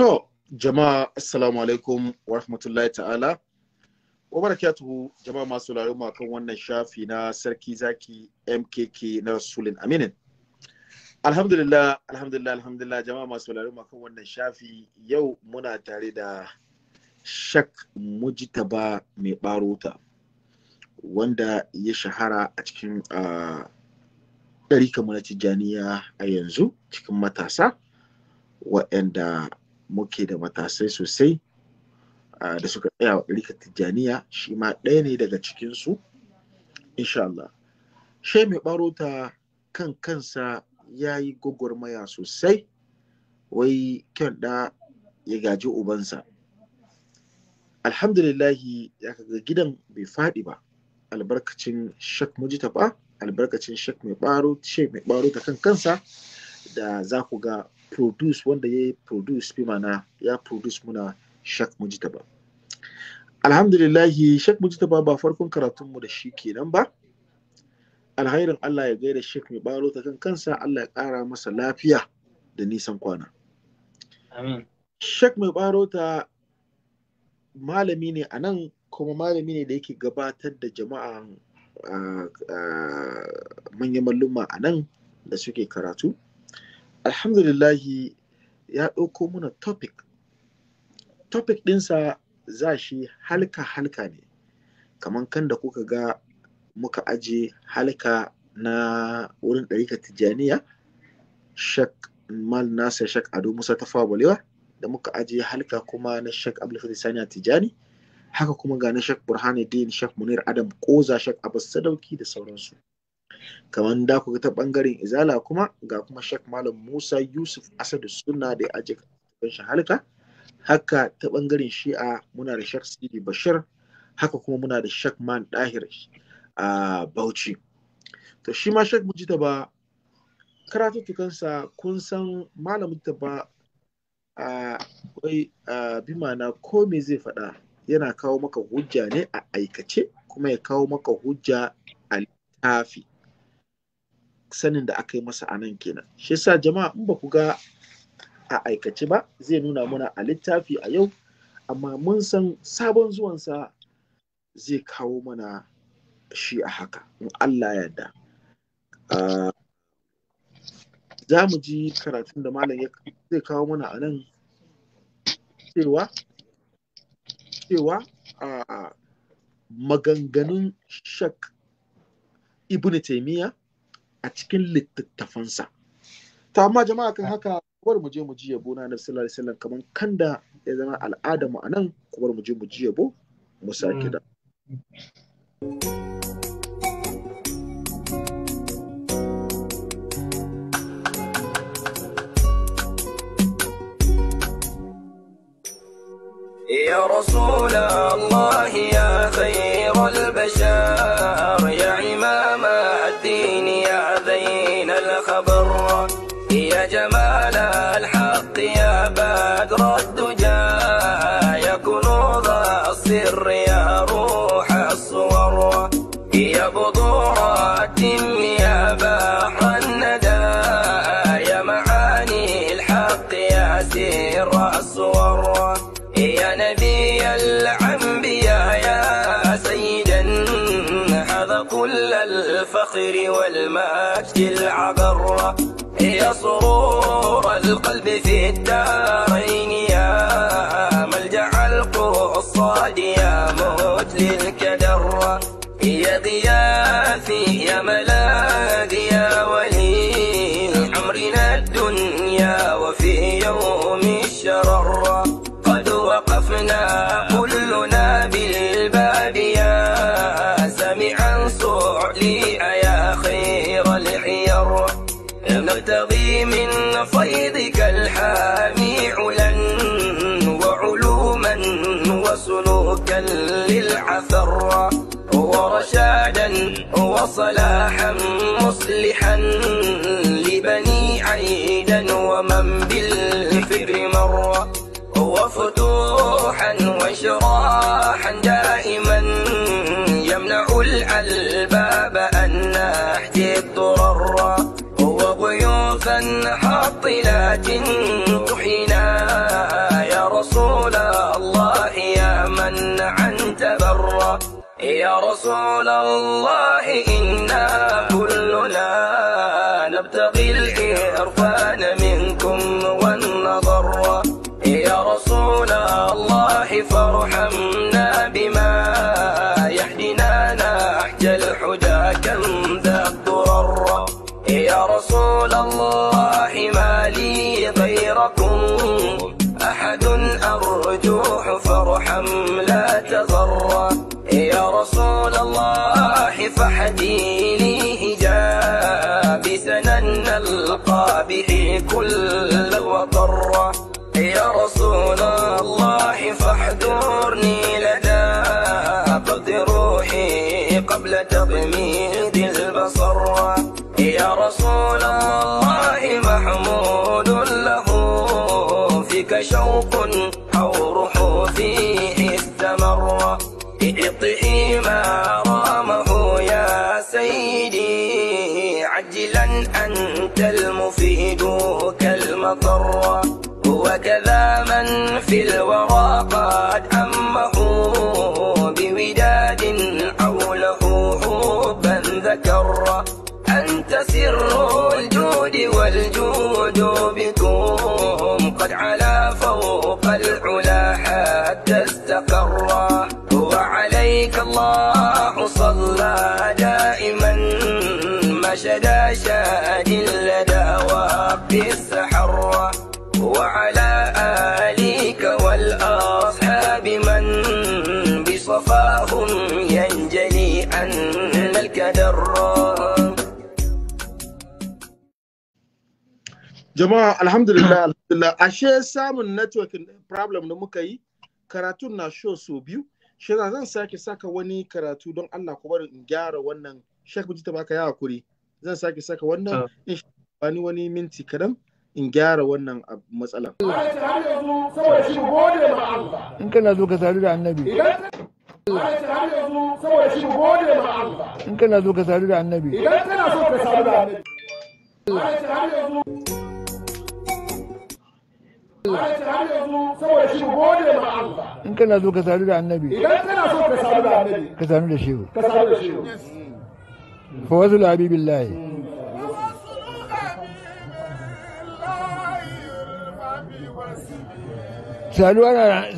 To, jama'a assalamu alaikum wa rahmatullahi ta'ala. Wa barakatuhu jama'a masu laruma kan wannan shafi na sarki zaki MKK na Rasulun Aminin. Alhamdulillah, alhamdulillah, alhamdulillah jama'a masu kan wannan shafi yau muna tare da Shak Mujitaba mai baruta wanda ya shahara a cikin ah, ɗari kamar na a yanzu cikin matasa. waɗanda muke da matasai sosai da suka tsaya wa ɗarika tijjaniya shi ma ɗaya ne daga cikinsu insha Allah shai mai ɓarota kan kansa ya yi gwagwarmaya sosai wai kyan ɗa ya gaji ubansa alhamdulillahi ya kaga gidan bai faɗi ba albarkacin shak mujita ba albarkacin shak mai ta kan kansa da za ku ga produce wanda ya yi produce bi mana ya produce muna shak mujtaba alhamdulillahi shak mujtaba ba farkon karatun mu da shi kenan ba alhairin Allah ya gaida shek mai baro ta kan kansa Allah ya kara masa lafiya da nisan kwana amin shek mai baro ta malami ne a nan kuma malami ne da yake gabatar da jama'a manyan malluma a nan da suke karatu alhamdulillahi ya ɗauko mana topic topic ɗinsa za shi halka-halka ne kamar kanda da kuka ga muka aje halka na wurin ɗarika tijjaniya shak mal nasa shak ado musa ta balewa da muka aje halka kuma na shak abdulfatih saniya tijjani haka kuma ga na shak burhanuddin shak munir adam koza shak abu sadauki da sauransu kamar da ku ta bangaren izala kuma ga kuma shak malam musa yusuf asadu suna da ya aje kan shi haka ta bangaren shi'a muna da shak sidi bashir haka kuma muna da shak man dahir a bauchi to shi ma shak mujita ba karatuttukansa kun san malamin ta ba a bi mana ko me zai faɗa yana kawo maka hujja ne a aikace kuma ya kawo maka hujja a littafi sanin da aka yi masa a nan kenan shi yasa jama'a in ba ku ga a aikace ba zai nuna mana a littafi a yau amma mun san sabon zuwansa zai kawo mana shi a haka in Allah yadda ah, za mu ji karatun da malam zai kawo mana a nan cewa cewa a maganganun shak ibn taimiyya a cikin littattafansa Ta amma jama'a kan haka kubar mu je mu ji yabo na Annabi sallallahu alaihi wasallam kamar kanda ya zama al'ada mu anan kubar mu je mu ji yabo mu sake da يا رسول الله يا خير البشر في الدارين يا ملجع القصاد يا موت للكدر يا ضيافي يا ملاك وصلاحا مصلحا لبني عيدا ومن بالفكر مر وفتوحا وشراحا دائما يمنع الألباب أن نحجي الضرر وضيوفا حاطلات يا رسول الله إن فحدي لي هجاب سنن القابح كل وضره من في الورى قد أمه بوداد حوله حبا ذكر أنت سر الجود والجود بكم قد علا فوق العلا حتى استقر هو عليك الله صلى دائما مشى شاد لدى وقت السحر وعلى آلك والأصحاب من بصفاهم ينجلي عن الكدر jama'a alhamdulillah alhamdulillah ashe samun networking problem da muka yi Karatu na show so biyu shi zan sake saka wani karatu don Allah ku bari in gyara wannan Sheikh Bujita baka ya hakuri zan sake saka wannan in bani wani minti kadan in gyara wannan matsalan. In kana zo ka sadu da annabi. In kana zo ka sadu da annabi. ka da annabi. In kana zo ka sadu da annabi. Idan kana so ka sadu da annabi. Ka sadu da shehu. Ka sadu da shehu. wasu labi billahi.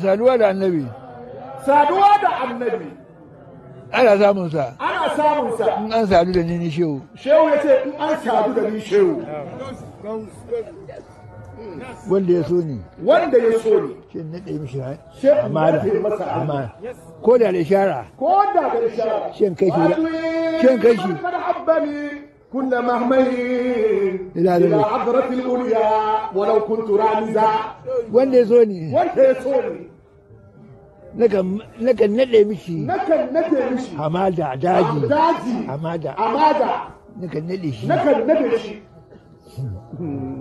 saduwa da annabi saduwa da annabi ana samunsa ana samunsa in an sadu da ni ni shehu shehu ya ce in an sadu da ni shehu wanda ya so ni wanda ya so ni shi na ɗaya mishi amana amana ko da da ishara ko da da ishara shi kai shi shi kai shi كنا مهملين الى عبرة الأولياء ولو كنت رامزا ولي زوني ولي زوني نكا نكا نكا مشي نكا نكا مشي حمادة عداجي عداجي حمادة حمادة نكا نكا نكا مشي 嗯。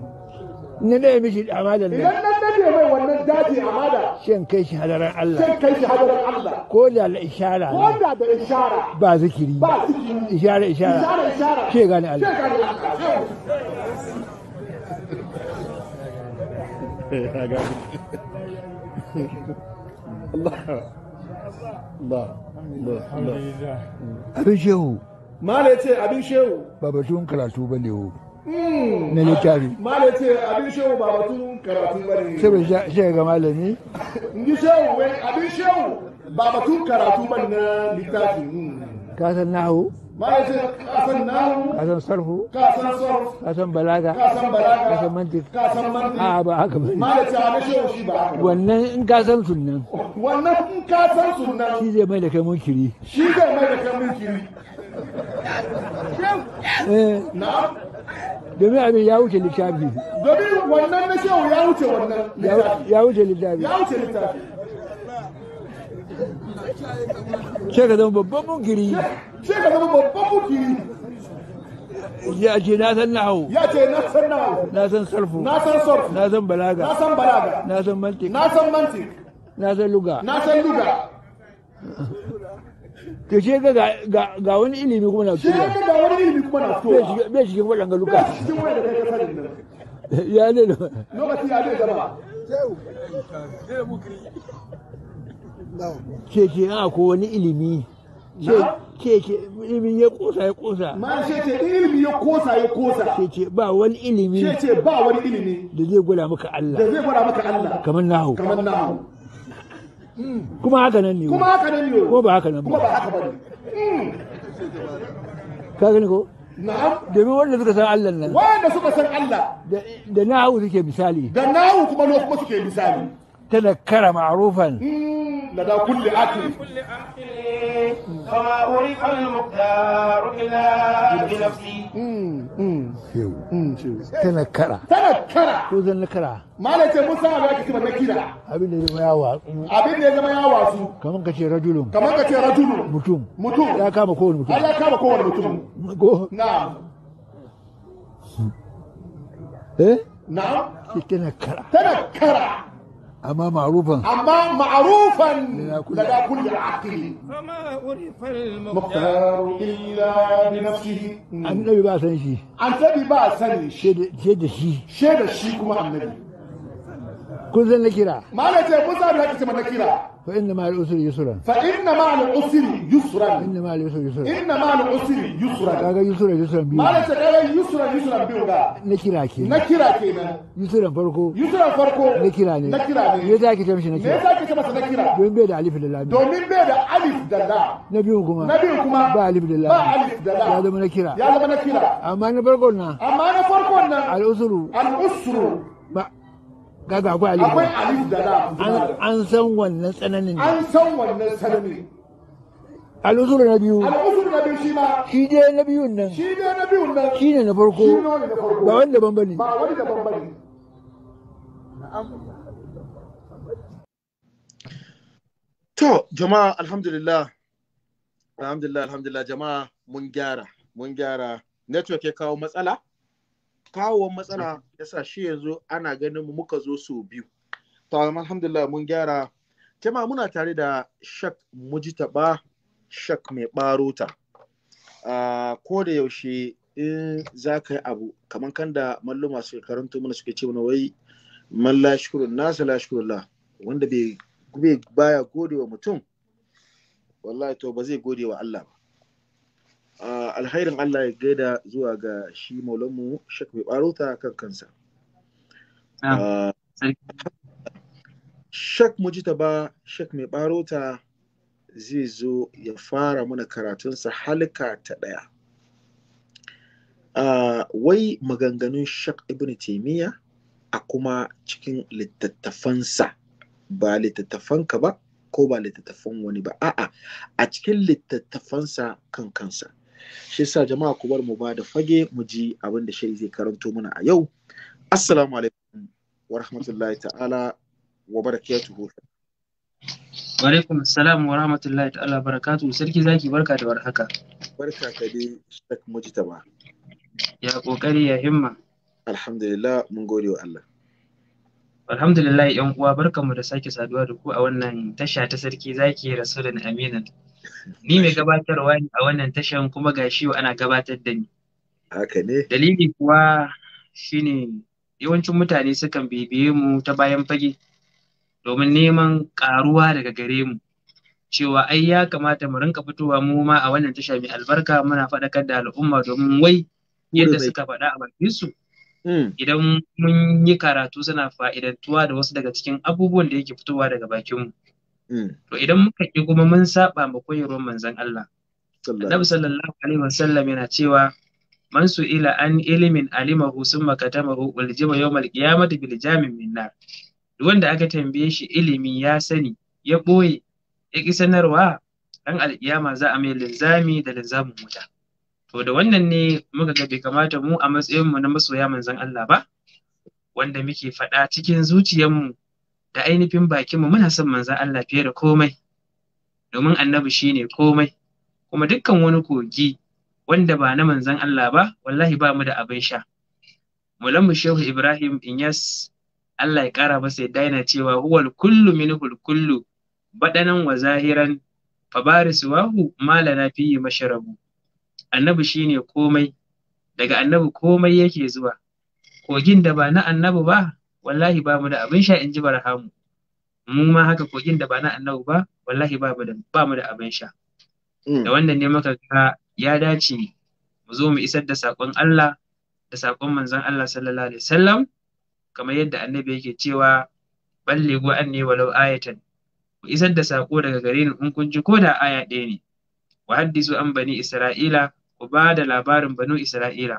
na ne mishi amada ne idan nan nade mai wannan daji amada shin kai shi hadaran Allah shin kai shi hadaran Allah ko da da ishara ko da da ishara ba zikiri ba zikiri ishara ishara ishara ishara ke gane Allah ke gane Allah Allah Allah Allah abin shehu mala yace abin shehu ba batun karatu bane ho Hmm. na littafi malai ce abin shehu ba batun karatu ba ne sai bai shi ga malami ni shehu wai abin shehu ba batun karatu ba na littafi hmm. ka san nahu malai ce ka san nahu ka san sarfu ka san sarfu ka san balaga ka san balaga ka san mantik ka san mantik a ba haka ba malai ce abin shehu shi ba haka wannan in ka san sunnan wannan in ka san sunnan shi zai mai da kai munkiri shi zai mai da kai munkiri shehu na'am domin abin ya wuce littafi domin wannan na shehu ya wuce wannan ya wuce littafi ya wuce littafi zama babban zama babban ya ce na san nahu ya ce na san nahu na san sarfu na san sarfu na san balaga na san balaga na san mantik na san mantik na san luga na san luga to ce ga ga wani ilimi kuma na fitowa ga wani ilimi kuma na fitowa ke ke a ko wani ilimi ke ilimi ya kosa ya kosa ma ce ce ilimi ya kosa ya kosa ce ba wani ilimi ce ba wani ilimi da zai gwada maka Allah kamar nahu kuma haka nan ne kuma haka nan ne ko ba haka nan kuma ba haka ba ka gani ko na'am domin wanda suka san Allah nan wanda suka san Allah da nahu suke misali da nahu kuma kuma suke misali كره معروفا لدى كل عقل فما أريق المقدار إلا بنفسي تذكر تذكر كوزن لكرا ما لا تموسى على كتب النكيرة أبين لما يعوال أبين لما يعوال كما كتير رجل كما كتير رجل متوم متوم لا كما كون متوم لا كما كون متوم نعم إيه نعم تذكر تذكر أما معروفا أما معروفا لدى كل عاقل فما عرف المختار إلا بنفسه أن با سن شي أن با سن شي شي شي شي شي كما النبي كل ذن نكرا ما لا تقول ذا نكرا فإن مع العسر يسرا فإن مع العسر يسرا إن مع العسر يسرا إن مع العسر يسرا كاغا يسرا يسرا بيو ما لسه كاغا يسرا يسرا بيو كا نكرا كينا نكرا كينا يسرا فرقو يسرا فرقو نكرا ني نكرا ني يدا كي تمشي نكرا يدا كي تمشي نكرا دومين بيد ألف لله دومين بيد ألف دلا نبيو كما نبيو كما با ألف لله با ألف دلا يا زما نكرا يا زما نكرا أما نفرقونا أما نفرقونا العسر العسر kaga akwai aliyu akwai alif an san wannan tsananin an san wannan tsananin na biyu na biyu shi ma shi dai na biyun nan shi na nan shi ne na farko ba wani daban bane ba wani daban bane to jama'a alhamdulillah alhamdulillah alhamdulillah jama'a mun gyara mun gyara network ya kawo matsala kawo matsala ya sa shi yanzu ana ganin mu muka zo su biyu to alhamdulillah mun gyara Jama muna tare da shak mujitaba shak mai ɓarota. ko da yaushe in za ka yi abu kamar kan da malluma su karanta mana suke ce mana wai man la shukurun nasa la wanda bai baya gode wa mutum wallahi to ba zai gode wa Allah ba Alhairin Allah ya gaida zuwa ga shi maulanmu Sheikh mai barota kan kansa. Ah, ah, Sheikh ba shak mai ta zai zo ya fara mana karatunsa halka ta ɗaya. Ah, wai maganganun shak Ibn Taimiyya a kuma cikin littattafansa ba littattafanka ba ko ba littattafan wani ba a'a a cikin littattafansa kan kansa. shi sa jama'a ku bar mu ba da fage mu ji abin da shiri zai karanto mana a yau assalamu alaikum wa rahmatullahi ta'ala wa barakatuhu wa alaikum assalam wa rahmatullahi ta'ala wa barakatuhu sarki zaki barka da warhaka barka ka dai shak mujtaba ya kokari ya himma alhamdulillah mun gode wa Allah Alhamdulillah ‘yan uwa barkanmu da sake saduwa da ku a wannan tasha ta sarki zaki rasulun amina Ni mai gabatarwa ne a wannan tashan kuma ga shi ana gabatar da ni. Haka ne. Dalili kuwa shine yawancin mutane sukan bibiye mu ta bayan fage domin neman ƙaruwa daga gare mu. Cewa ai ya kamata mu rinka fitowa mu ma a wannan tasha mai albarka muna faɗakar da al'umma domin wai yadda suka faɗa a bakinsu. Hmm. idan mun yi karatu suna fa'idantuwa da wasu daga cikin abubuwan da yake fitowa daga bakinmu. Hmm. To idan muka ƙi kuma mun saba ma koyarwar manzon Allah. Annabi sallallahu alaihi wasallam yana cewa man ila an ilimin alimahu summa katamahu uljima yawmal qiyamati bil jamin min nar. Duk wanda aka tambaye shi ilimi ya sani ya ɓoye ya ƙi sanarwa dan alƙiyama za a mai linzami da linzamin wuta. to da wannan ne muka ga bai kamata mu a matsayinmu na masoya manzon Allah ba wanda muke faɗa cikin zuciyarmu da ainihin bakinmu muna son manzon Allah fiye da komai domin annabi shine komai kuma dukkan wani kogi wanda ba na manzon Allah ba wallahi ba mu da abin sha mulanmu shehu ibrahim inyas Allah ya ƙara masa yadda yana cewa huwal kullu minhul kullu badanan wa zahiran fabarisu wahu malana fihi masharabu. annabi ne komai daga annabi komai yake zuwa kogin da ba na annabi ba wallahi ba mu da abin sha in ji barhamu mu ma haka kogin da ba na annabi ba wallahi ba mu da ba mu da abin sha hmm. da wannan ne maka ya dace mu zo mu isar da sakon Allah da sakon manzon Allah sallallahu alaihi wasallam kamar yadda annabi yake cewa ballighu anni walau ayatan ku isar da sako daga gare ni in kun ji ko da aya ɗaya ne wa haddisu an bani isra'ila ku ba da labarin banu Isra'ila.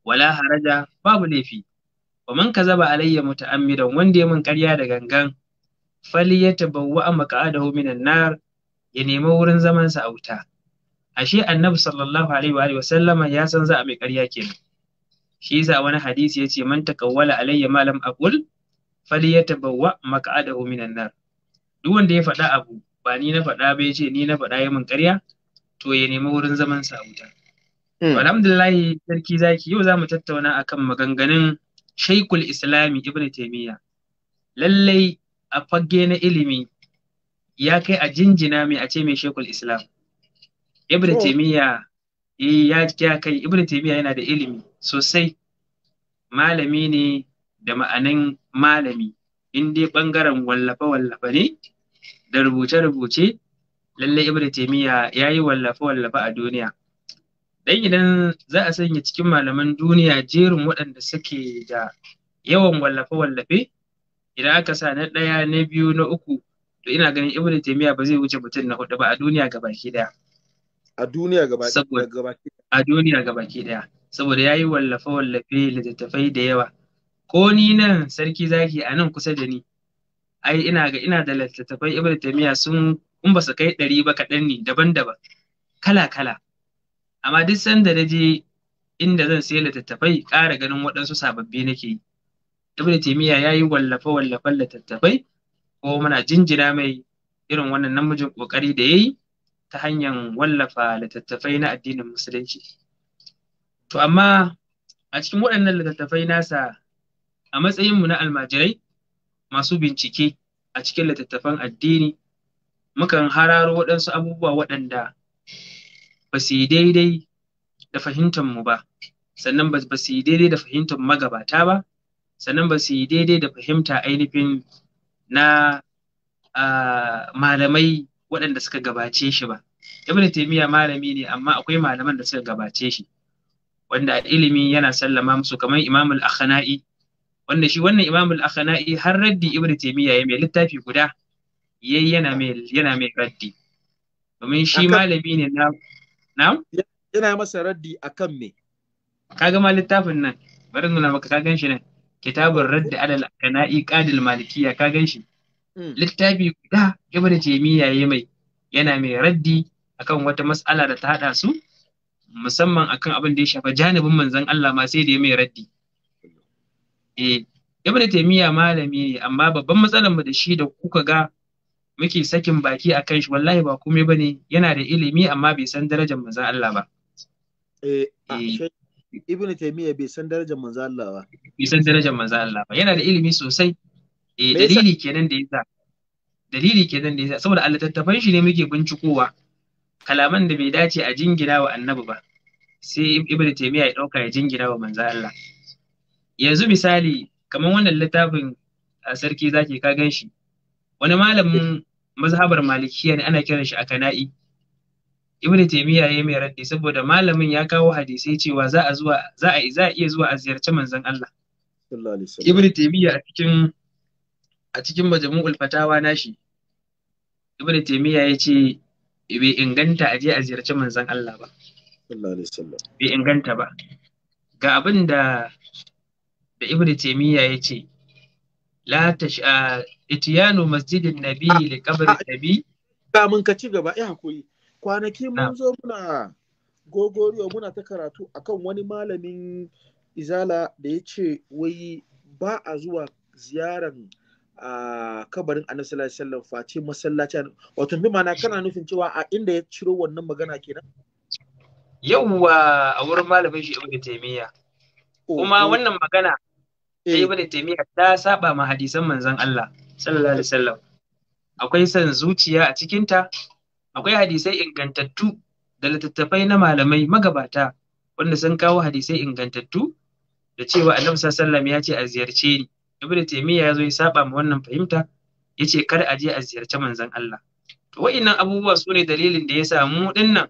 Wala haraja babu laifi, wa man kazaba alayya muta'ammidan wanda ya mun karya da gangan fali ya a maka’adahu minan nar ya nemi wurin zaman sa a wuta. Ashe Annabi sallallahu alaihi wa sallama ya san za a mai karya kenan. Shi yasa wani hadisi ya ce man takawwala alayya malam aqul fali ya tabawwa maka’adahu minan nar. Duk wanda ya faɗa abu ba ni na faɗa ba ya ce ni na faɗa ya mun karya? to ya nemi wurin zaman sa a wuta hmm. Alhamdulillah sarki zaki yau za mu tattauna akan maganganun shaikul islami ibn Taymiyyah. lallai a fage na ilimi ya kai a jinjina mai a ce mai shaikul islam ibn oh. taimiyya eh, ya kai ibn Taymiyyah yana da ilimi sosai malami ne da ma'anin malami in dai ɓangaren wallafe-wallafe ne da rubuce-rubuce lallai ibnu taymiya yayi wallafa wallafa a duniya dan idan za a sanya cikin malaman duniya jerin waɗanda suke da yawan wallafa wallafe idan aka sa na ɗaya na biyu na uku to ina ganin ibnu taymiya ba zai wuce mutum na hudu ba a duniya gabaki daya a duniya gabaki a duniya gabaki daya saboda yayi wallafa wallafe littattafai da yawa ko ni nan sarki zaki a nan kusa da ni ai ina ga ina da littattafai ibnu taymiya sun in ba su kai ɗari ba kaɗan ne daban-daban kala-kala amma duk sanda na je inda zan sayi littattafai ƙara ganin waɗansu sababbi nake yi ibnu taymiya yayi wallafe wallafen littattafai ko muna jinjina mai irin wannan namijin ƙoƙari da yayi ta hanyar wallafa littattafai na addinin musulunci to amma a cikin waɗannan littattafai nasa a matsayinmu na almajirai masu bincike a cikin littattafan addini mukan hararo waɗansu abubuwa waɗanda ba su yi daidai da fahimtar mu ba sannan ba su yi daidai da fahimtar magabata ba sannan ba su yi daidai da fahimta ainihin na malamai waɗanda suka gabace shi ba ibn Taimiyya malami ne amma akwai malaman da suka gabace shi wanda ilimi yana sallama musu kamar imam al-akhna'i wanda shi wannan imam al har raddi ibn Taimiyya ya mai littafi guda yayi yana mai yana mai raddi domin shi malami ne na na yana masa raddi akan me kaga ma littafin nan bari nuna maka ka ganshi nan kitabun raddi alal kana'i qadil malikiya ka ganshi. Hmm. littafi guda ibnu taymiya yayi mai yana mai raddi akan wata mas'ala da ta hada su musamman akan abin da ya shafa janibin manzon Allah ma sai da ya mai raddi eh ibnu taymiya malami ne amma babban matsalar mu da shi da kuka ga muke sakin baki a kan shi wallahi ba komai bane yana da ilimi amma bai san darajar manzon Allah ba eh, eh. ibn taymiya bai san darajar manzon Allah ba bai san darajar manzon Allah ba yana da ilimi sosai eh dalili kenan da yasa dalili kenan da yasa saboda littattafan shi ne muke bincikowa kalaman da bai dace a jingina wa annabi ba sai ibn taymiya ya dauka ya jingina wa manzon Allah yanzu misali kamar wannan littafin a sarki zaki ka gan shi wani malamin mazhabar malikiya ne ana kiran shi akana'i ibn taymiya yayi mai raddi saboda malamin ya kawo hadisai cewa za a zuwa za a za a iya zuwa a ziyarci manzon Allah ibn taymiya a cikin a cikin majmu'ul fatawa nashi ibn taymiya ya ce bai inganta a je a ziyarci manzon Allah ba bai inganta ba ga abin da da ibn taymiya ya ce la ta itiyanu masjidin nabi ah, li kabarin ah, nabi kamun ka ci gaba ya hakuri kwanaki mun zo muna gogoriyo muna ta karatu akan wani malamin izala da ya ce wai ba a zuwa ziyaran a kabarin annabi sallallahu alaihi wasallam face masallaci wato bi mana kana nufin cewa a inda ya ciro wannan magana kenan yawwa a wurin malamin shi ibnu taymiya oh, kuma oh. wannan magana Eh. sai ibn taymiya ta saba ma hadisan manzon Allah sallallahu alaihi wasallam akwai san zuciya a cikin ta akwai hadisai ingantattu da littattafai na malamai magabata wanda sun kawo hadisai ingantattu da cewa annabi sallallahu alaihi wasallam ya ce a ziyarce ni ibn taymiya ya zo ya saba ma wannan fahimta ya ce kada a je a ziyarci manzon Allah to wa'innan abubuwa su ne dalilin da ya samu dinnan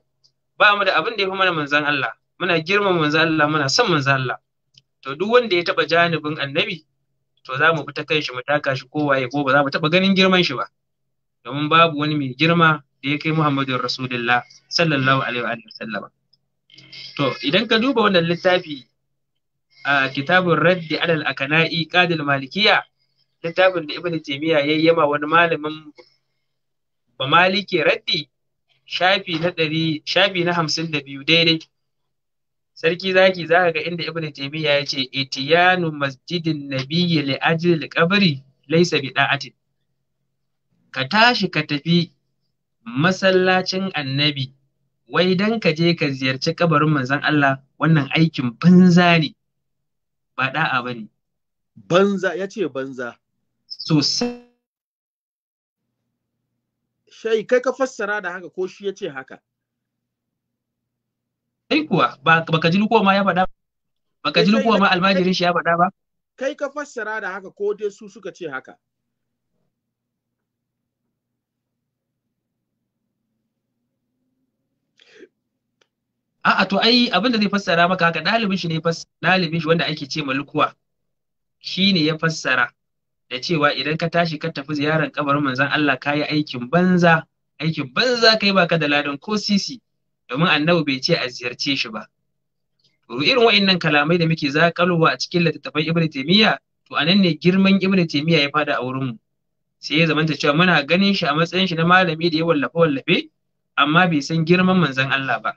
ba mu da abin da ya fi mana manzon Allah muna girmama manzon Allah muna son manzon Allah to duk wanda ya taɓa janibin annabi to za mu ta kai shi mu taka shi ya ko ba za mu taɓa ganin girman shi ba domin babu wani mai girma da ya kai Muhammadu Rasulullah sallallahu alaihi wa sallama to idan ka duba wannan littafi a kitabun raddi alal akana'i qadil malikiya littafin da ibnu taymiya yayyama wani malamin ba maliki raddi shafi na 100 shafi na hamsin da biyu daidai sarki zaki zaka ga inda ibnu taymiya ya ce itiyanu masjidin nabiyyi li ajli qabri laysa bi da'atin ka tashi ka tafi masallacin annabi wai dan ka je ka ziyarci kabarin manzon Allah wannan aikin banza ne ba da'a bane banza ya ce banza sosai shai kai ka fassara da haka ko shi ya ce haka kai kuwa ka ji lukuwa ma ya faɗa ka ji lukuwa ma almajirin shi ya faɗa ba kai ka fassara da haka ko dai su suka ce haka A'a to ai abin da zai fassara maka haka ɗalibin shi ne ɗalibin shi wanda ake ce malukuwa shi ne ya fassara da cewa idan ka tashi ka tafi ziyarar kabarin manzon Allah ka yi aikin banza aikin banza kai baka da ladan ko sisi domin annabi bai ce a ziyarce shi ba irin wa'annan kalamai da muke zakalowa a cikin littattafan ibnu taymiya to anan ne girman ibnu taymiya ya fada a wurin mu sai ya zamanta cewa muna ganin shi a matsayin shi na malami da ya wallafe wallafe amma bai san girman manzon Allah ba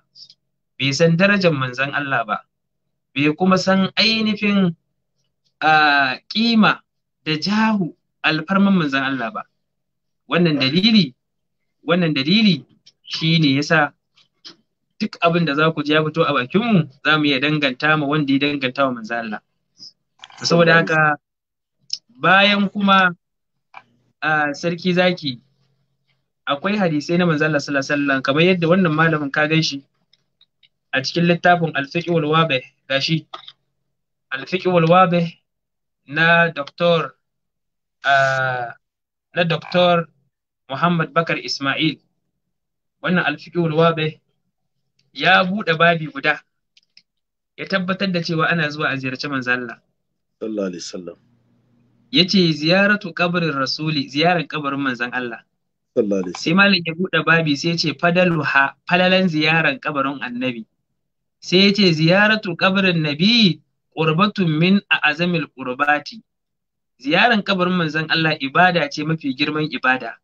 bai san darajar manzon Allah ba bai kuma san ainihin kima da jahu alfarman manzon Allah ba wannan dalili wannan dalili shine yasa duk abin da za ku ji ya fito a bakinmu za mu iya danganta ma wanda ya danganta wa manzo Allah saboda haka bayan kuma a sarki zaki akwai hadisai na manzo Allah sallallahu kamar yadda wannan malamin ka gan shi a cikin littafin al-fiqh gashi al-fiqh na Doktor na doktor Muhammad Bakar Ismail. Wannan alfiƙiwul wabe ya buɗe babi guda ya tabbatar da cewa ana zuwa a ziyarci manzo Allah sallallahu alaihi wasallam yace ziyaratu qabrin rasuli ziyaran kabarin manzon Allah sai malam ya buɗe babi sai ya ce ha falalan ziyaran kabarin annabi sai ya ce ziyaratu kabarin nabi qurbatun min a azamil qurbati ziyaran kabarin manzon Allah ibada ce mafi girman ibada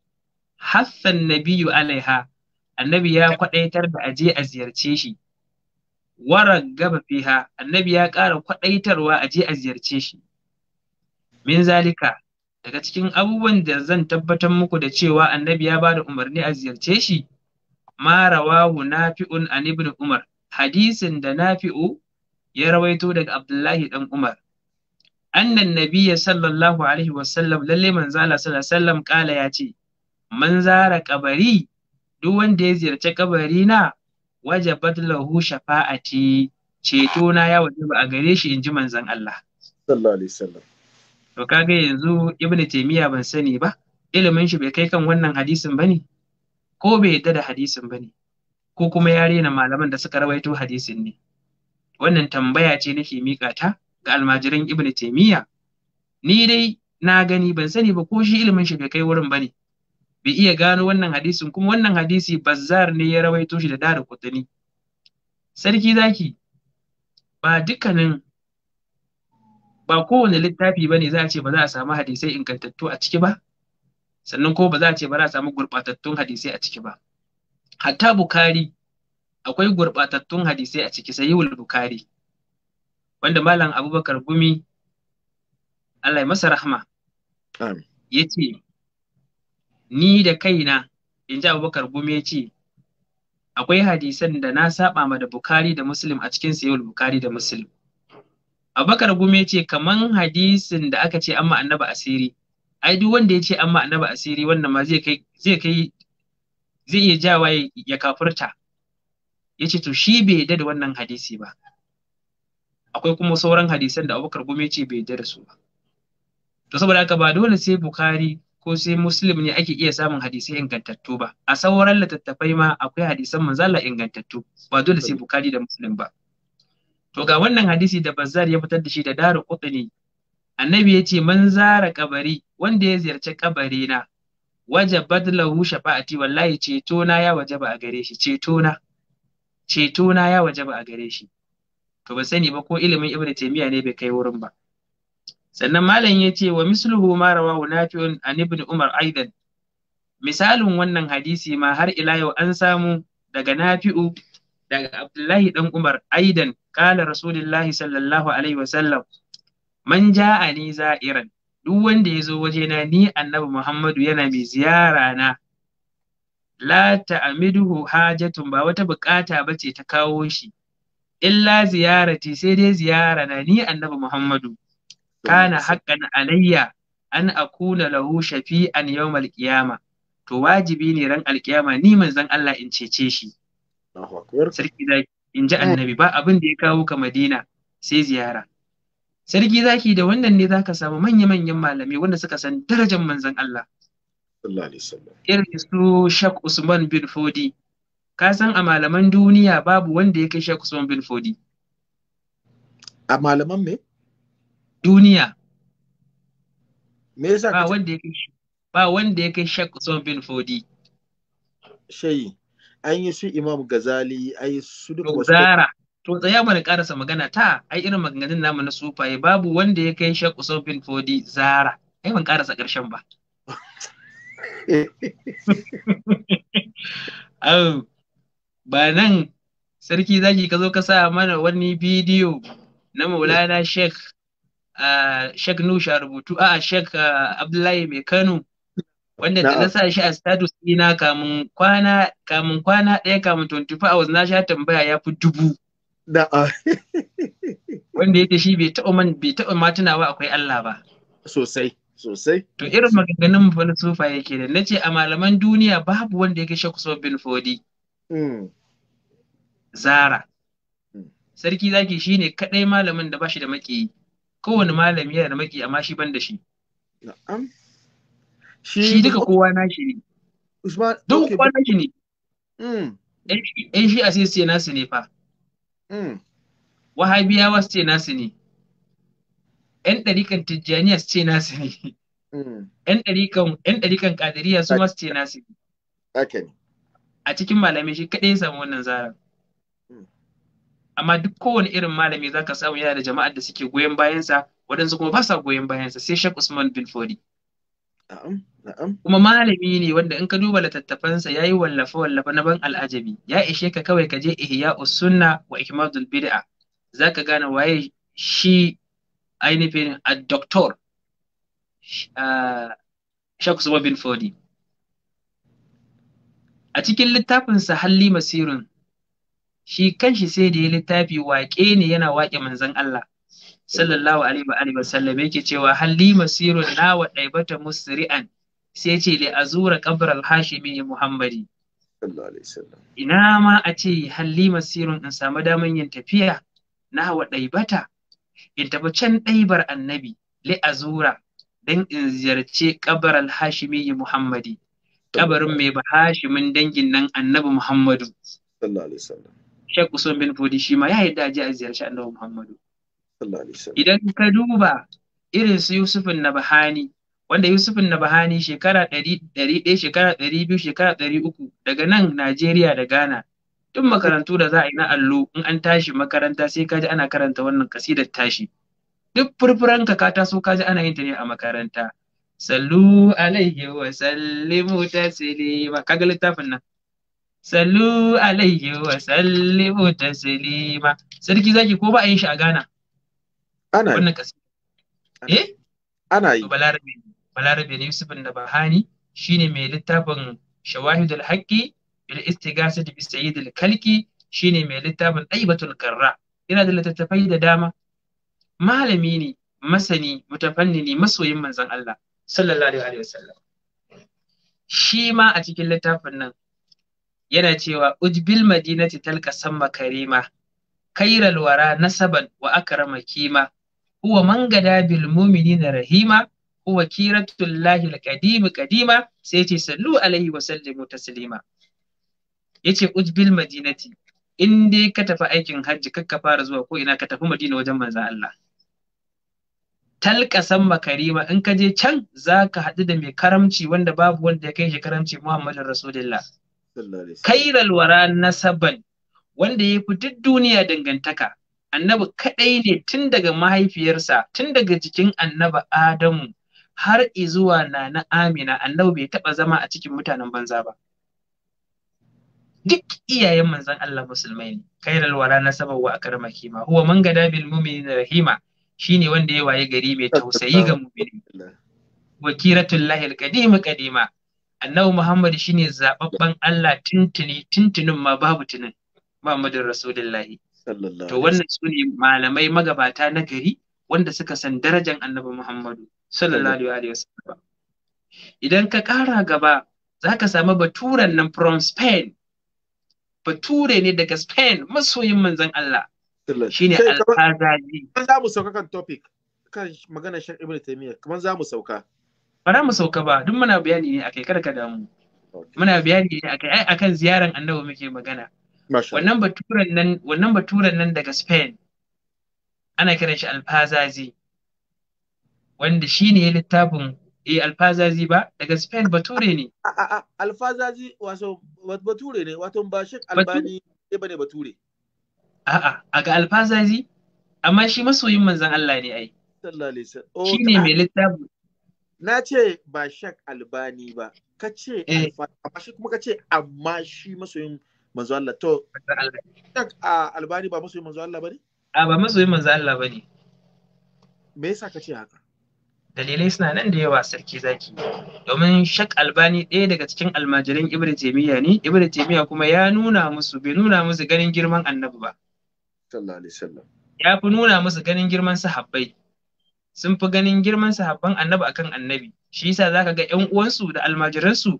hassan nabiyu alaiha annabi ya kwadaitar da aje a ziyarce shi warar gaba fiha annabi ya ƙara kwadaitarwa aje a ziyarce shi min zalika daga cikin abubuwan da zan tabbatar muku da cewa annabi ya bada umarni a ziyarce shi ma rawahu nafi'un an ibn umar hadisin da nafi'u ya rawaito daga abdullahi dan umar annan nabiyya sallallahu alaihi wasallam lalle manzala sallallahu alaihi wasallam kala ya ce man zara kabari duk wanda ya ziyarci kabari na wajabat lahu shafa'ati ceto na ya wajaba a gare shi ji manzon Allah sallallahu alaihi wasallam to kaga yanzu ibnu taymiya ban sani ba ilimin shi bai kai kan wannan hadisin bane ko bai yadda da hadisin bane ko kuma ya rena malaman da suka rawaito hadisin ne wannan tambaya ce nake mika ta ga almajiran ibnu taymiya ni dai na gani ban sani ba ko shi ilimin shi bai kai wurin bane bai iya gano wannan hadisin kuma wannan hadisi bazzar ne ya rawaito shi da dara kutani sarki zaki ba dukkanin ba kowane littafi bane za a ce ba za a samu hadisai ingantattu a ciki ba sannan ko ba za a ce ba za a samu gurɓatattun hadisai a ciki ba hatta bukari akwai gurɓatattun hadisai a ciki sai yul bukari wanda malam abubakar gumi Allah masa rahma ya ce ni da kaina in ji abubakar gume ce akwai hadisan da na saba ma da bukari da muslim a cikin sayul bukari da muslim abubakar gume ce kaman hadisin da aka ce amma annaba asiri ai duk wanda ya ce amma annaba asiri wannan ma zai kai zai kai iya jawa ya kafurta ya ce to shi bai yarda da wannan hadisi ba akwai kuma sauran hadisan da abubakar gume ce bai yarda da su ba to saboda haka ba dole sai bukari ko sai muslim ne ake iya samun hadisai ingantattu ba a sauran littattafai ma akwai hadisan manzala ingantattu ba dole sai bukari da muslim ba to ga wannan hadisi da bazzar ya fitar da shi da daru qutni annabi ya ce man zara kabari wanda ya ziyarci kabari na wajabat lahu shafa'ati wallahi ceto na ya wajaba a gare shi ceto na ceto na ya wajaba a gare shi to ba sani ba ko ilimin ibnu taymiya ne bai kai wurin ba sannan malam ya ce wa misluhu ma rawahu nafi'un an ibn umar aidan misalin wannan hadisi ma har ila yau an samu daga nafi'u daga abdullahi dan umar aidan kala rasulullahi sallallahu alaihi wasallam man ni za'iran duk wanda ya zo wajena ni annabi muhammadu yana mai ziyara na la ta'miduhu hajatun ba wata bukata bace ta kawo shi illa ziyarati sai dai ziyara na ni annabi muhammadu kana haƙƙan alayya an akuna lahu shafi'an yawmal qiyama to wajibi ne ran alƙiyama ni manzon Allah in cece shi sarki zaki in ji annabi ba abin da ya kawo ka Madina sai ziyara sarki zaki da wannan ne zaka samu manya-manyan malamai wanda suka san darajar manzon Allah irin su Shak Usman bin Fodi ka san a malaman duniya babu wanda ya kai Shak Usman bin Fodi a malaman me duniya me yasa ba wanda yake ba wanda yake Sheikh Usman bin Fodi shayi an yi su Imam Ghazali an yi su duk wasu to tsaya mana karasa magana ta ai irin maganganun namu na sufaye babu wanda ya kai Sheikh Usman bin Fodi zara ai ban karasa karshen ba Au, ba nan sarki zaki ka zo ka sa mana wani bidiyo na Maulana Sheikh Sheikh Nusha rubutu a Sheikh Abdullahi mai Kano wanda ta na shi a status ɗina kamun kwana kamun kwana ɗaya kamun 24 hours na sha tambaya ya fi dubu wanda yake shi bai taɓa man bai taɓa ma tunawa akwai Allah ba sosai sosai to irin maganganun mu na sufa yake da nace a malaman duniya babu wanda yake Sheikh Usman bin Fodi hmm. Zara hmm. sarki zaki shine kadai malamin da ba shi da makiyi kowane malami yana da maki amma shi ban da shi na'am shi duka kowa na shi ne usman duk kowa na shi ne mm. yan shi a sai ce nasu ne fa mm. wahabiyawa su ce nasu ne yan ɗarikan tijjaniya su ce nasu ne mm. yan ɗarikan yan su ma su ce nasu ne a cikin malamai shi kaɗai ya samu wannan zaran amma duk kowane irin malami za ka samu yana da jama'ar da suke goyon bayansa waɗansu kuma ba sa goyon bayansa sai Sheikh Usman bin Fodi. Kuma malami ne wanda in ka duba littattafansa ya yi wallafe wallafe na ban al'ajabi ya ishe ka kawai ka je ihya sunna wa ikmadul bid'a za ka gane waye shi ainihin a doktor ah, Sheikh Usman bin Fodi. A cikin littafinsa Halli masirin shi kanshi sai da ya littafi waƙe ne yana waƙe manzon Allah sallallahu alaihi wa alihi yake cewa halli masirun na wa daibata musri'an sai ce li azura qabr al hashimi muhammadi ina ma a ce halli masirun in samu daman yin tafiya na wa daibata in tafi can ɗaibar annabi li azura dan in ziyarci, kabar al hashimi muhammadi kabarin mai ba hashimin dangin nan annabi muhammadu Sheikh Usman bin Fodi shi ma ya yarda je a ziyarci Annabi Muhammadu idan ka duba irin su Yusufin Nabahani wanda Yusufin Nabahani shekara ɗari ɗaya shekara ɗari biyu shekara ɗari uku daga nan Najeriya da Ghana duk makarantu da za a yi na allo in an tashi makaranta sai kaji ana karanta wannan kasidar tashi duk furfuranka ka taso kaji ana yin ta ne a makaranta sallu alaihi wa sallimu taslima kaga littafin nan sallu alayhi wa sallimu taslima sarki zaki ko ba a yin shi a gana ana wannan kasu eh ana yi balarabe balarabe ne Yusuf na Bahani shine mai littafin Shawahidul Haqqi bil Istighasah bi Sayyid al-Kalki shine mai littafin aibatul Karra yana da littattafai da dama malami ne masani ne masoyin manzon Allah sallallahu alaihi wasallam shi ma a cikin littafin nan yana cewa ujbil madinati talka samma karima kairal wara nasaban wa akrama kima huwa mangada bil mu'minina rahima huwa kiratullahi alqadim qadima sai yace sallu alaihi wa sallimu taslima yace ujbil madinati in dai ka tafi aikin hajji kakka fara zuwa ko ina ka tafi madina wajen manzo Allah talka samma karima in ka je can zaka haɗu da mai karamci wanda babu wanda ya kai shi karamci Muhammadin Rasulullah kairal wara nasaban wanda ya fi duk duniya dangantaka annabi kaɗai ne tun daga mahaifiyarsa tun daga jikin annabi adamu har izuwa na na amina annabi bai taɓa zama a cikin mutanen banza ba duk iyayen manzon Allah musulmai ne kairal wara nasaban wa akrama kima huwa man gada bil mu'minin rahima shine wanda ya waye gari mai tausayi ga mu'mini wakiratul lahil kadima. kadima. annabi Muhammad ne zaɓaɓɓen Allah tintini tintinin ma babu tunin Muhammadin Rasulullahi to wannan su ne malamai magabata na gari wanda suka san darajar annabi Muhammadu sallallahu alaihi wasallam idan ka ƙara gaba za ka samu baturen nan from Spain bature ne daga Spain masoyin manzon Allah Shi al-Azadi kan za mu sauka kan topic kan magana Shan Ibn Taymiyyah kaman za mu sauka ba za mu sauka ba duk muna bayani ne akai kada ka damu muna bayani ne akai ai akan ziyaran annabi muke magana wannan baturan nan wannan baturan nan daga Spain ana kiran shi alfazazi wanda shi ne littafin eh alfazazi ba daga Spain bature ne alfazazi wato bature ne wato ba shi albani ne bane bature a'a a ga alfazazi amma shi masoyin manzon Allah ne ai shi ne oh, mai littafin na ce ba shak albani ba ka ce eh. amma shi kuma ka ce amma shi masoyin manzo Allah to shak albani ba masoyin manzo Allah bane a ba masoyin manzo Allah bane me yasa ka ce haka dalilai suna nan da yawa sarki zaki domin shak albani ɗaya daga cikin almajiran ibnu taymiya ne ibnu taymiya kuma ya nuna musu bai nuna musu ganin girman annabi ba sallallahu alaihi wasallam ya fi nuna musu ganin girman sahabbai sun fi ganin girman sahabban annabi akan annabi shi yasa zaka ga ƴan uwansu da almajiransu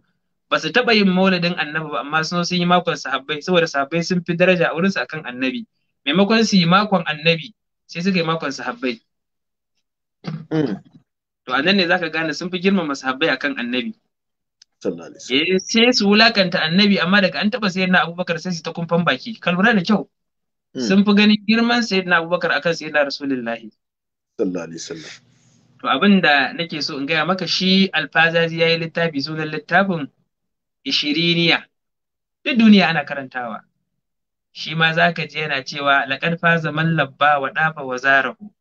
ba su taɓa yin mauladin annabi ba amma sun sun yi makon sahabbai saboda sahabbai sun fi daraja a wurinsu akan annabi maimakon su yi makon annabi sai suka yi makon sahabbai mm. to anan ne zaka gane sun fi girmama sahabbai akan annabi eh, sai su wulakanta annabi amma daga an taɓa na abubakar sai su ta kumfan baki ka lura da kyau mm. sun fi ganin girman na abubakar akan na rasulullahi sallallahu alaihi wasallam to abin da nake so in gaya maka shi alfazazi yayi littafi sunan littafin ishiriniya duk duniya ana karantawa shi ma zaka ji yana cewa laqad faza man labba wa dafa wa zarahu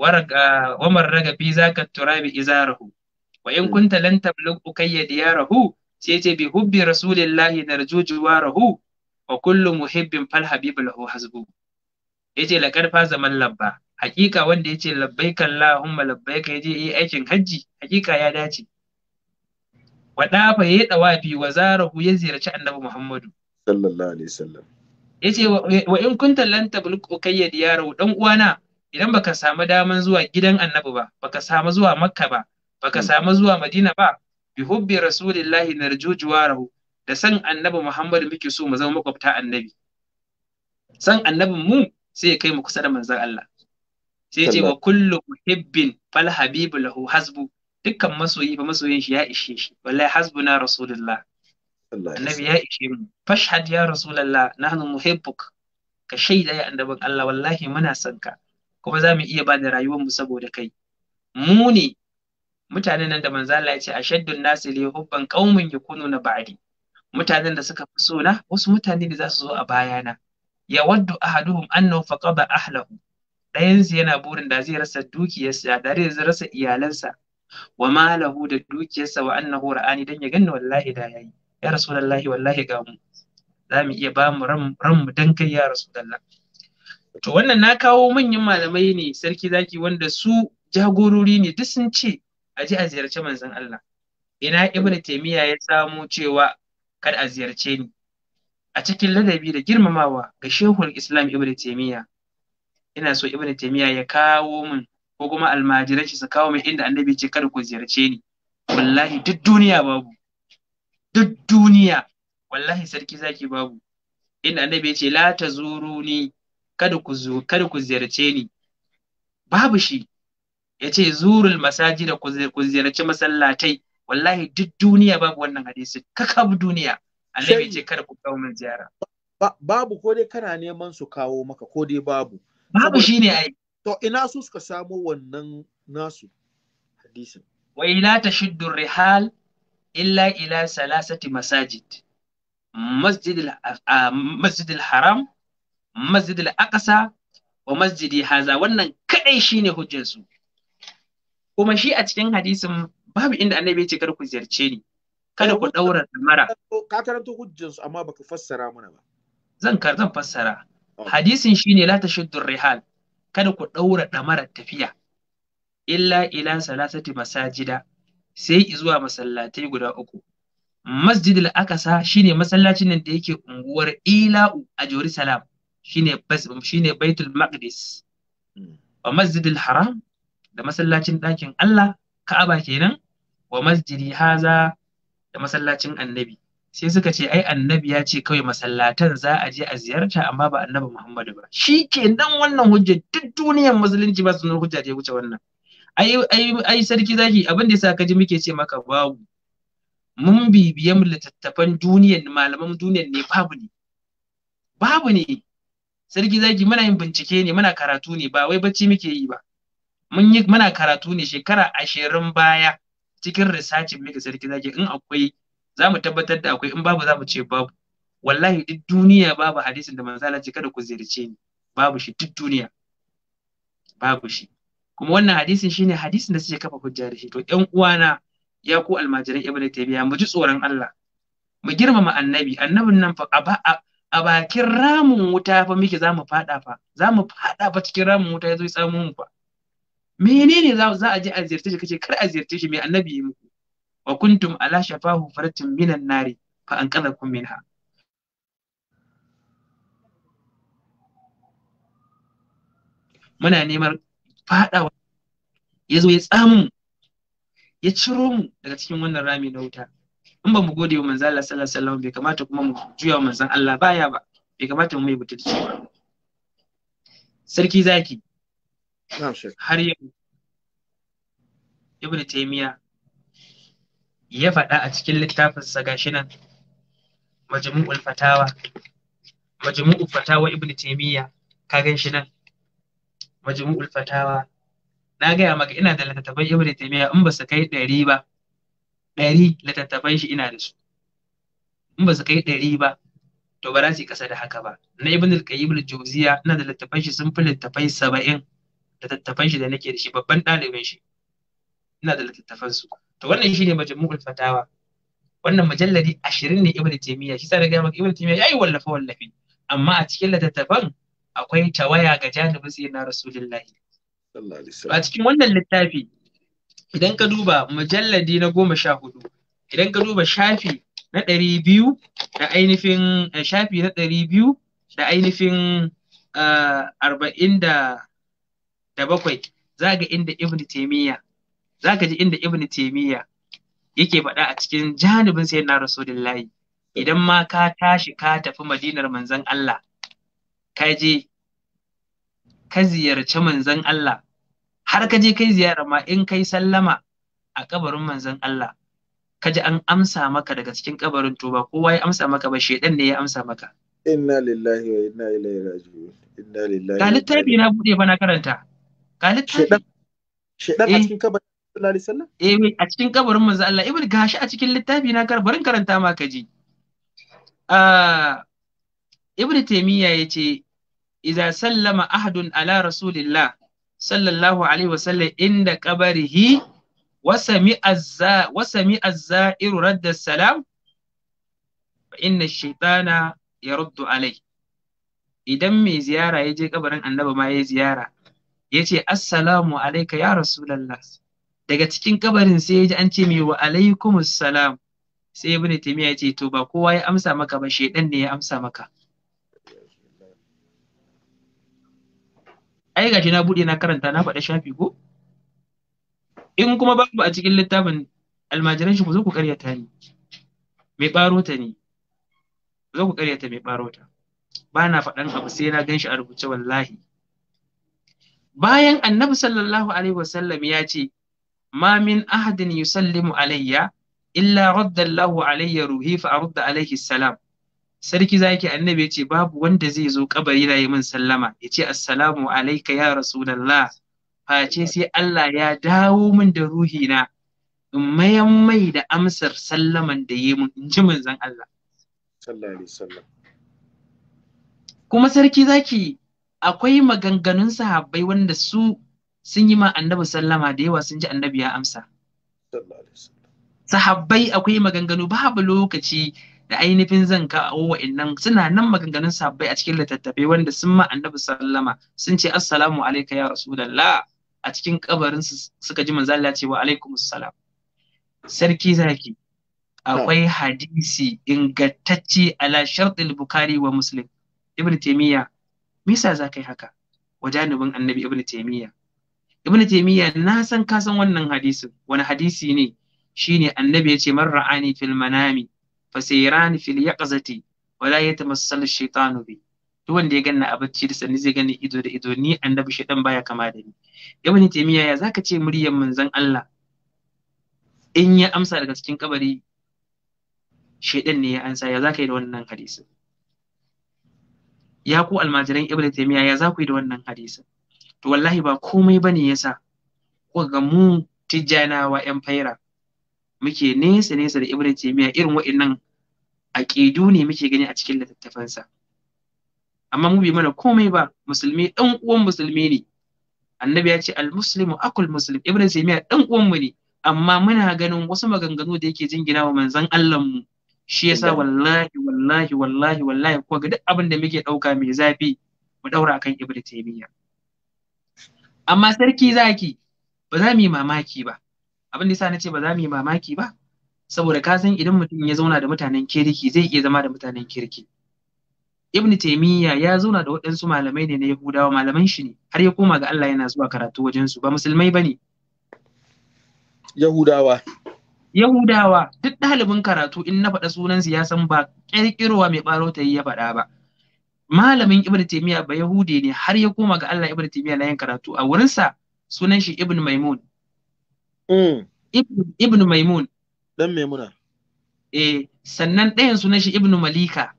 wamar ah, raga fi za ka turabi izarahu wa in hmm. kunta lan tablug ukayya diyarahu sai ce bi hubbi rasulillahi narju rahu wa kullu muhibbin fal habibu lahu hasbu yace laqad faza man labba hakika wanda ya ce labbaika Allahumma labbaika ya je yi aikin hajji hakika ya dace wa dafa ya dawafi wa zarahu ya ziyarci annabi Muhammadu sallallahu alaihi wasallam yace wa in kunta lan tabluk ukayya diyaru dan uwana idan baka samu daman zuwa gidan annabi ba baka samu zuwa makka ba baka hmm. samu zuwa madina ba bi hubbi rasulillahi narju juwarahu da san annabi Muhammadu muke so mu zama makwabta annabi san annabin mu sai ya kai mu kusa da manzon Allah sai ce wa kullu muhibbin fal habibu lahu hasbu dukkan masoyi fa masoyin shi ya ishe shi wallahi hasbuna rasulullah annabi ya ishe mu fashhad ya rasulullah nahnu muhibbuk ka shaida ya annabin Allah wallahi muna son ka kuma za mu iya bada rayuwar mu saboda kai mu ne mutanen nan da manzo Allah ya ce ashaddun nasi li hubban yakunu na ba'di mutanen da suka fi so na wasu mutane da za su zo a bayana yawaddu ahaduhum annahu faqada ahlahu ɗayansu yana burin da zai rasa dukiyarsa a da rasa iyalansa wa malahu da dukiyarsa wa annahu ra'ani dan ya ganna wallahi da yayi ya rasulullahi wallahi ga mu za mu iya ba mu ran mu dan kai ya rasulullah to wannan na kawo manyan malamai ne sarki zaki wanda su jagorori ne duk sun ce a ji a ziyarci manzon Allah ina ibnu taymiya ya samu cewa kada a ziyarce ni a cikin ladabi da girmamawa ga shehul islam ibnu taymiya ina so Ibn taymiya ya kawo min ko kuma almajiran shi su kawo min inda annabi ce kada ku ziyarce ni wallahi duk duniya babu duk duniya wallahi sarki zaki babu inda annabi ya ce la tazuruni kada ku zo kada ku ziyarce ni babu shi ya ce zurul masajida ku ziyarci masallatai wallahi duk duniya babu wannan hadisi kakab duniya annabi ya ce kada ku kawo min ziyara babu ko dai kana neman su kawo maka ko dai babu babu shi ne ai to ina su suka samo wannan nasu hadisin wa ila tashiddu rihal illa ila salasati masajid masjid masjid haram masjid al-aqsa wa masjidi haza wannan kadai shi hujjar su kuma shi a cikin hadisin babu inda annabi ya ce kar ku ziyarce ni kada ku daura mara ka karanta hujjar su amma baka fassara mana ba zan kar zan fassara hadisin shine la tashuddur rihal kada ku daura damarar tafiya illa ila salasati masajida sai zuwa masallatai guda uku masjidil akasa shine masallacin nan da yake unguwar ila'u a jerusalem shine shine baitul maqdis hmm. wa masjidil haram da masallacin ɗakin allah ka'aba kenan wa masjidi haza da masallacin annabi sai suka ce ai annabi ya ce kawai masallatan za a je a ziyarta amma ba annabi Muhammadu ba shi ke nan wannan hujja duk duniyar musulunci ba su nuna hujja ta wuce wannan ai ai ai sarki zaki abin da yasa ka ji muke ce maka babu mun bibiye mu littattafan duniyar malaman duniyar ne babu ne babu ne sarki zaki muna yin bincike ne muna karatu ne ba wai bacci muke yi ba mun yi muna karatu ne shekara ashirin baya cikin research muke sarki zaki in akwai za mu tabbatar da akwai in babu za mu ce babu wallahi duk duniya babu hadisin da manzo Allah ce kada ku ziyarce ni babu shi duk duniya babu shi kuma wannan hadisin shine hadisin da suke kafa hujja da shi to ƴan uwana ya ku almajiran ibnu taymiya mu ji tsoron Allah mu girmama annabi annabin nan fa a bakin ramin wuta fa muke za mu fada fa za mu fada fa cikin ramin wuta ya zo ya samu mu fa menene za a je a ziyarce shi kace kar a ziyarce shi me annabi yi muku وكنتم على شفا حفرة من minan nari منها anqadhakum minha muna neman faɗawa ya zo ya tsamu ya ciro mu daga cikin wannan rami na wuta in ba mu gode wa manzo Allah sallallahu alaihi wasallam bai kamata kuma mu juya wa manzon Allah baya ba bai kamata mu mai butulci ba sarki zaki har yau ibnu taymiya ya faɗa a cikin littafinsa gashi nan majmu'ul fatawa majmu'ul fatawa ibnu taymiya ka gan shi nan majmu'ul fatawa na gaya maka ina da littattafan ibnu taymiya in ba su kai ɗari ba ɗari littattafan shi ina da su in ba su kai ɗari ba to ba za su yi ƙasa da haka ba na ibn al-qayyim al-jawziya ina da littattafan shi sun fi littattafai saba'in littattafan shi da nake da shi babban ɗalibin shi ina da littattafan su to wannan shine majmu'ul fatawa wannan mujalladi 20 ne ibnu taymiya shi sai ga maka ibnu taymiya yayi wallafa wallafi amma a cikin littattafan akwai tawaya ga sai na rasulullahi a cikin wannan littafi idan ka duba mujalladi na goma sha hudu idan ka duba shafi na ɗari biyu da ainihin eh, shafi na ɗari biyu da ainihin eh, arba'in da bakwai za ga inda ibnu taymiya za ka ji inda ibn taimiyya yake faɗa a cikin janibin sai na rasulullahi idan ma ka tashi ka tafi madinar manzon Allah ka je ka ziyarci manzon Allah har ka je kai ziyara ma in kai sallama a kabarin manzon Allah ka ji an amsa maka daga cikin kabarin to ba kowa ya amsa maka ba shedan ne ya amsa maka inna lillahi wa inna ilaihi raji'un inna lillahi ga littafi na bude fa na karanta ga littafi shedan a eh. cikin kabarin eh a cikin kabarin manzo Allah eh, ibn gashi a cikin littafi na kar barin karanta ma ka ji ah ibn taymiya yace idza sallama ahadun ala rasulillah sallallahu alaihi wasallam inda qabarihi wasami azza iru radda salam fa inna shaytana yaruddu alai idan mai ziyara ya je kabarin annaba ma ya ziyara ya ce assalamu alaika ya rasulallah daga cikin kabarin sai ya ji an ce mai wa alaikumus salam sai ibnu taymiya ya ce to ba kowa ya amsa maka ba shedan ne ya amsa maka ai gashi na bude na karanta na faɗa shafi ko in kuma babu a cikin littafin almajiran shi ku zo ku karyata ni mai barota ne zo ku karyata mai barota ba na faɗan abu sai na gan shi a rubuce wallahi bayan annabi sallallahu alaihi wasallam ya ce ma min ahadin yusallimu alayya illa radda Allahu ruhi fa arudda alayhi salam sarki zaki annabi yace babu wanda zai zo kabari da min sallama yace assalamu alayka ya rasulullah fa ce sai Allah ya dawo min da ruhina, in mayan mai da amsar sallaman da yi min, in ji manzon Allah kuma sarki zaki akwai maganganun sahabbai wanda su sun yi ma annabi sallama da yawa sun ji annabi ya amsa sahabbai akwai maganganu babu lokaci da ainihin zan kawo wa wa'annan suna nan maganganun sahabbai a cikin littattafai wanda sun ma annabi sallama sun ce assalamu alaika" ya rasulullah a cikin kabarin suka ji manzo Allah cewa alaikum assalam sarki zaki akwai hadisi ingantacci, ala shartil bukhari wa muslim ibn taymiya misa za kai haka wajanibin annabi ibn taymiya ibnu taymiya na san ka san wannan hadisin wani hadisi ne shine annabi yace man ra'ani fil manami fasirani fil yaqzati wala yatamassal shaytanu bi duk wanda ya ganna a bacci da sanni zai gani ido da ido ni annabi shaytan baya kama da ni ibn taymiya ya zaka ce muryar manzon Allah in ya amsa daga cikin kabari shaytan ne ya ansa ya zaka yi da wannan hadisin ya ku almajiran ibn taymiya ya zaku yi da wannan hadisin to wallahi ba komai bane yasa kuka ga mu tijjanawa yan faira muke nesa nesa da ibnu taymiya irin wa'annan aqidu ne muke gani a cikin littattafansa amma mu bai mana komai ba musulmi dan uwan musulmi ne annabi ya ce almuslimu akul muslim ibnu taymiya dan uwan mu ne amma muna ganin wasu maganganu da yake jingina wa manzon Allah mu shi yasa wallahi wallahi wallahi wallahi ko ga duk abin da muke ɗauka mai zafi mu ɗaura akan ibnu taymiya amma sarki zaki ba za mu yi mamaki ba abin da yasa na ce ba za mu yi mamaki ba saboda ka san idan mutum ya zauna da mutanen kirki zai iya zama da mutanen kirki ibn taimiyya ya zauna da waɗansu malamai ne na yahudawa malaman shi ne har ya koma ga Allah yana zuwa karatu wajen su ba musulmai bane yahudawa yahudawa duk ɗalibin karatu in na faɗa su ya san ba ƙirƙirowa mai ɓaro ta yi ya faɗa ba malamin Ibn taymiya ba yahude ne har ya koma ga Allah Ibn taymiya na yin karatu a wurinsa sunan shi Ibn maimun mm. maimun dan maimuna eh sannan ɗayan sunan shi Ibn malika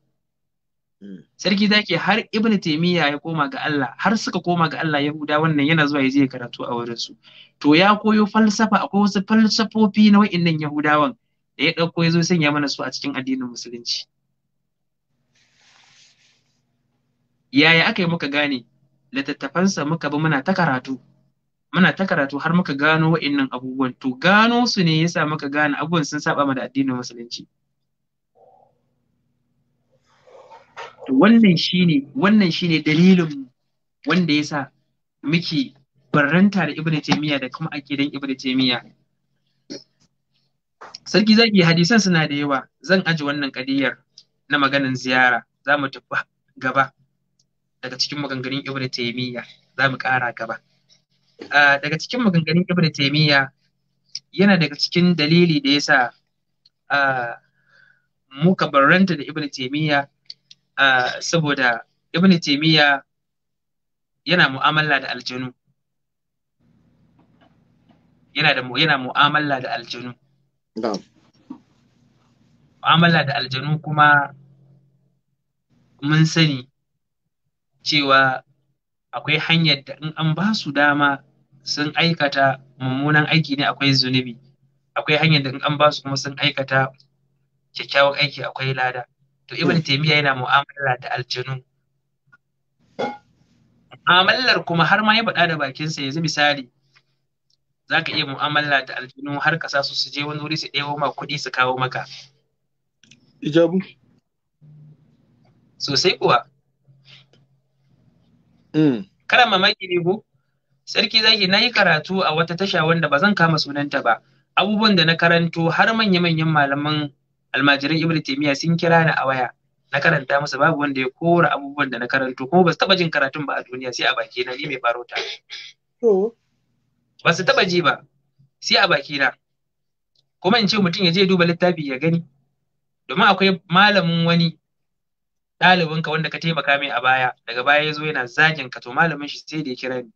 mm. sarki zaki har Ibn taymiya ya koma ga Allah har suka koma ga Allah yahuda wannan yana zuwa ya yaje karatu a wurinsu. to ya koyo falsafa akwai wasu falsafofi na wayannan yahudawan da ya dauko yazo sanya mana su a cikin addinin musulunci yaya aka yi muka gane littattafansa muka bi muna ta karatu muna ta karatu har muka gano wa'innan abubuwan to gano su ne yasa muka gane abubuwan sun saba mu da addinin musulunci to wannan shine wannan shine dalilin wanda yasa muke barranta da ibnu taymiya da kuma akidan ibnu taymiya sarki zaki hadisan suna da yawa zan aji wannan kadiyar na maganan ziyara za mu tafi gaba daga cikin maganganun ibn Taymiyyah za mu ƙara gaba daga cikin maganganun ibn Taymiyyah yana daga cikin dalili da yasa muka barranta da ibn Taymiyyah saboda ibn Taymiyyah yana mu'amala da aljanu yana da yana mu'amala da aljanu mu'amala da aljanu kuma mun sani cewa akwai hanyar da in an ba su dama sun aikata mummunan aiki ne akwai zunubi akwai hanyar da in an ba su kuma sun aikata kyakkyawan aiki akwai lada to ibn taymiya yana mu'amala da aljanu mu'amalar kuma har ma ya faɗa da bakinsa yanzu misali zaka iya mu'amala da aljanu har ka sa su su je wani wuri su ɗebo ma kuɗi su kawo maka ijabu sosai kuwa Mm. Kada mamaki ne ko? Sarki zaki na yi karatu a wata tasha wanda ba zan kama sunanta ba. Abubuwan da na karanto har manya-manyan malaman almajiran Ibn Taymiyyah sun kira ni a waya. Na karanta musu babu wanda ya kora abubuwan da na karanto kuma ba su taɓa jin karatun ba a duniya sai a baki na ni mai ta. Ba su taɓa ji ba sai a baki na. Kuma in ce mutum ya je duba littafi ya gani. Domin akwai malamin wani ɗalibinka wanda ka taimaka mai a baya daga baya ya zo yana zagin ka to malamin shi sai da ya kira ni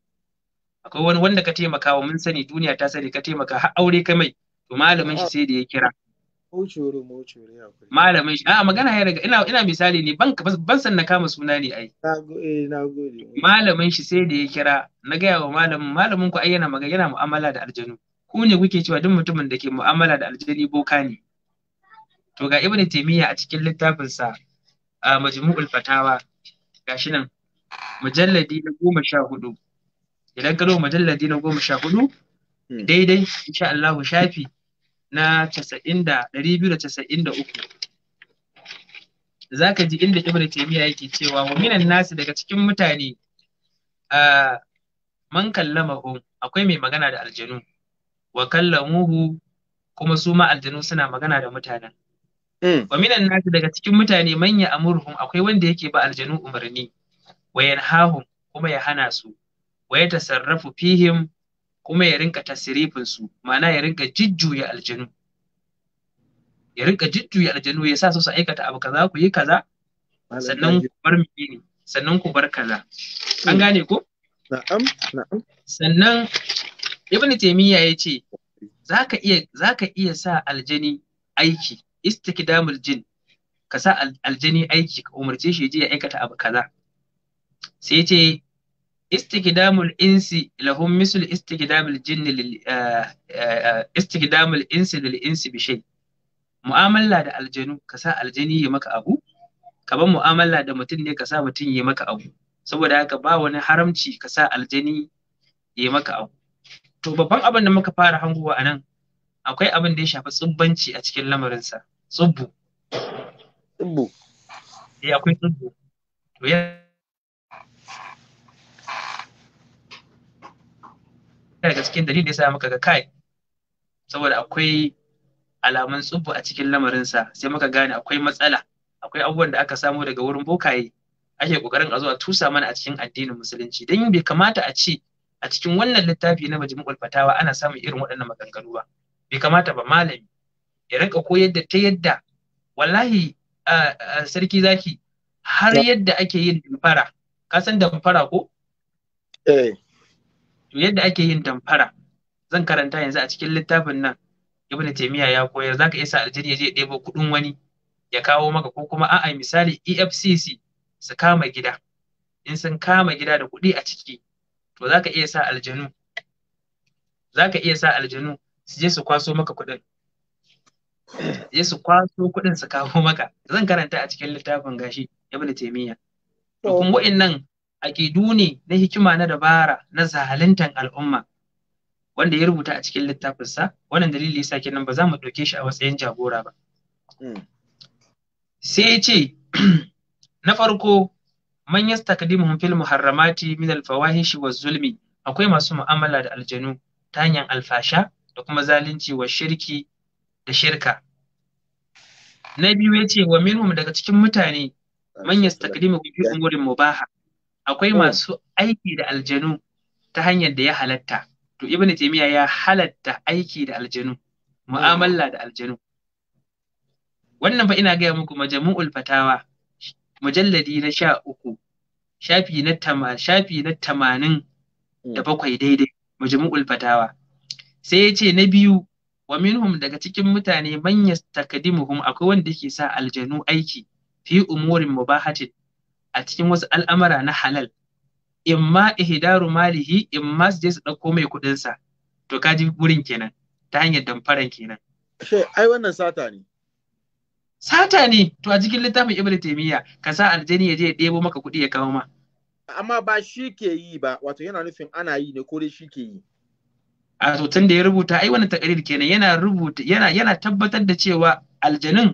akwai wani wanda ka taimaka wa mun sani duniya ta sani ka taimaka har aure ka mai to malamin shi sai da ya kira malamin shi a magana ya daga ina ina misali ne ban ban san na kama suna ne ai eh, malamin shi sai da ya kira na gaya wa malamin malamin ku ai yana magana yana mu'amala da aljanu ku ne kuke cewa duk mutumin da ke mu'amala da aljani boka ne to ga ibnu taymiya a cikin littafinsa a majmu'ul fatawa gashi nan mujalladi na goma sha hudu idan ka mujalladi na goma sha hudu hmm. daidai insha Allahu shafi na casa'in da ji inda ibn taymiya yake cewa wa minan nasi daga cikin mutane a man kallamahu akwai mai magana da aljanu wa kallamuhu kuma su ma aljanu suna magana da mutanen Mm. wa minan nasi daga cikin mutane manya amurhum akwai wanda yake ba aljanu umarni wa yanhahum kuma ya hana su wa ya tasarrafu fihim kuma ya rinka tasrifin su ma'ana ya rinka jijjuya aljanu ya rinka jijjuya aljanu ya sa su su aikata abu kaza ku yi kaza sannan ku bar menene sannan ku bar kaza an mm. gane ko na'am na'am sannan ibn taymiya ya ce zaka iya zaka iya sa aljani aiki istikdamul jin ka sa aljini aiki ka umarce shi je ya aikata abu kaza sai ce istikdamul insi lahum misl istikdamul jinni lil eh, eh, istikdamul insi lil insi bi shay mu'amala da aljanu ka sa aljini ya maka abu kaban mu'amala da mutum ne ka sa mutum ya maka abu saboda haka ba wani haramci ka sa aljani ya maka abu to babban abin da muka fara hangowa a nan akwai abin da ya shafi tsubbanci a cikin lamarinsa tsubbu tsubbu eh akwai tsubbu to yana daga cikin dalilin yasa muka ga kai saboda akwai alamun tsubbu a cikin lamarinsa sai muka gane akwai matsala akwai abubuwan da aka samu daga wurin bokaye ake kokarin a zo a tusa mana a cikin addinin musulunci dan bai kamata a ce a cikin wannan littafi na majmu'ul fatawa ana samun irin waɗannan maganganu ba bai kamata ba malami ya rinka koyar da ta yadda wallahi sarki zaki har yadda ake yin damfara ka san damfara ko eh to yadda ake yin damfara zan karanta yanzu a cikin littafin nan ibnu taymiya ya koyar zaka iya sa aljini ya je ɗebo kuɗin wani ya kawo maka ko kuma a'a misali EFCC su kama gida in sun kama gida da kuɗi a ciki to zaka iya sa aljanu zaka iya sa aljanu su je su kwaso maka kuɗin sai kwaso kuɗin su kawo maka zan karanta a cikin littafin gashi ibnu taymiya to kun wa'annan aqidu ne na hikima na dabara na zahalintan al'umma wanda ya rubuta a cikin sa wannan dalili yasa kenan ba za mu ɗauke shi a matsayin jagora ba hmm. sai ya ce na farko man yastakdimuhum fil muharramati min al fawahish wa zulmi akwai masu mu'amala da aljanu ta hanyar alfasha da kuma zalunci wa shirki da shirka na biyu ya ce wa minimum daga cikin mutane manyan man ku bi gurin mubaha akwai hmm. masu aiki da aljanu ta hanyar da ya halatta to ibnu taymiya ya halatta aiki da aljanu mu'amala da aljanu wannan fa ina gaya muku majmu'ul fatawa mujalladi na sha uku shafi na tama shafi na tamanin da hmm. bakwai daidai majmu'ul fatawa sai ya ce na biyu wa minhum daga cikin mutane man yastakdimuhum akwai wanda yake sa aljanu aiki fi umurin mubahatin a cikin wasu al'amara na halal imma ihdaru malihi imma su je su dauko mai kuɗinsa. sa to kaji gurin kenan ta hanyar damfaran kenan she ai wannan sata ne sata ne to a cikin littafin ibnu taymiya ka sa aljani ya je ya ɗebo maka kuɗi ya kawo ma amma ba shi ke yi ba wato yana nufin ana yi ne ko dai shi ke yi a hoton da ya rubuta ai wannan takarir kenan yana rubuta yana yana tabbatar da cewa aljanun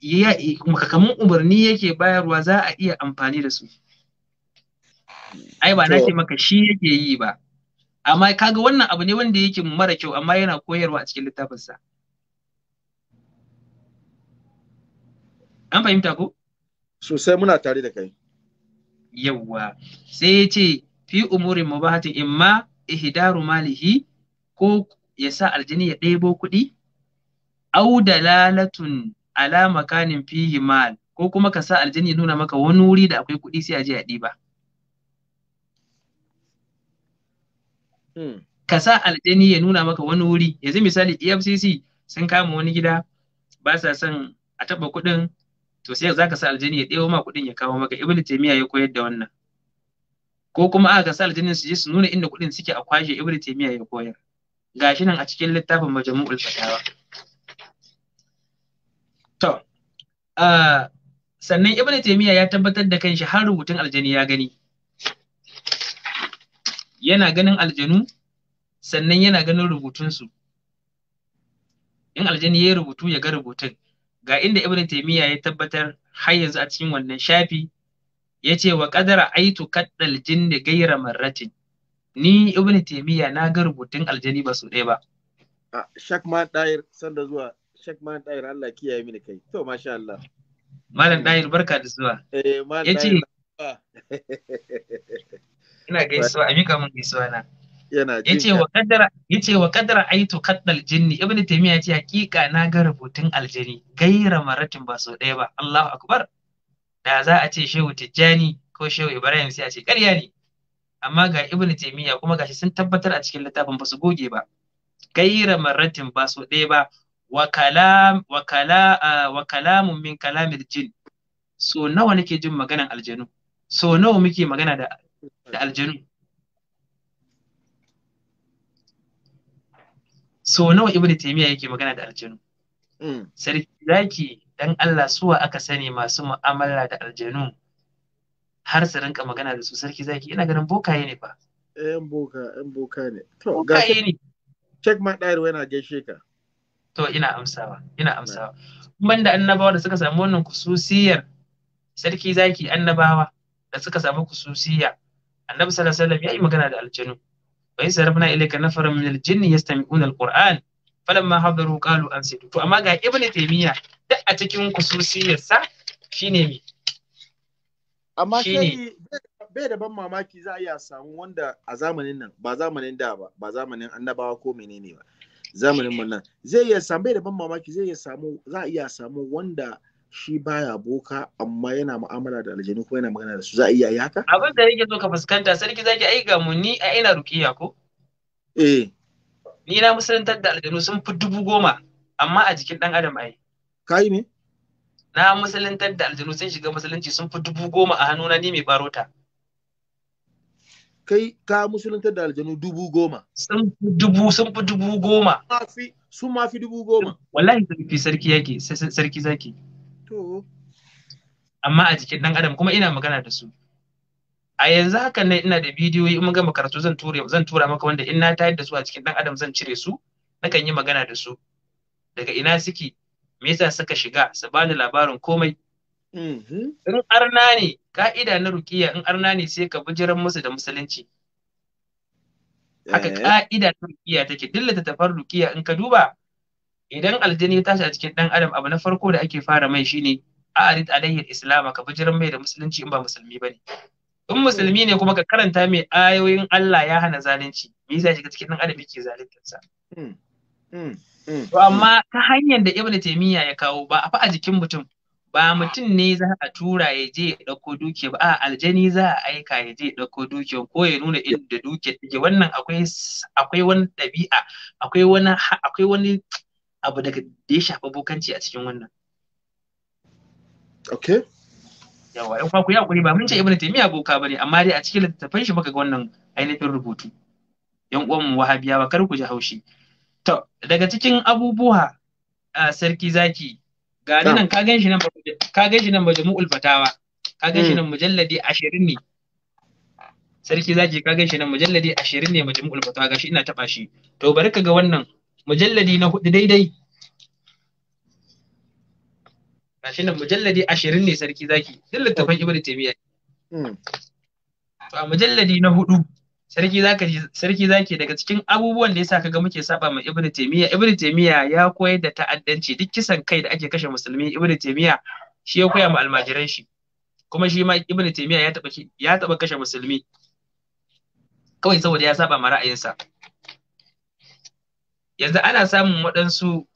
ya makakamun umarni yake bayarwa za a iya amfani da su ai ba na ce maka shi yake yi ba amma kaga wannan abu ne wanda yake mara kyau amma yana koyarwa a cikin littafinsa an fahimta ko sosai muna tare da kai yawwa sai ya ce fi umurin mubahatin imma ihdaru malihi ko ya sa aljani ya ɗebo kuɗi au dalalatun ala makanin fihi mal ko kuma ka sa aljani ya nuna maka wani wuri da akwai kuɗi sai a je a ɗiba hmm. ka sa aljani ya nuna maka wani wuri yanzu misali efcc sun kama wani gida ba sa son a taɓa kuɗin to sai za ka sa aljani ya ɗebo ma kuɗin ya kawo maka ibn taymiya ya koyar da wannan ko kuma aka sa aljinin su je su nuna inda kuɗin suke a kwashe ibnu taymiya ya koyar gashi nan a cikin littafin majmu'ul fatawa to sannan ibnu taymiya ya tabbatar da kanshi har rubutun aljani ya gani yana ganin aljanu sannan yana ganin rubutunsu in aljani ya rubutu ya ga rubutun ga inda ibnu taymiya ya tabbatar har yanzu a cikin wannan shafi ya ce wa ƙadara aitu kaddal jinni gaira marratin ni ibn taimiyya na ga rubutun aljani ba su ɗaya ba a shak ma dair sanda zuwa shak ma dair Allah kiyaye mini kai to masha Allah malam dair barka da zuwa ya eh, ce yace ina gaisuwa a mika min gaisuwa na ya ce wa kadara aitu kaddal jinni ibn taimiyya ya ce hakika na ga rubutun aljani gaira marratin ba su ɗaya ba Allahu akbar da za a ce shehu tijjani ko shehu ibrahim sai a ce ƙarya ne amma ga ibn taimiyya kuma gashi sun tabbatar a cikin littafin ba su goge ba gaira marratin ba su ɗaya ba wa kalam wa kala wa kalamun min kalamil jin so nawa nake jin maganan aljanu so nawa muke magana da da aljanu so nawa ibn taimiyya yake magana da aljanu mm. sarki zaki dan Allah suwa aka sani masu mu'amala da aljanu har su rinka magana da su sarki zaki ina ganin bokaye ne fa yan boka yan boka ne to bokaye ne check ma when yana get ka to ina amsawa ina amsawa banda annabawa da suka samu wannan kususiyar sarki zaki annabawa da suka samu kususiya annabi sallallahu alaihi wasallam yayi magana da aljanu wa yasarfuna ilayka nafar min aljinni yastami'una alquran falamma hadaru qalu ansitu to amma ga ibnu taymiya duk a cikin kususiyarsa shine mai. amma shi bai da ban mamaki za a iya samu wanda a zamanin nan ba zamanin da ba ba zamanin annabawa ko menene ba zamanin mun nan zai iya samu bai da ban mamaki zai iya samu za a iya samu wanda shi baya boka amma yana mu'amala da aljanu ko yana magana da su za a iya yi haka abin da yake so ka fuskanta sarki zaki ai ga mu ni a ina ruqiya ko eh ni na musulantar da aljanu sun fi dubu goma amma a jikin dan adam ai kayi me na musuluntar da aljanu sun shiga musulunci sun fi dubu goma a na ni mai barota kai ka musuluntar da aljanu dubu goma sun fi dubu sun fi dubu goma sun ma fi dubu goma wallahi sarki sarki yake sarki zaki to amma a jikin dan adam kuma ina magana da su a yanzu haka ne ina da bidiyoyi in gama karatu zan tura zan tura maka wanda in na tayar da su a cikin dan adam zan cire su nakan yi magana da su daga ina suke me yasa suka shiga su bani labarin komai mhm. in arna ne ka'ida na rukiya in arna ne sai ka bijiran musu da musulunci haka eh. ka'ida na rukiya take dillata tafar rukiya in ka duba idan aljini ya tashi a cikin dan adam abu na farko da ake fara mai shine a'rid alayhi islam ka bijiran mai da musulunci in ba musulmi bane in musulmi ne kuma ka karanta mai ayoyin Allah ya hana zalunci me yasa shiga cikin dan adam yake zaluntar sa hmm. Mm, mm. To amma ta hanyar da Ibn Taymiyya ya kawo ba a fa a jikin mutum ba mutum ne za a tura ya je ya ɗauko dukiya ba a aljani za a aika ya je ya ɗauko dukiya ko ya nuna inda dukiya take wannan akwai akwai wani ɗabi'a akwai wani akwai wani abu daga da ya shafi bokanci a cikin wannan. Okay. Yawa in ku ya hakuri ba mun ce Ibn Taymiyya boka bane amma dai a cikin littattafan shi muka ga wannan ainihin rubutu. Yan uwan mu Wahabiyawa kar ku ji haushi. To, daga cikin abubuwa a sarki zaki, ga nan ka gan shi nan ba gan ulfatawa. fatawa, ka gan shi mm. nan mujalladi ashirin ne. Sarki zaki ka gan shi nan mujalladi ashirin ne majmu'ul fatawa gashi ina taba shi. To bari ka ga wannan mujalladi na hudu daidai. shi nan mujalladi ashirin ne sarki zaki. Duk littafin Ibn Taymiyyah. Mm. To a mujalladi na hudu sarki zaka sarki zaki daga cikin abubuwan da yasa kaga muke saba ma ibnu taymiya ibnu taymiya ya koyar da ta'addanci duk kisan kai da ake kashe musulmi ibnu taymiya shi ya koya ma almajiran shi kuma shi ma ibnu taymiya ya taba ya taba kashe musulmi kawai saboda ya saba ma ra'ayinsa yanzu ana samun waɗansu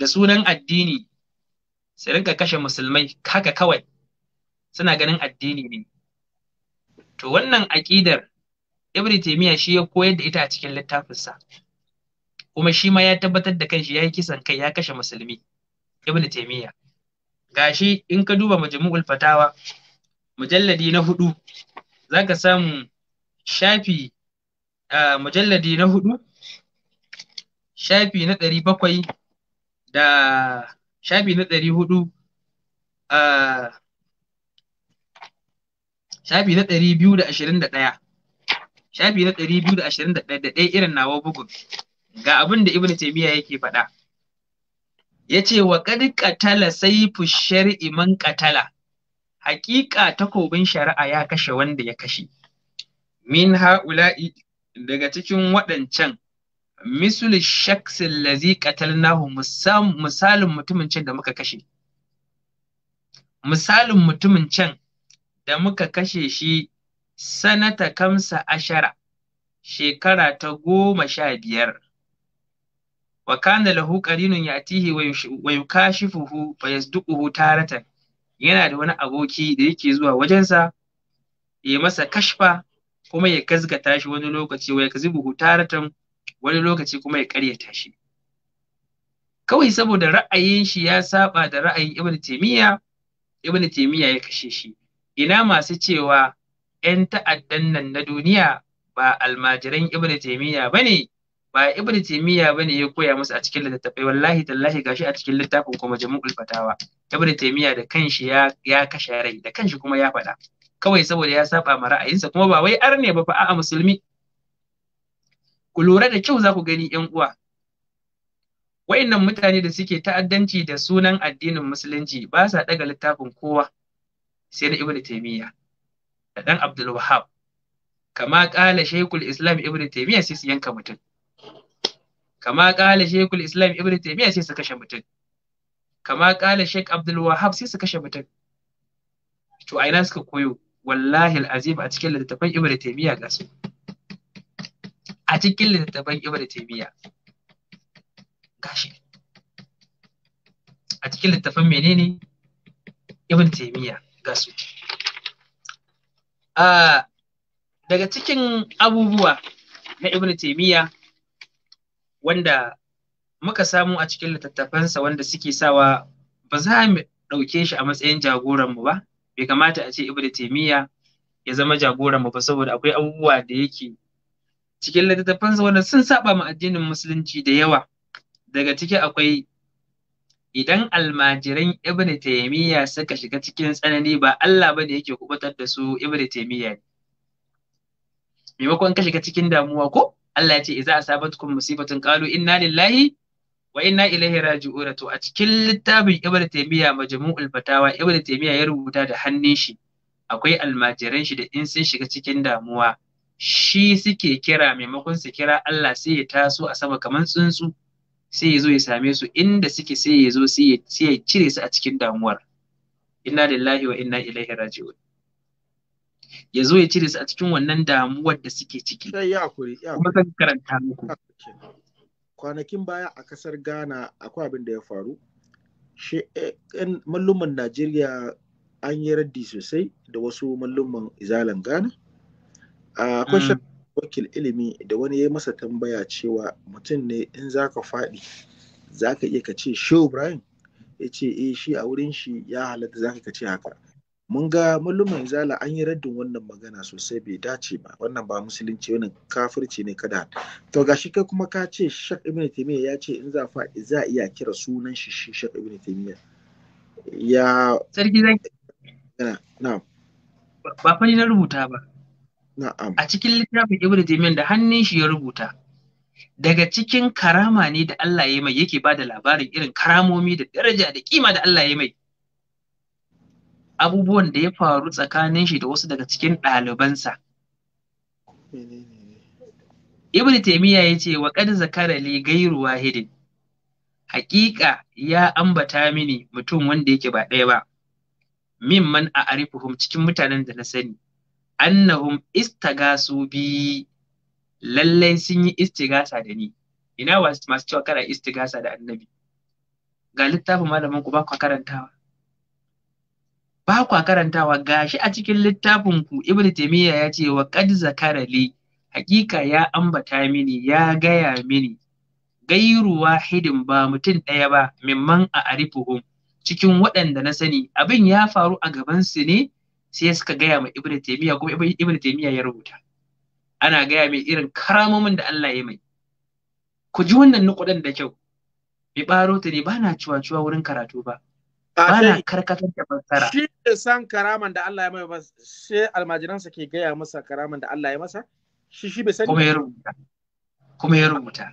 da sunan addini su rinka kashe musulmai haka kawai suna ganin addini ne to wannan aƙidar ibn taymiya shi ya koyar da ita a cikin littafinsa kuma shi ma ya tabbatar da kanshi yayi kisan kai ya kashe musulmi ibn taymiya gashi in ka duba majmu'ul fatawa mujalladi na hudu zaka samu shafi uh, mujalladi na hudu shafi na ɗari bakwai da shafi na ɗari hudu shafi na ɗari biyu da ashirin da ɗaya shafi na ɗari biyu da ashirin da ɗaya irin nawa bugun ga abin da ibnu taymiya yake faɗa yace wa qad ƙatala sai fushar man ƙatala. haƙiƙa takobin shari'a ya kashe wanda ya kashe min ha'ula'i daga cikin waɗancan misul shaksin lazi misalin mutumin can da muka kashe misalin mutumin can da muka kashe shi sanata kamsa ashara shekara ta goma sha biyar wa kana lahu qarinun yatihi wa yukashifuhu duku yasduquhu taratan yana da wani aboki da yake zuwa wajensa ya masa kashfa kuma ya gazgata shi wani lokaci wa ya taratan wani lokaci kuma ya karya tashi. kawai saboda ra'ayin shi ya saba da ra'ayin ibnu taymiya ibnu taymiya ya kashe shi ina masu cewa 'yan ta'addan nan na duniya ba almajiran ibnu ba bane ba ibnu ba ne ya koya musu a cikin littattafai wallahi tallahi gashi a cikin littafin kuma jami'ul fatawa Ibn da kanshi ya ya kashe rai da kanshi kuma ya faɗa kawai saboda ya saba ma ra'ayinsa kuma ba wai ar ne ba fa a musulmi ku lura da kyau za ku gani yan uwa wayannan mutane da suke ta'addanci da sunan addinin musulunci ba sa daga littafin kowa sai na Ibn da ɗan Abdul Wahab kama ƙala Shekul Islam Ibn taimiyya sai su yanka mutum kama ƙala Shekul Islam Ibn taimiyya sai su kashe mutum kama ƙala Shek Abdul Wahab sai su kashe mutum to a ina suka koyo wallahi al'azim a cikin littattafan Ibn taimiyya ga su a cikin littattafan Ibn ga gashi a cikin littattafan menene Ibn taimiyya ga su daga cikin abubuwa na ibn taimiyya wanda muka samu a cikin littattafansa wanda suke sawa ba za mu ɗauke shi a matsayin jagoranmu ba bai kamata a ce ibn taimiyya ya zama jagoranmu ba saboda akwai abubuwa da yake cikin littattafansa wanda sun saba mu addinin musulunci da yawa daga ciki akwai idan almajiran ibn taymiya suka shiga cikin tsanani ba Allah ba ne yake kubutar da su ibn taymiya ne maimakon ka shiga cikin damuwa ko Allah ya ce idza asabatkum musibatun qalu inna lillahi wa inna ilaihi raji'un to a cikin littafin ibn taymiya majmu'ul fatawa ibn taymiya ya rubuta da hannun shi akwai almajiran shi da in sun shiga cikin damuwa shi suke kira maimakon su kira Allah sai ya taso a sama kamar tsuntsu sai ya zo ya same su inda suke sai ya zo sai ya cire su a cikin damuwar inna lillahi wa inna ilaihi raji'un ya zo ya cire su a cikin wannan damuwar da suke ciki kuma zan karanta muku kwanakin baya a kasar Ghana akwai abin da ya faru shi eh, malluman Najeriya an yi raddi sosai da wasu malluman izalan Ghana ah, akwai mm. wakil ilimi da wani ya masa tambaya cewa mutum ne in za ka faɗi za ka iya ka ce shehu ibrahim ya ce eh shi a wurin shi ya halatta za kace haka mun ga malluman izala an yi raddin wannan magana sosai bai dace ba wannan ba musulunci wannan kafirci ne kada to gashi kai kuma ka ce shak ibn taymiya ya ce in za fa za iya kira sunan shi shi shak ibn taymiya ya sarki zan na ba fa ni na rubuta ba a cikin littafin ibn taymiyyah da hannun shi ya rubuta daga cikin karama ne da Allah ya mai yake bada labarin irin karamomi da daraja da kima da Allah ya mai abubuwan da ya faru tsakanin shi da wasu daga cikin ɗalibansa ibn taymiyyah ya ce wa kad zakara li ghayru wahidin haƙiƙa ya ambata mini mutum wanda yake ba ɗaya ba min a arifuhum cikin mutanen da na sani annahum istagasu bi lallai sun yi istigasa da ni ina masu cewa kana istigasa da annabi ga littafin malaman ku ba ku karantawa ba ku karantawa gashi a cikin littafin ku ibn taymiya ya ce wa qad zakara hakika ya ambata mini ya gaya mini gairu wahidin ba mutum ɗaya ba mimman a arifuhum cikin waɗanda na sani abin ya faru a gaban su ne sai suka gaya ma ibn taymiya kuma ibn taymiya ya rubuta ana gaya mai irin karamomin da Allah ya mai ku ji wannan nukudan da kyau mai baro ta ne ba na cuwa ciwa wurin karatu ba ba na karkatar da fassara shi da san karaman da Allah ya mai ba sai almajiransa ke gaya masa karaman da Allah ya masa shi shi bai sani kuma ya rubuta kuma ya rubuta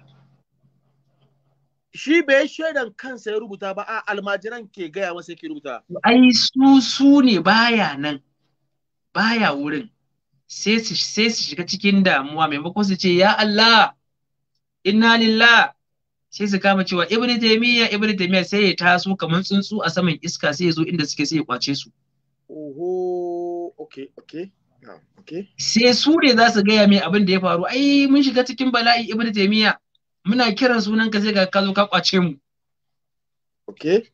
shi bai shaidan kansa ya rubuta ba a almajiran ke gaya masa yake rubuta ai su su ne baya nan baya wurin sai su shiga cikin damuwa maimakon su ce ya Allah inna lillah sai su kama cewa ibnu taymiya ibnu taymiya sai ya taso kamar tsuntsu a saman iska sai ya zo inda suke sai ya kwace su oho okay okay sai su ne za su gaya mai abin da ya faru ai mun shiga cikin bala'i ibnu taymiya muna kiran sunan ka sai ka zo ka kwace mu okay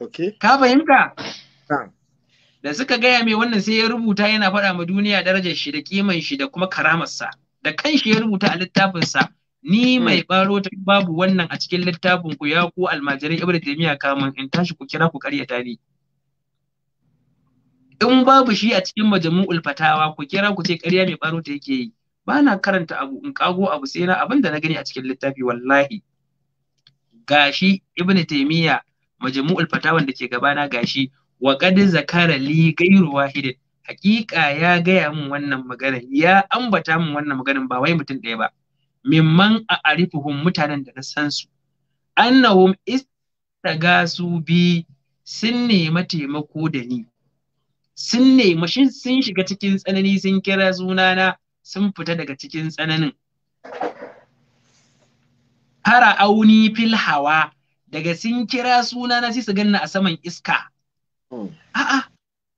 okay ka fahimta da suka gaya mai wannan sai ya rubuta yana faɗa ma duniya darajar shi da kiman shi da kuma karamarsa da shi ya rubuta a littafinsa ni hmm. mai baro ta babu wannan a cikin littafin ku ya ku almajirai ibnu taymiya kamun in tashi ku kira ku karyata ni in babu shi a cikin majmu'ul fatawa ku kira ku ce ƙarya mai baro ta yake yi ba na karanta abu in kago abu sai na abin da na gani a cikin littafi wallahi gashi ibnu taymiya majmu'ul fatawan da ke gabana gashi wa zakara li gairu wahidin haƙiƙa ya gaya min wannan magana ya ambata min wannan magana ba wai mutum ɗaya ba mimman a arifuhum mutanen da na san su annahum istaga su bi sun nema taimako da ni sun nema shin sun shiga cikin tsanani sun kira sunana sun fita daga cikin tsananin hara auni fil hawa daga sun kira sunana sai su ganna a saman iska A'a,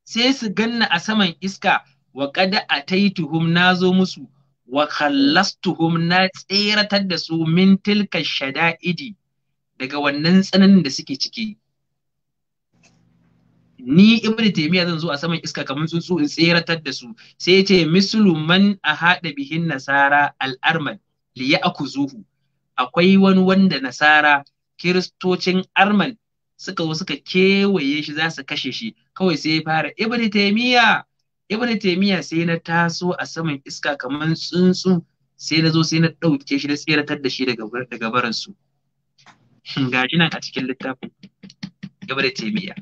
sai su ganna a saman iska wa kada a taituhum na zo musu wa khallastuhum na tseratar da su min tilka shada'idi daga wannan tsananin da suke ciki. Ni Ibn Taymiya zan zo a saman iska kamar tsuntsu in tseratar da su sai ce musulman a haɗa bihin nasara al'arman Liya akuzuhu akwai wani wanda nasara kiristocin arman suka zo suka kewaye shi za su kashe shi kawai sai ya fara ibn taymiya ibn taymiya sai na taso a saman iska kamar tsuntsu sai na zo sai na ɗauke shi na tseratar da shi daga baran su ga shi nan a cikin littafin ibn taymiya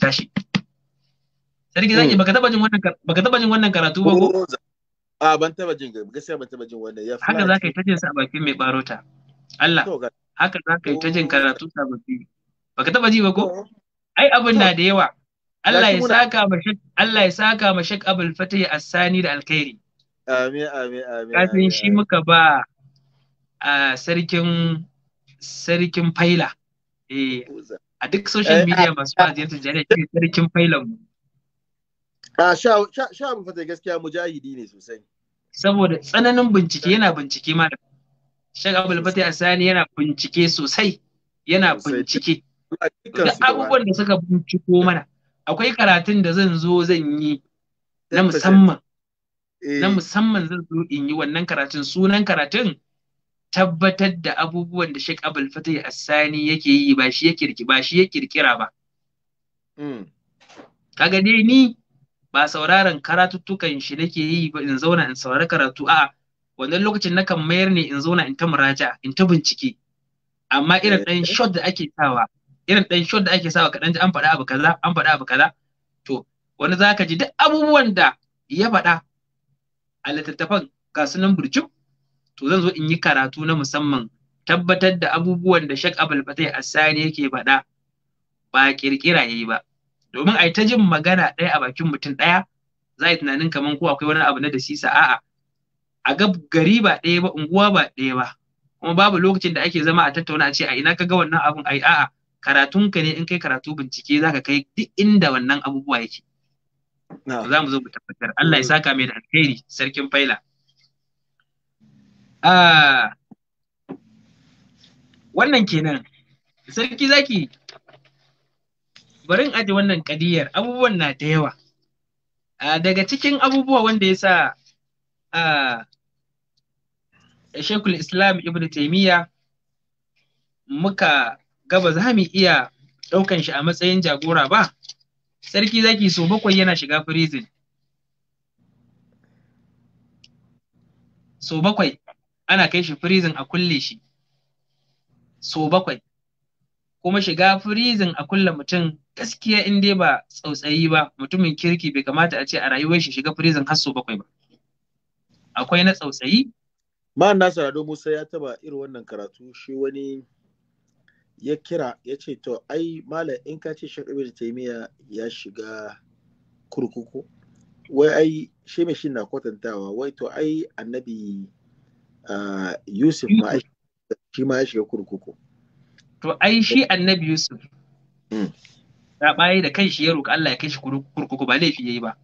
tashi sarki zaki hmm. baka taba jin wannan baka taba jin wannan karatu ba ko a ban taba jin gaskiya ban taba jin wannan ya haka zakai yi ta jin sa a bakin mai barota Allah haka za ka yi ta jin karatu sababbi ka taba ji ba ko ai abin na da yawa Allah ya saka ma shek Allah ya saka ma shek Abul Fatih As-Sani da Alkhairi amin amin amin kafin shi muka ba a sarkin sarkin faila eh a duk social eh, media ah, masu ba ziyartar jami'a ke sarkin failan mu a ah, sha sha Abul Fatih gaskiya mujahidi ne sosai saboda tsananin bincike yana bincike ma da Shek Abdul Fatih Asani yana bincike sosai yana bincike da abubuwan da suka binciko mana akwai karatun da zan zo zan yi na musamman eh. na musamman zan zo in yi wannan karatun sunan karatun tabbatar da abubuwan da Sheikh Abdul Fatih Asani yake yi ba ya ba shi ya kirkira ba hmm. kaga dai ni ba sauraron karatuttukan shi nake yi ba in zauna in saurari karatu a'a wannan lokacin na kan mayar ne in zauna in ta muraja in ta bincike amma irin ɗan eh. shot da ake sawa irin ɗan shot da ake sawa kaɗan ji an faɗa abu kaza an faɗa abu kaza to wani za ka ji duk abubuwan da ya faɗa a littattafan ga su nan to zan zo in yi karatu na musamman tabbatar da abubuwan da Sheikh Abul Fatai Asani yake faɗa ba kirkira yayi ba domin ai ta jin magana ɗaya a bakin mutum ɗaya za yi tunanin kaman ko akwai wani abu na da sisa a'a a ga gari ba ɗaya ba unguwa ba ɗaya ba kuma babu lokacin da ake zama a tattauna a ce a ina ka ga wannan abun ai a'a karatun ka ne in kai karatu bincike zaka kai duk inda wannan abubuwa yake za mu zo mu tabbatar Allah ya saka mai da alheri sarkin faila ah, wannan kenan sarki zaki bari in aje wannan kadiyar abubuwan na da yawa ah, daga cikin abubuwa wanda ya sa ah, shekul islam ibn taimiyya muka gaba za mu iya ɗaukan shi a matsayin jagora ba sarki zaki so bakwai yana shiga prison so bakwai ana kai shi prison a kulle shi so bakwai kuma shiga prison a kulle mutum gaskiya in dai ba tsautsayi ba mutumin kirki bai kamata a ce a rayuwar shi shiga prison har so bakwai ba akwai na tsautsayi ma'an nasir ado musa ya taba irin wannan karatu shi wani ya kira ya ce to ai malam in ka ce shi ibn taimiya ya shiga kurkuku wai ai shi mai shi na kwatantawa wai to ai annabi uh, yusuf ma shi ma ya shiga kurkuku to ai shi annabi yusuf ya hmm. bayi da kanshi ya roƙi Allah ya kai shi kurkuku ba laifi yayi ba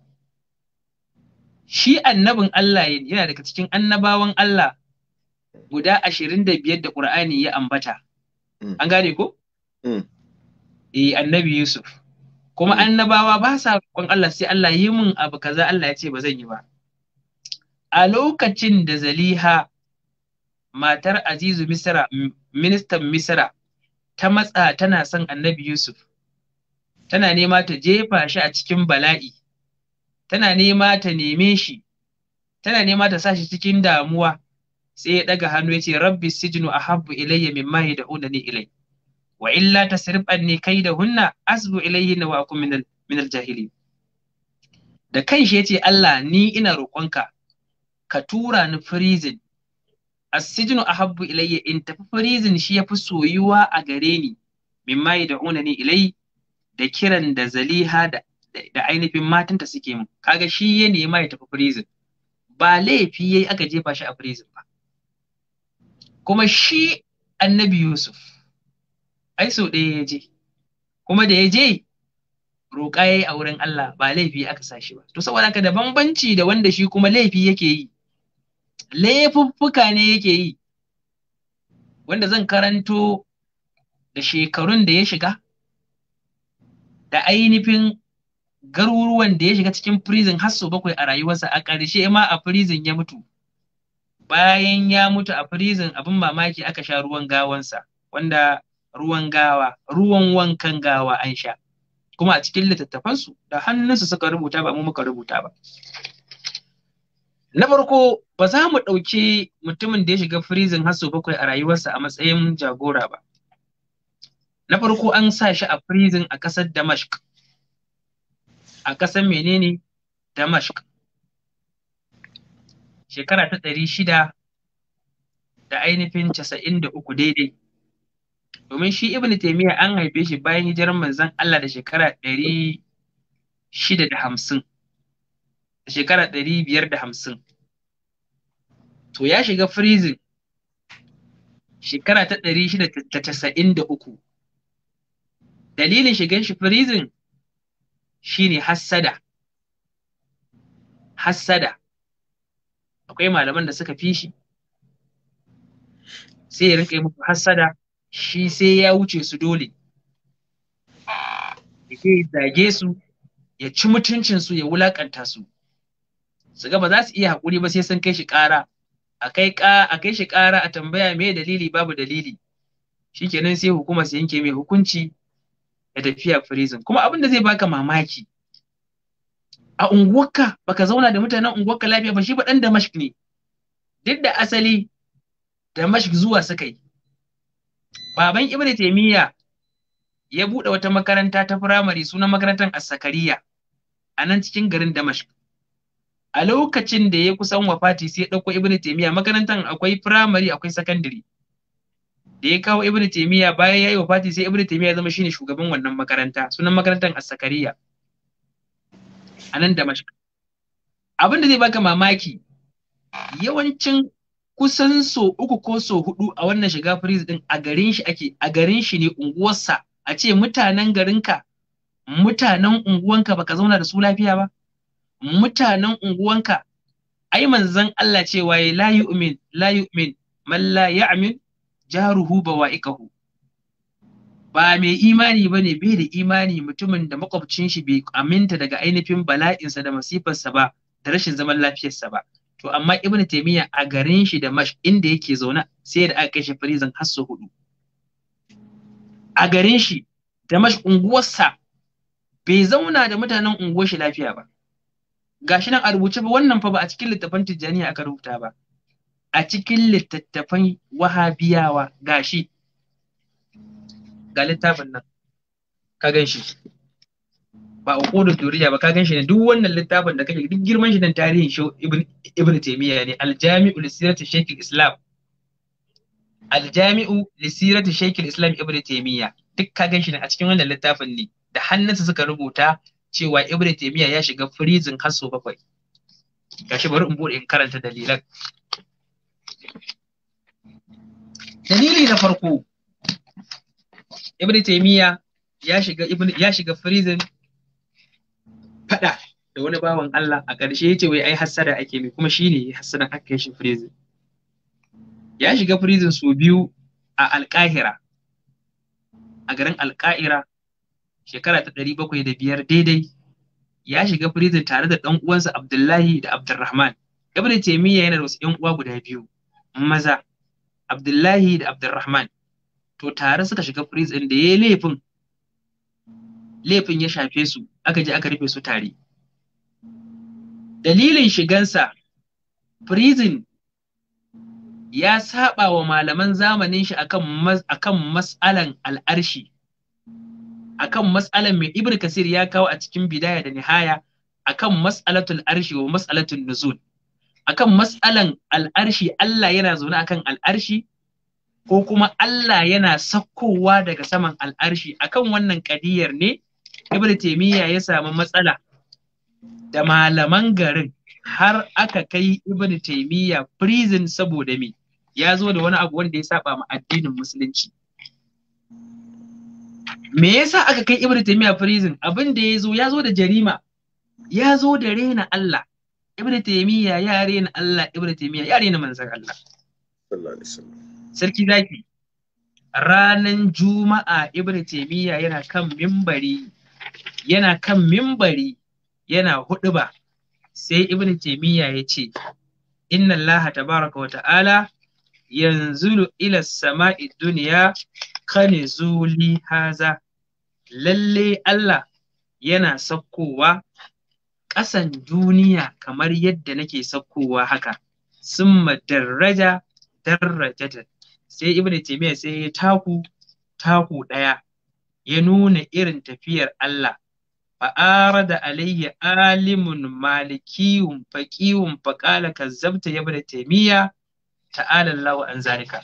shi annabin Allah yana daga cikin annabawan Allah guda ashirin da biyar da ƙur'ani ya ambata mm. an gane ko mm. eh annabi yusuf kuma mm. annabawa ba sa kwan Allah sai Allah yi min abu kaza Allah ya ce ba zan yi ba a lokacin da zaliha matar azizu misra ministan misra ta matsa tana son annabi yusuf tana nema ta jefa shi a cikin bala'i tana nema ta neme shi tana nema ta sa shi cikin damuwa sai ya daga hannu ya ce rabbi a habu ilayya mimma ni ilai. wa illa ta da hunna, kaidahunna asbu ilayhinna wa akun minal minal jahilin da kanshi ce Allah ni ina roƙonka ka tura ni prison as a habbu ilayya in tafi prison shi ya fi soyuwa a gare ni mimma ni ilai da kiran da zaliha da ainihin matanta suke mun kaga shi ya nema ya tafi prison ba laifi ya yi aka jefa shi a prison ba kuma shi annabi Yusuf ai sau ɗaya ya je kuma da ya je roƙa ya yi a wurin Allah ba laifi aka sa shi ba to saboda ka da bambanci da wanda shi kuma laifi yake yi laifuffuka ne yake yi wanda zan karanto da shekarun da ya shiga da ainihin garuruwan da ya shiga cikin firizin har bakwai a rayuwarsa a ƙarshe ma a prison ya mutu bayan ya mutu a prison abin mamaki aka sha ruwan gawansa wanda ruwan gawa ruwan wankan gawa an sha kuma a cikin littattafansu da hannunsu suka rubuta ba mu muka rubuta ba na farko ba za mu ɗauki mutumin da ya shiga prison har sau bakwai a rayuwarsa a matsayin jagora ba na farko an sa shi a prison a ƙasar damashq a ƙasar menene damashq shekara ta ɗari shida da ainihin casa'in da uku daidai domin shi ibn taimiyya an haife shi bayan hijirar manzan Allah da shekara ɗari shida da hamsin da shekara ɗari biyar da hamsin to ya shiga firizin shekara ta ɗari shida da casa'in da uku dalilin shigan shi shi ne hassada hassada akwai malaman da suka fi shi sai ya rinka yi musu hassada shi sai ya wuce su dole ya ke zage su ya ci mutuncin su ya wulakanta su su ga ba za su iya haƙuri ba sai sun kai shi ƙara a kai shi ƙara a tambaya me dalili babu dalili shikenan sai hukuma su yanke mai hukunci da tafiya prison kuma abin da zai baka mamaki a unguwarka baka zauna da mutanen unguwarka lafiya ba shi ba dan damashk ne duk da asali damashk zuwa suka yi baban Ibn Taymiyyah ya buɗe wata makaranta ta firamare sunan makarantar As-Sakariya a nan cikin garin damashk a lokacin da ya kusan wafati sai ya ɗauko Ibn Taymiyyah makarantar akwai firamare akwai sakandare da ya kawo Ibn Taymiyyah bayan ya yi wafati sai Ibn ya zama shine shugaban wannan makaranta sunan makarantar As-Sakariya a nan Damashq. Abin da zai baka mamaki yawancin kusan so uku ko so hudu a wannan shiga freeze din a garin shi ake a garin shi ne unguwarsa a ce mutanen garinka mutanen unguwanka baka zauna da su lafiya ba mutanen unguwanka ai manzon Allah cewa waye la yu'min la yu'min man la ya'min jaruhu bawa'ikahu ba mai imani ba ne bai da imani mutumin da makwabcin shi bai aminta daga ainihin bala'insa da masifarsa ba da rashin zaman lafiyarsa ba to amma ibn taymiya a garin shi da mash inda yake zauna, sai da aka kashe farizan har su hudu a garin shi da mash unguwarsa bai zauna da mutanen unguwar shi lafiya ba gashi nan a rubuce ba wannan fa ba a cikin littafan tijjaniya aka rubuta ba a cikin littattafan wahabiyawa gashi ga littafin nan ka gan shi ba uqudud duriya ba ka gan shi ne duk wannan littafin da kake duk girman shi nan tarihin shi ibn ibn taymiya ne al-jami'u li sirati shaykh al-islam al-jami'u li sirati shaykh al-islam ibn taymiya duk ka gan shi ne a cikin wannan littafin ne da hannunsa suka rubuta cewa ibn taymiya ya shiga freezing har so bakwai gashi bari in bude in karanta dalilan dalili na farko ibn taymiya ya shiga ibn ya shiga prison fada da wani bawan Allah a ƙarshe yace wai ai hassada ake mai kuma shine hassadan aka kai shi prison ya shiga prison su biyu a alƙahira a garin alƙahira shekara ta ɗari bakwai da biyar daidai ya shiga prison tare da ɗan uwansa Abdullahi da Abdulrahman ibn taymiya yana da wasu ƴan uwa guda biyu maza Abdullahi da Abdulrahman to tare suka shiga freeze ɗin da ya laifin laifin ya shafe su aka je aka rufe su tare dalilin shigansa prison ya saba wa malaman zamanin shi akan akan mas'alan al'arshi akan mas'alan mai ibn kasir ya kawo a cikin bidaya da nihaya akan mas'alatul arshi wa mas'alatul nuzul akan mas'alan al'arshi Allah yana zaune akan al'arshi ko kuma Allah yana sakkowa daga saman al'arshi a kan wannan kadiyar ne Ibn Taymiyyah ya samu matsala da malaman garin har aka kai Ibn Taymiyyah prison saboda me ya zo da wani abu wanda ya saba ma addinin musulunci me yasa aka kai Ibn Taymiyyah prison abin da ya zo ya zo da jarima ya zo da rena Allah Ibn Taymiyyah ya rena Allah Ibn Taymiyyah ya rena manzon Allah sallallahu alaihi wasallam sarki zaki ranan juma'a ibnu taymiya yana kan mimbari yana kan mimbari yana huɗuba, sai ibnu taymiya ya ce inna allaha tabaraka wa ta'ala yanzulu ila sama'i duniya kane zuli haza lalle Allah yana sakkowa ƙasan duniya kamar yadda nake sakkowa haka summa daraja darajatan sai ibn taymiya sai ya taku taku daya ya nuna irin tafiyar Allah fa'arada alayya alimun malikiyun faqiyun faqala kazzabta ya ibn taymiya ta'ala Allahu an zalika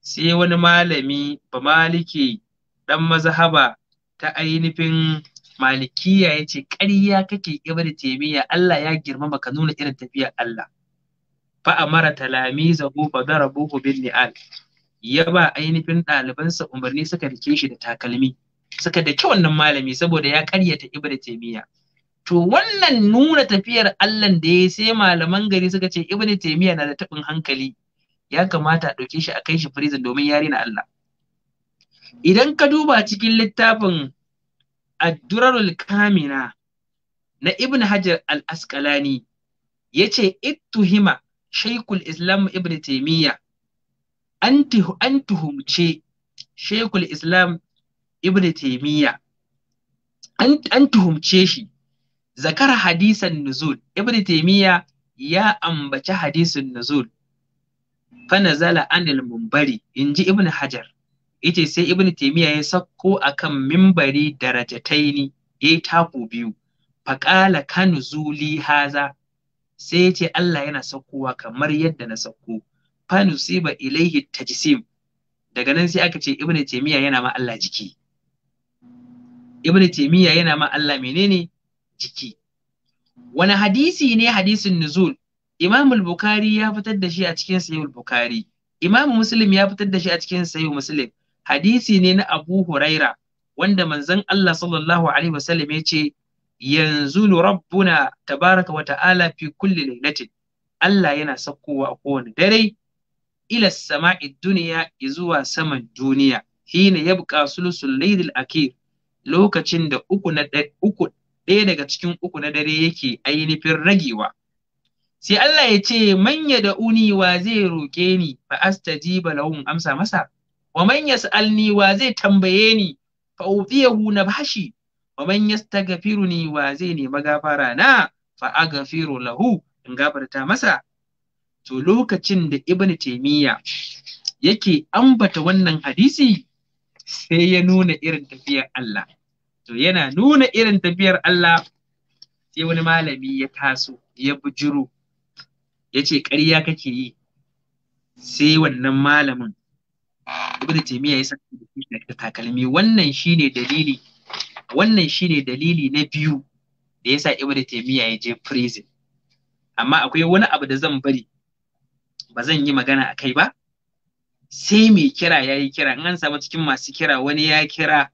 sai wani malami ba maliki dan mazhaba ta ainifin malikiya yace ce ƙarya kake ibn taymiya Allah ya girmama ka nuna irin tafiyar Allah fa amara talamizahu fa darabuhu bin ni'al ya ba ainihin ɗalibansa umarni suka rike shi da takalmi suka da wannan malami saboda ya karyata ibn taymiya to wannan nuna tafiyar Allah da ya sai malaman gari suka ce ibn taymiya na da tabin hankali ya kamata a ɗauke shi a kai shi prison domin ya rina Allah idan ka duba cikin littafin addurarul kamina na ibn hajar al-asqalani yace ittuhima Shaykhul islam ibn taymiya an tuhumce shekul islam ibn taimiyya an tuhumce shi zakar hadisan nuzul ibn taimiyya ya ambaci hadisan nuzul fanazala anil mumbari in ji ibn hajar ita sai ibn taimiyya ya sakko kan mimbari darajataini ya yi taku biyu faƙala kanu nuzuli haza sai ya ce Allah yana saukowa kamar yadda na sauko fa nusiba ilaihi tajsim daga nan sai aka ce ibnu taymiya yana ma Allah jiki ibnu taymiya yana ma Allah menene jiki wani hadisi ne hadisin nuzul imam al-bukhari ya fitar da shi a cikin sahih al-bukhari imam muslim ya fitar da shi a cikin sahih muslim hadisi ne na abu huraira wanda manzon Allah sallallahu alaihi wasallam ya ce yanzu rabbuna tabaraka wa ta'ala fi kulli lailatin Allah yana sakkowa a kowane dare ila sama'id duniya zuwa saman duniya hina yabqa sulusul laylil akhir lokacin da uku na uku ɗaya daga cikin uku na dare yake ainihin ragewa sai Allah ya ce man da da'uni wa zai roƙe ni fa astajiba lahum amsa masa wa man yas'alni wa zai tambaye ni fa utiyahu na bashi wa man yastaghfiruni wa zai nema gafara na fa aghfiru lahu in gafarta masa to lokacin da ibn taimiyya yake ambata wannan hadisi sai ya nuna irin tafiyar Allah to yana nuna irin tafiyar Allah sai wani malami ya taso ya bujiro ya ce ƙarya kake yi sai wannan malamin ibn taimiyya ya saka da takalmi wannan shine dalili wannan shine dalili na biyu da yasa ibn taimiyya ya je prison amma akwai wani abu da zan bari ba zan yi magana a kai ba sai mai kira ya yi kira in an samu cikin masu kira wani ya kira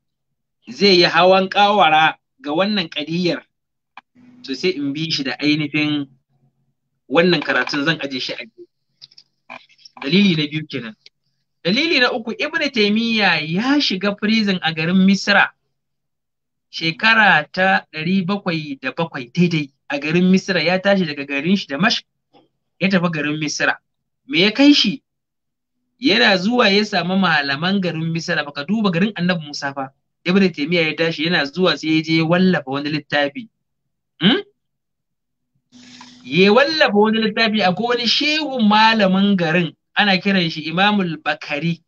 zai yi hawan kawara ga wannan kadiyar to sai in bi shi da ainihin wannan karatun zan aje shi a dalili na biyu kenan dalili na uku ibnu taymiya ya shiga prison a garin misra shekara ta ɗari daidai a garin misra ya tashi daga garin shi da mash ya tafi garin misra me ya kai shi yana zuwa ya samu malaman garin misira baka duba garin annabi musa fa ibnu taymiya ya tashi yana zuwa sai ya je wallafa wani littafi hmm? ya wallafa wani littafi a wani shehu malamin garin ana kiran shi imamul bakari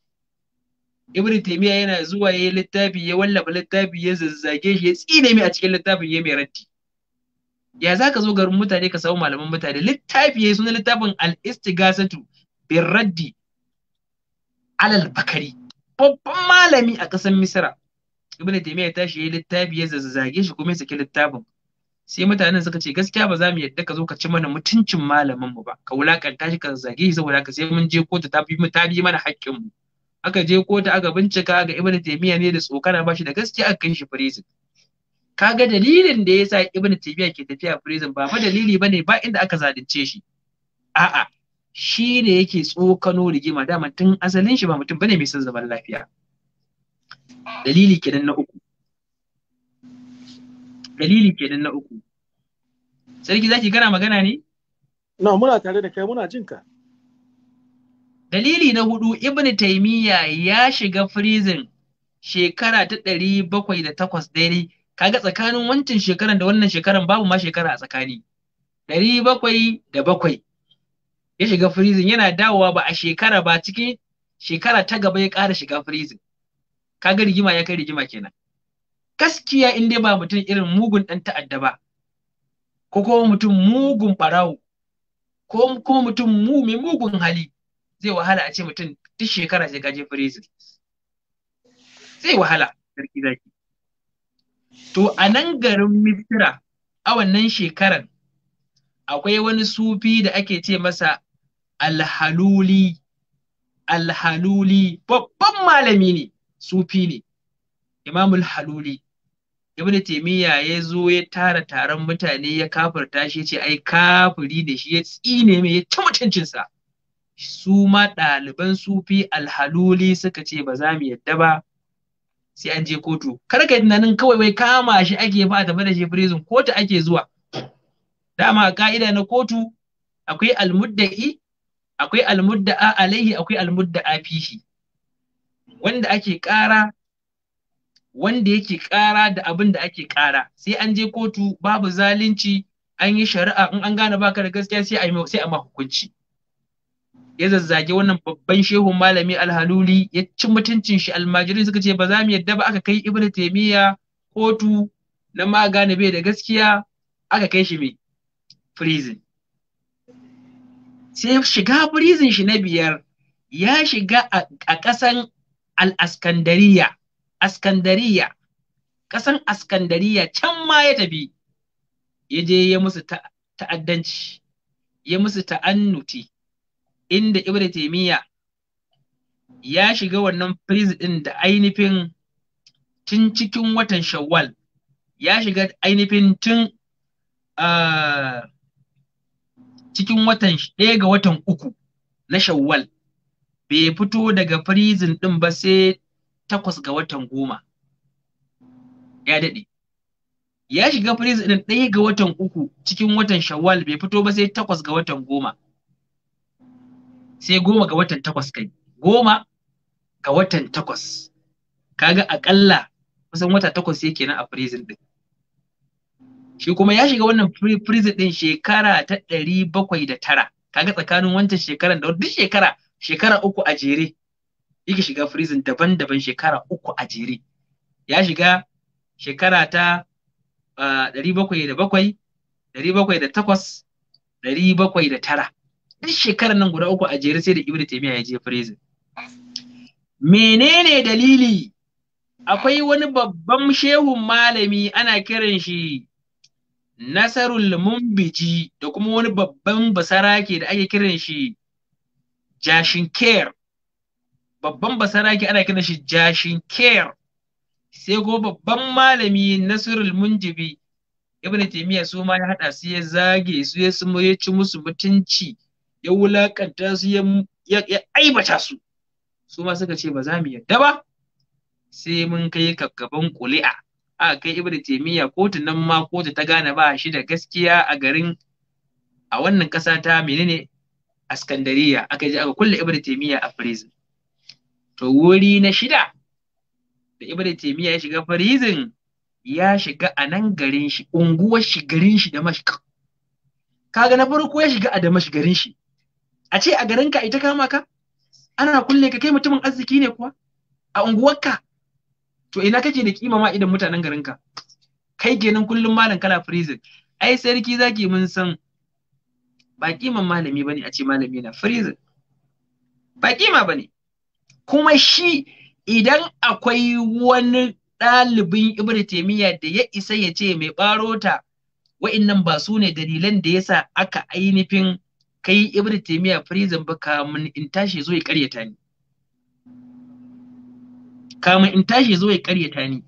ibnu taymiya yana zuwa ya yi littafi ya wallafa littafi ya zazzage shi ya tsine mai a cikin littafin ya mai raddi ya za ka zo garin mutane ka samu malaman mutane littafi ya suna littafin al birraddi alal bakari babban malami a ƙasar misra ibnu taymiya ya tashi ya littafi ya zazzage shi kuma ya saki littafin sai mutanen suka ce gaskiya ba za mu yadda ka zo ka ci mana mutuncin malamin mu ba ka wulakanta shi ka zazzage shi saboda haka sai mun je kotu ta bi ta bi mana haƙƙin mu aka je kotu aka bincika ga ibnu taymiya ne da tsokana ba shi da gaskiya aka kai shi prison kaga dalilin da yasa ibn taymiya ke tafiya prison ba fa dalili bane ba inda aka zalunce shi a'a shi ne yake tsokano rigima dama tun asalin shi ba mutum bane mai son zaman lafiya dalili kenan na uku dalili kenan na uku sarki zaki kana magana ne na muna tare da kai muna jin ka dalili na hudu ibn taymiya ya shiga prison shekara ta ɗari bakwai da takwas daidai kaga tsakanin wancan shekaran da wannan shekaran babu ma shekara a tsakani ɗari bakwai da bakwai ya shiga firizin yana dawowa ba a shekara ba cikin shekara ta gaba ya ƙara shiga firizin kaga rigima ya kai rigima kenan gaskiya in dai ba mutum irin mugun ɗan ta'adda ba ko kuma mutum mugun ɓarawo ko kuma mutum mu mai mugun hali zai wahala a ce mutum duk shekara sai gaje firizin zai wahala sarki zaki To a nan garin Misira a wannan shekarar akwai wani sufi da ake ce masa alhaluli alhaluli babban malami ne sufi ne imamul haluli ibnu taymiya ya zo ya tara taron mutane ya kafirta shi ce ai kafiri da shi ya tsine mai ya ci mutuncinsa su ma ɗaliban sufi alhaluli suka ce ba za mu yadda ba sai an je kotu kar ka tunanin kawai wai kama shi ake ba ta da shi prison kotu ake zuwa dama ka'ida na kotu akwai almudda'i akwai almudda'a alaihi akwai almudda'a fihi wanda ake ƙara wanda yake ƙara da abin da ake ƙara sai an je kotu babu zalunci an yi shari'a in an gane baka da gaskiya sai a sai a ma hukunci ya zazzage wannan babban shehun malami alhaluli ya ci mutuncin shi almajirin suka ce ba za mu yadda ba aka kai ibnu taymiya kotu na magana bai da gaskiya aka kai shi mai prison sai shiga prison shi na biyar ya shiga a ƙasan al-askandariya askandariya ƙasan askandariya can ma ya tafi ya je ya musu ta'addanci ya musu ta'annuti inda ibn Taymiyyah ya shiga wannan prison din da ainihin tun cikin watan shawwal ya shiga ainihin tun ah, cikin watan ɗaya ga watan uku na shawwal bai fito daga prison ɗin ba sai takwas ga watan goma ya daɗe ya shiga prison ɗin ɗaya ga watan uku cikin watan shawwal bai fito ba sai takwas ga watan goma sai goma ga watan takwas kai goma ga watan takwas kaga akalla kusan wata takwas yake nan a prison din shi kuma ya shiga wannan prison din shekara ta ɗari bakwai da tara kaga tsakanin wancan shekaran da duk shekara shekara uku a jere yake shiga prison daban-daban shekara uku a jere ya shiga shekara ta ah, ɗari bakwai da bakwai ɗari bakwai da takwas ɗari bakwai da tara duk shekarar nan guda uku a jere sai da Ibn Taymiya ya je prison menene dalili akwai wani babban shehun malami ana kiran shi Nasarul Mumbiji da kuma wani babban basarake da ake kiran shi Jashin Care babban basarake ana kiran shi Jashin Care sai ko babban malami nasarul Munjibi Ibn taymiya su ma ya haɗa su ya zage su ya sumo ya ci musu mutunci ya wulakanta su ya aibata su su ma suka ce ba za mu yadda ba sai mun kai kakkaban kuli'a a kai ibnu taymiya kotu nan ma kotu ta gane ba shi da gaskiya a garin a wannan ƙasa ta menene askandariya aka ji aka kulle ibnu taymiya a prison to wuri na shida da ibnu taymiya ya shiga prison ya shiga a nan garin shi unguwar shi garin shi da mashka kaga na farko ya shiga a da garin shi a ce a garinka ita kama ka ana kulle ka kai mutumin arziki ne kuwa a unguwarka to ina kake da kima ma idan mutanen garinka kai kenan kullum malam kala prison ai sarki zaki mun san ba kima malami bane a ce malami na prison ba kima bane kuma shi idan akwai wani ɗalibin ibnu taymiya da ya isa ya ce mai ɓarota wa'annan ba su ne dalilan da yasa aka ainihin kai ibn taymiya prison ba kamun in tashi zo ya ƙaryata ni kamun in tashi zo ya ƙaryata ni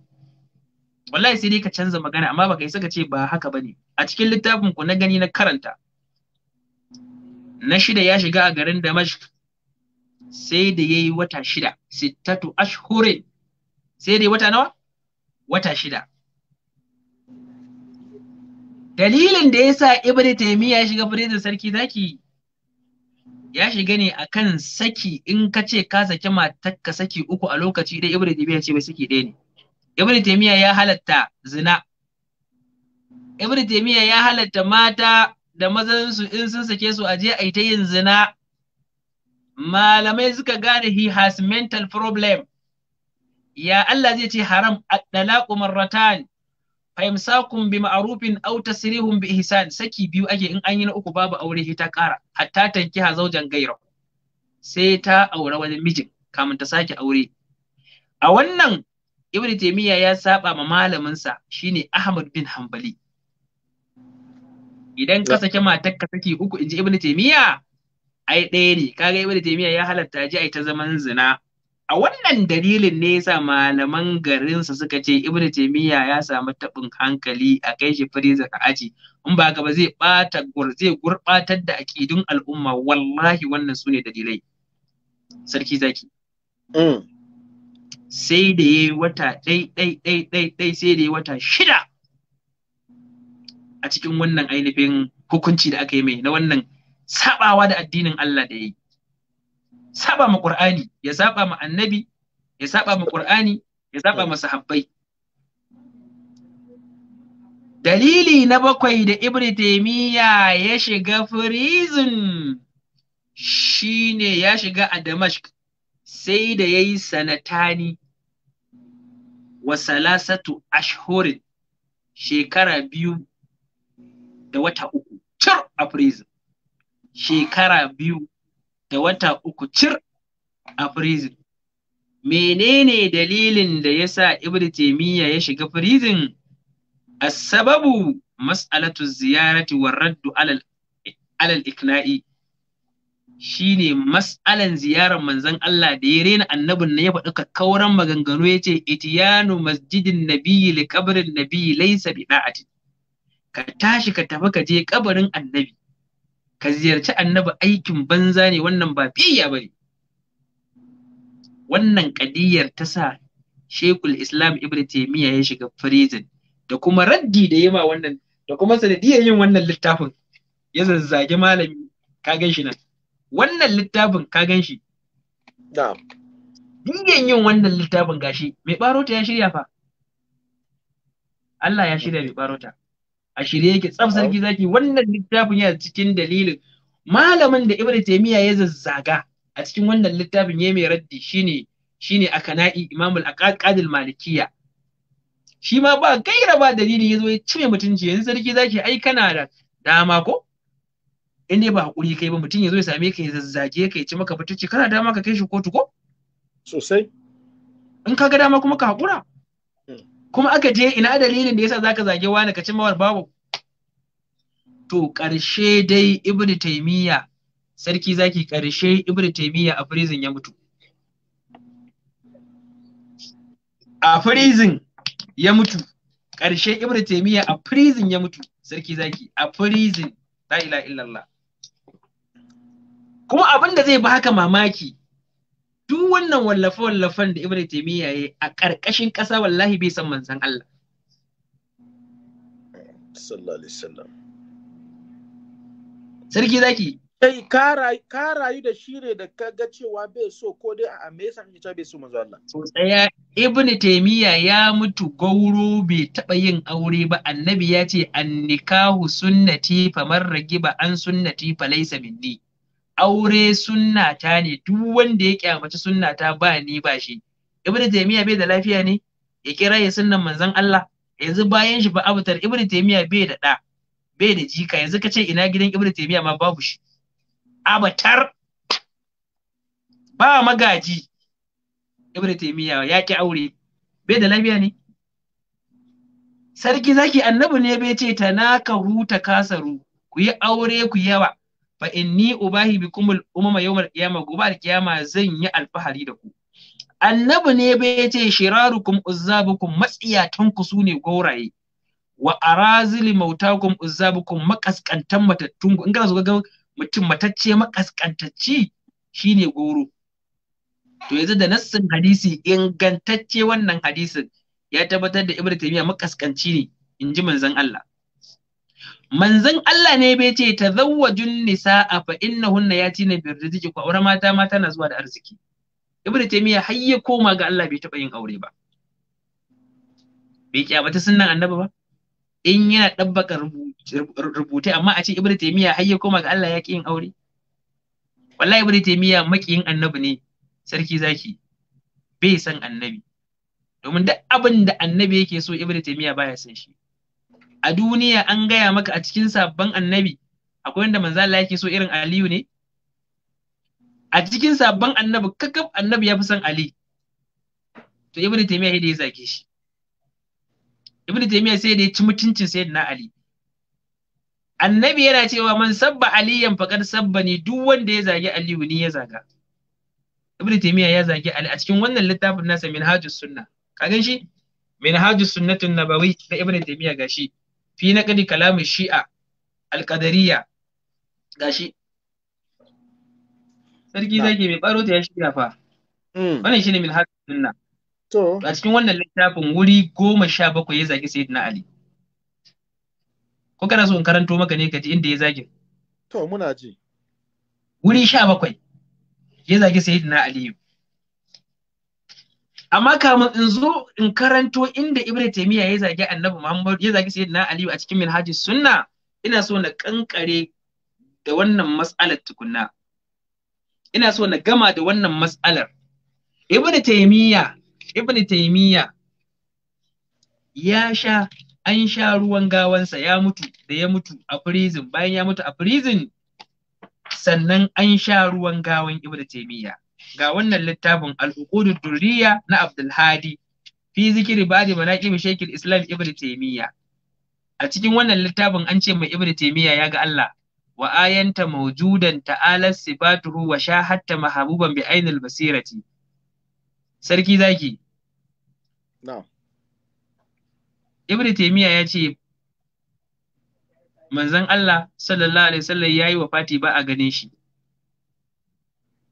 wallahi sai dai ka canza magana amma baka yi saka ce ba haka bane a cikin littafin ku na gani na karanta na shida ya shiga a garin Damashq sai da yayi wata shida sittatu ashhurin sai dai wata nawa wata shida dalilin da yasa ibnu taymiya ya shiga prison sarki zaki ya shiga ne kan saki in ka ce ka saki matarka saki uku a lokaci dai ibnu taymiya ce bai saki ɗaya ne ibn taimiyya ya halatta zina ibn taimiyya ya halatta mata da mazansu in sun sake su aje a yi ta yin zina malamai suka gane he has mental problem ya Allah zai ce haram at-talaqu marratan fa imsakun ma'arufin Auta aw tasrihun bi saki biyu ake in an yi na uku babu aure sai ta ƙara hatta tankiha zaujan gaira sai ta aura wani mijin kamin ta sake aure a wannan ibnu taymiya ya saɓa ma malamin sa shine ahmad bin hanbali idan ka sake matar ka saki uku inji ibnu taymiya ai ɗaya ne kaga ibnu taymiya ya halatta ji ai ta zaman zina a wannan dalilin ne yasa malaman garinsa suka ce ibn jamiya ya samu tabin hankali a kai shi firiza ka aji in ba gaba zai ɓata zai gurɓatar da aƙidun al'umma wallahi wannan su ne dalilai sarki zaki mm. sai da ya wata ɗai ɗai ɗai dai dai sai da ya wata shida a cikin wannan ainihin hukunci da aka yi mai na wannan saɓawa da addinin Allah da yayi saba ma Qur'ani ya saba ma annabi ya saba ma Qur'ani ya saba ma sahabbai dalili na bakwai da Ibn Taymiya ya shiga prison shine ya shiga a Damashq sai da yayi sanatani wa salasatu ashhurin shekara biyu da wata uku cir a prison shekara biyu da wata uku cir a prison. Menene dalilin da ya sa Ibrahim Taymiyya ya shiga firizin? A sababu mas'alatu ziyarati wa raddu alal ikna'i. ikna'i shine mas'alan ziyarar manzon Allah da ya rena annabin na ya faɗi kakkauran maganganu ya ce itiyanu masjidin nabiyu li qabrin nabiyyi laysa bi ka tashi ka tafi ka je kabarin annabi ka ziyarci annabi aikin banza ne wannan ba biyayya ba ne wannan kadiyar ta sa shekul islam ibn taimiyya ya shiga prison da kuma raddi da yima wannan da kuma sanadiyar yin wannan littafin ya zazzage malami ka gan shi nan wannan littafin ka gan shi dingin yin wannan littafin gashi mai barota ya shirya fa Allah ya shirya mai barota a shirye yake tsafsar sarki zaki wannan littafin yana cikin dalilin malamin da ibnu taymiya ya zazzaga a cikin wannan littafin ya mai raddi shine shine akana'i imamul aqadil malikiya shi ma ba gaira ba dalili ya zo ya cime mutunci yanzu sarki zaki ai kana da dama ko in dai ba hakuri kai ba mutum ya zo ya same ka ya zazzage ka ya ci maka fitici kana dama ka kai shi kotu ko sosai in ka ga dama kuma ka hakura kuma aka je ina dalilin da yasa zaka zage wani ka cimma mawar babu to ƙarshe dai ibnu taymiya sarki zaki ƙarshe ibnu taymiya a prison ya mutu a prison ya mutu ƙarshe ibnu taymiya a prison ya mutu sarki zaki a prison la ilaha illallah kuma abin da zai baka mamaki duk wannan wallafe wallafen da ibnu taymiya yayi a ƙarƙashin ƙasa wallahi bai san manzan Allah sarki zaki kai ka rayu da shire da ka ga cewa bai so ko dai a me yasa kake bai so manzo Allah So tsaya Ibn taymiya ya mutu gauro bai taba yin aure ba annabi ya ce annikahu sunnati faman ragiba an sunnati fa laysa minni aure sunnata ne duk wanda ya kyamaci sunnata ba ni ba shi ibnu taymiya bai da lafiya ne ya kira ya sunnan manzon Allah yanzu bayan shi ba abutar ibnu taymiya bai da da bai da jika yanzu kace ina gidan ibnu taymiya ma babu shi abatar ba magaji ibnu taymiya ya ki aure bai da lafiya ne sarki zaki annabi ne bai ce huta kasaru ku yi aure ku yawa fa inni ubahi bikumul umama yawmal qiyamah gobe alqiyama zan yi alfahari da ku annabi ne bai ce shirarukum uzzabukum matsiyatanku ku sune gauraye wa arazili mautakum uzzabukum makaskantan matattunku in kana so ga mutum matacce makaskantacci shine goro to yanzu da nassin hadisi ingantacce wannan hadisin ya tabbatar da ibnu taymiya makaskanci ne in ji manzon Allah manzon Allah ne bai ce tazawwajun nisaa fa innahunna yatina bi rizqi ko aure mata mata na zuwa da arziki ibnu taymiya hayya koma ga Allah bai taba yin aure ba bai bata sunnan annabi ba in yana dabbaka rubutai amma a ce ibnu taymiya hayya koma ga Allah ya ki yin aure wallahi ibnu taymiya makiyin annabi ne sarki zaki bai san annabi domin duk abin da annabi yake so ibnu taymiya baya san shi a duniya an gaya maka a cikin sabban annabi akwai wanda manzo Allah yake so irin Aliyu ne a cikin sabban annabi kakab annabi ya fi son Ali to Ibn Taymiyyah da ya zage shi Ibn Taymiyyah sai da ya ci mutuncin sayyidina Ali annabi yana cewa man sabba aliyan faqad sabbani duk wanda ya zage Aliyu ni ya zaga Ibn Taymiyyah ya zage Ali a cikin wannan littafin nasa Minhajus Sunnah ka gan shi Minhajus Sunnatun Nabawi da Ibn Taymiyyah gashi fi naqdi kalam shi'a al-qadariyya gashi sarki zaki mai baro ta ya shirya fa hmm. wannan ne min hadu sunna to a cikin wannan littafin wuri goma sha bakwai ya zaki na ali ko kana so in karanto maka ne ka ji inda ya zagin to muna ji wuri sha bakwai ya zagi na aliyu amma kamun in zo in karanto inda Ibn taymiya ya zagi Annabi Muhammad ya zagi Sayyidina Ali a cikin minhaji Sunna ina so na kankare da wannan mas'alar tukunna ina so na gama da wannan mas'alar Ibn taymiya Ibn taymiya ya sha an sha ruwan gawansa ya mutu da ya mutu a prison bayan ya mutu a prison sannan an sha ruwan gawan Ibn taymiya ga wannan littafin al-uqudud durriya na Abdulhadi, Hadi fi zikiri ba'di manaqib shekil islam Ibn taimiyya. a cikin wannan littafin an ce mai Ibn ya ga Allah wa ayanta mawjudan ta'ala sifatuhu wa shahatta mahabuban bi ainul basirati sarki zaki na'am Ibn taimiyya ya ce manzon Allah sallallahu alaihi wasallam yayi wafati ba a ganin shi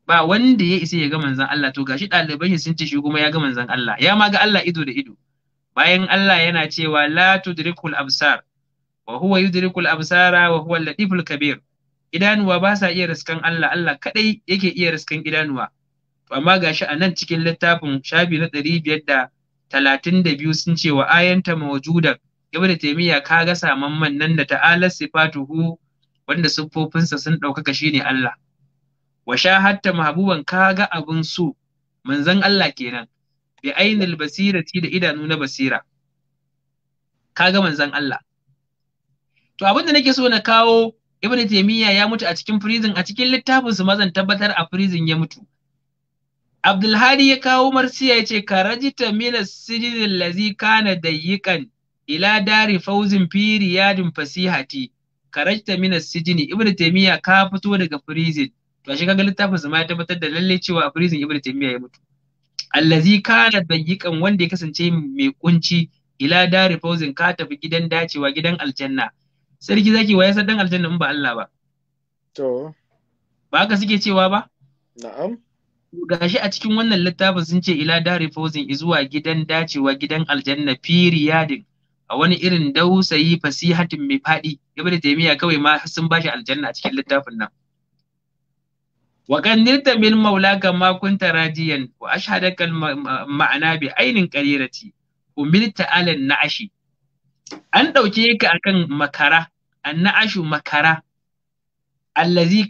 ba wanda ya isa ya ga manzon Allah to gashi ɗaliban shi sun ce shi kuma ya ga manzon Allah ya ma ga Allah ido da ido bayan Allah yana cewa la tudrikul absar wa huwa yudrikul absara wa huwa latiful kabir idanuwa ba sa iya riskan Allah Allah kadai yake iya riskan idanuwa to amma gashi anan cikin littafin shafi na ɗari biyar da talatin da biyu sun ce wa ayanta mawjuda ibn taymiya ka ga samamman nan da ta'ala sifatuhu wanda siffofinsa sun ɗaukaka shine Allah wa shahatta mahbuban kaga abin so manzon Allah kenan bi ainil basirati da idanu na basira kaga manzon Allah to abin da nake so na kawo ibnu taymiya ya mutu a cikin prison a cikin littafin su mazan tabbatar a prison ya mutu Abdulhadi ya kawo marsiya ya ce karajita Minas sijidin lazi kana dayyikan ila dari fauzin fi riyadin fasihati karajta Minas sijini ibnu taymiya ka fito daga prison to ashe kaga littafin su ma ya tabbatar da lalle cewa a prison ibnu taymiya ya mutu allazi kana dayyiqan wanda ya kasance mai kunci ila dari fauzin ka tafi gidan dacewa gidan aljanna sarki zaki waye san dan aljanna in ba Allah ba to ba ka suke cewa ba na'am gashi a cikin wannan littafin sun ce ila dari fauzin zuwa gidan dacewa gidan aljanna firiyadin a wani irin dausayi fasihatin mai faɗi ibnu taymiya kawai ma sun bashi aljanna a cikin littafin nan وقد نلت من مولاك ما كنت راجيا وأشهدك المعنى بعين قليلة وملت على النعش أن دوكيك أكن مكرة النعش مكرة ta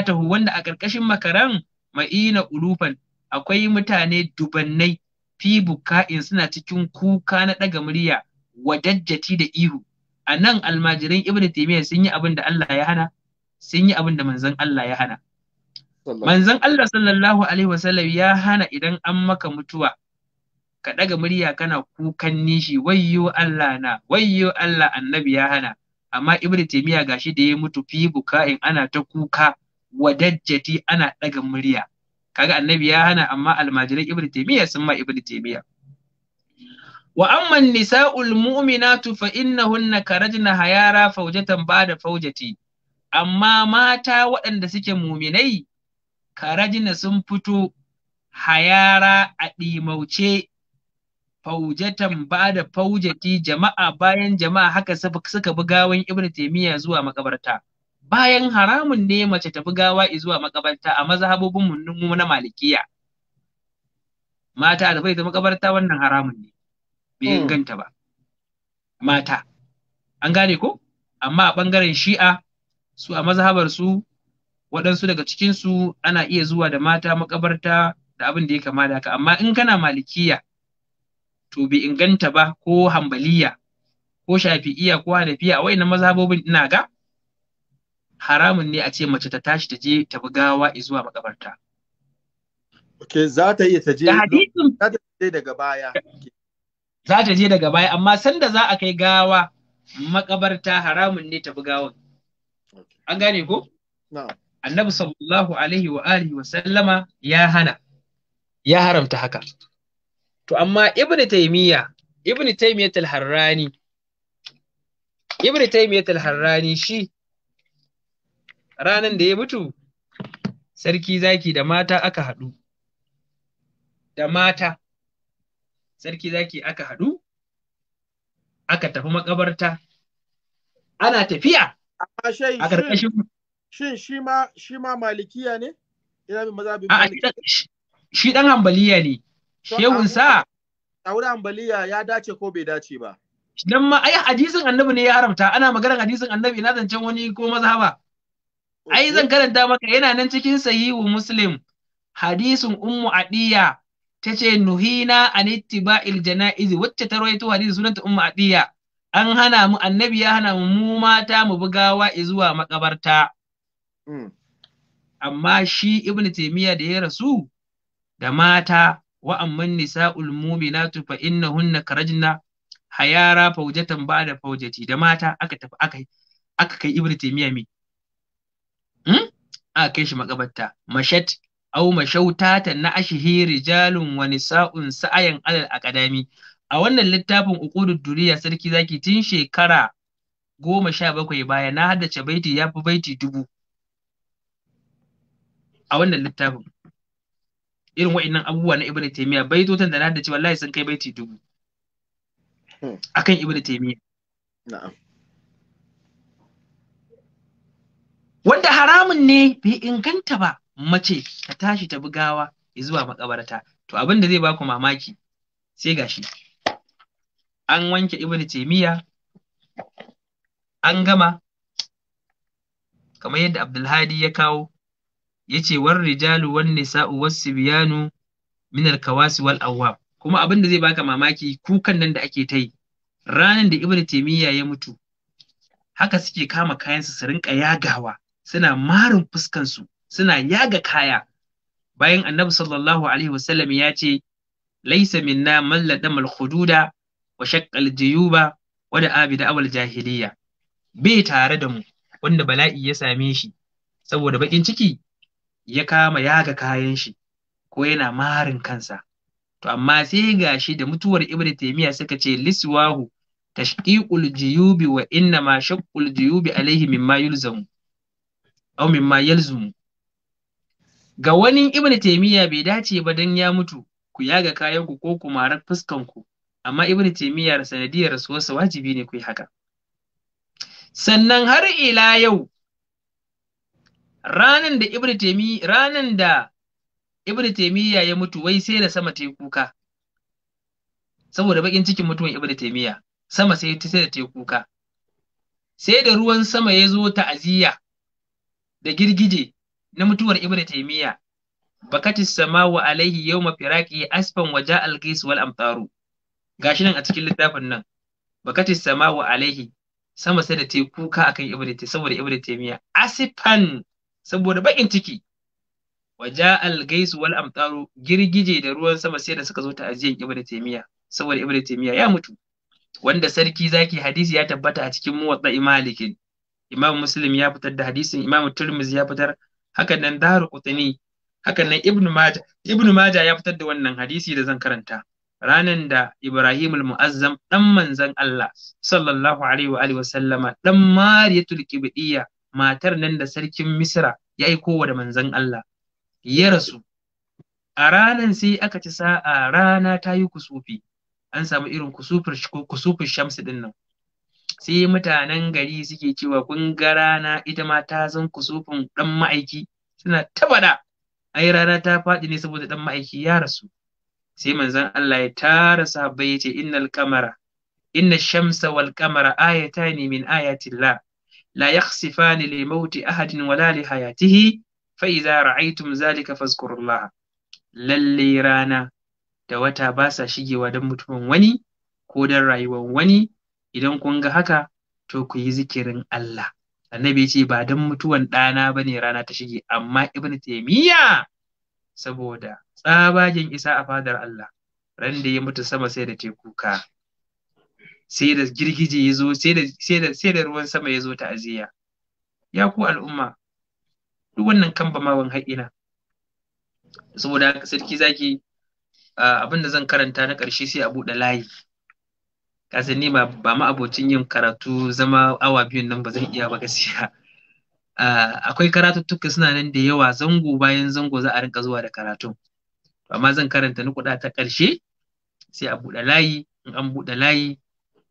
كان wanda a أكركش مكران مئين ألوفا akwai mutane dubannai fi buka'in suna cikin kuka na ɗaga murya wadajjati da ihu a nan almajiran ibnu taymiya sun yi abin da Allah ya hana sun yi abin da manzon Allah ya hana manzon Allah sallallahu alaihi wasallam ya hana idan an maka mutuwa ka ɗaga murya kana kukan nishi wayyo Allah na wayyo Allah annabi ya hana amma ibnu ga gashi da ya mutu fi buka'in ana ta kuka wadajjati ana ɗaga murya kaga annabi ya hana amma almajirai Ibrahim taymiya sun ma Ibrahim taymiya wa amma nisa'ul mu'minatu fa innahunna karajna hayara faujatan ba'da faujati amma mata waɗanda suke muminai karajina sun fito hayara a ɗimauce faujatan ba da faujati jama'a bayan jama'a haka suka bi gawan ibnu taimiyya zuwa makabarta bayan haramun ne mace ta bi gawa zuwa makabarta a mazhabobin mu na malikiya mata da bai da makabarta wannan haramun ne bai hmm. inganta ba mata an gane ko amma a bangaren shi'a su a mazhabar su waɗansu daga cikinsu ana iya zuwa da mata makabarta da abin da ya kama da haka amma in kana malikiya to bai inganta ba ko hambaliya ko shafi'iya ko hanafiya a wayannan mazhabobin ina ga haramun ne a ce mace ta tashi ta je ta bugawa gawa zuwa makabarta okay za ta iya ta je za ta je daga baya za ta je daga baya amma sanda za a kai gawa makabarta haramun ne ta bi an gane ko na'am annabi sallallahu alaihi wa alihi wa sallama ya hana ya haramta haka to amma ibn taymiya ibn taymiyyah al-harrani ibn taymiyyah al-harrani shi ranan da ya mutu sarki zaki da mata aka haɗu da mata sarki zaki aka haɗu aka tafi makabarta ana tafiya a ƙarƙashin Shin shi ma shi ma malikiya ne? Ina bin mazhabin malikiya. Shi dan ne. Shehun sa a wurin hambaliya ya dace ko bai dace ba. Dan ma ai hadisin annabi ne ya haramta ana maganar hadisin annabi ina zancen wani ko mazhaba. Ai zan karanta maka yana nan cikin sahihu Muslim hadisin Ummu Adiya ta ce nuhina an ittiba'il janaiz wacce ta rawaito hadisin sunanta Ummu Adiya an hana mu annabi ya hana mu mu mata mu bugawa zuwa makabarta Mm. Amma shi Ibn Taimiyya da ya rasu da mata wa'amman nisa'ul muminatu fa innahunna karajna hayara faujatan ba da faujati da mata aka tafi aka aka kai Ibn Taimiyya mi. Hmm? Aka kai shi makabarta mashat au mashautatan na ashihi rijalun wa nisa'un sa'ayan alal akadami. a wannan littafin uqudud duriya sarki zaki tun shekara goma sha bakwai baya na haddace baiti ya fi baiti dubu a wannan littafin irin wa'annan abubuwa na ibnu bai baitotan da na cewa wallahi sun kai baiti dubu hmm. akan ibn taymiya na'am wanda haramun ne bai inganta ba mace ta tashi ta bugawa zuwa makabarta to abin da zai baku mamaki sai gashi an wanke ibn taymiya an gama kamar yadda abdulhadi ya kawo yace war rijalu wan nisa'u was sibyanu min al kawasi wal awwab kuma abin da zai baka mamaki kukan nan da ake ta yi ranan da ibnu taymiya ya mutu haka suke kama kayansu su rinka yagawa suna marin fuskansu suna yaga kaya bayan annabi sallallahu alaihi wasallam ya ce laisa minna man ladama al khududa wa shaqqa al-juyuba wa da abida jahiliya bai tare da mu wanda bala'i ya same shi saboda bakin ciki ya kama ya ga kayan shi ko yana marin kansa to amma sai gashi da mutuwar ibn taymiya suka ce liswahu tashqiqul juyubi wa inna ma shaqqul juyubi alaihi mimma yulzam aw mimma yalzum ga wani ibn taymiya bai dace ba dan ya mutu ku yaga kayan ku ko ku mara fuskan ku amma ibn taymiya sanadiyar rasuwarsa wajibi ne ku yi haka sannan har ila yau ranan da Ibn taymi ranan da Ibn taymiya ya mutu wai sai da sama ta yi kuka saboda bakin cikin mutuwan Ibn taymiya sama sai ta sai da ta yi kuka sai da ruwan sama ya zo ta'aziyya da girgije na mutuwar Ibn taymiya bakatis samawu alaihi yawma firaqi asfan waja al-qis wal amtaru gashi nan a cikin littafin nan bakatis samawu alaihi sama sai da ta yi kuka akan ibnu saboda Ibn taymiya asfan saboda baƙin ciki waja al-gaisu wal amtaru girgije da ruwan sama sai da suka zo ta ajiyan ibnu taymiya saboda ibnu taymiya ya mutu wanda sarki zaki hadisi ya tabbata a cikin muwatta malikin imam muslim ya fitar da hadisin imam turmiz ya fitar hakan nan daru qutni hakan nan ibnu maja ibnu maja ya fitar da wannan hadisi da zan karanta ranan da ibrahim al-mu'azzam dan manzon Allah sallallahu alaihi wa alihi wa sallama dan mariyatul kibdiyya matar nan da sarkin Misra ya aiko da manzon Allah ya rasu a ranar sai aka ci sa'a rana ta yi kusufi an samu irin kusufin shamsi shamsu din nan sai mutanen gari suke cewa kun ga rana ita ma ta zan kusufin ɗan ma'aiki suna tabada ai rana ta faɗi ne saboda ɗan ma'aiki ya rasu sai manzon Allah ya tara sabai ya ce kamara inna shamsa wal kamara ayatani min ayatillah la yakhsifani li ahadin wala li hayatihi fa idza zalika fazkurullah lalle rana da wata ba sa shigewa dan mutumin wani ko don rayuwar wani idan kun ga haka to ku yi zikirin Allah annabi ce ba dan mutuwan ɗana ba ne rana ta shige amma ibn taimiyya saboda tsabagen isa a fadar Allah ran da ya mutu sama sai da teku kuka. sai da girgije ya zo sai da ruwan sama ya zo ta'aziyya ya ku al'umma duk wannan kan ba mawan haƙina saboda haka sarki zaki abin da zan karanta na ƙarshe sai a buɗe layi kasan ni ba ma yin karatu zama awa biyun nan ba zan iya ba gaskiya akwai karatuttuka suna nan da yawa zango bayan zango za a rinka zuwa da karatun amma zan karanta kuɗa ta ƙarshe sai a buɗe layi in an buɗe layi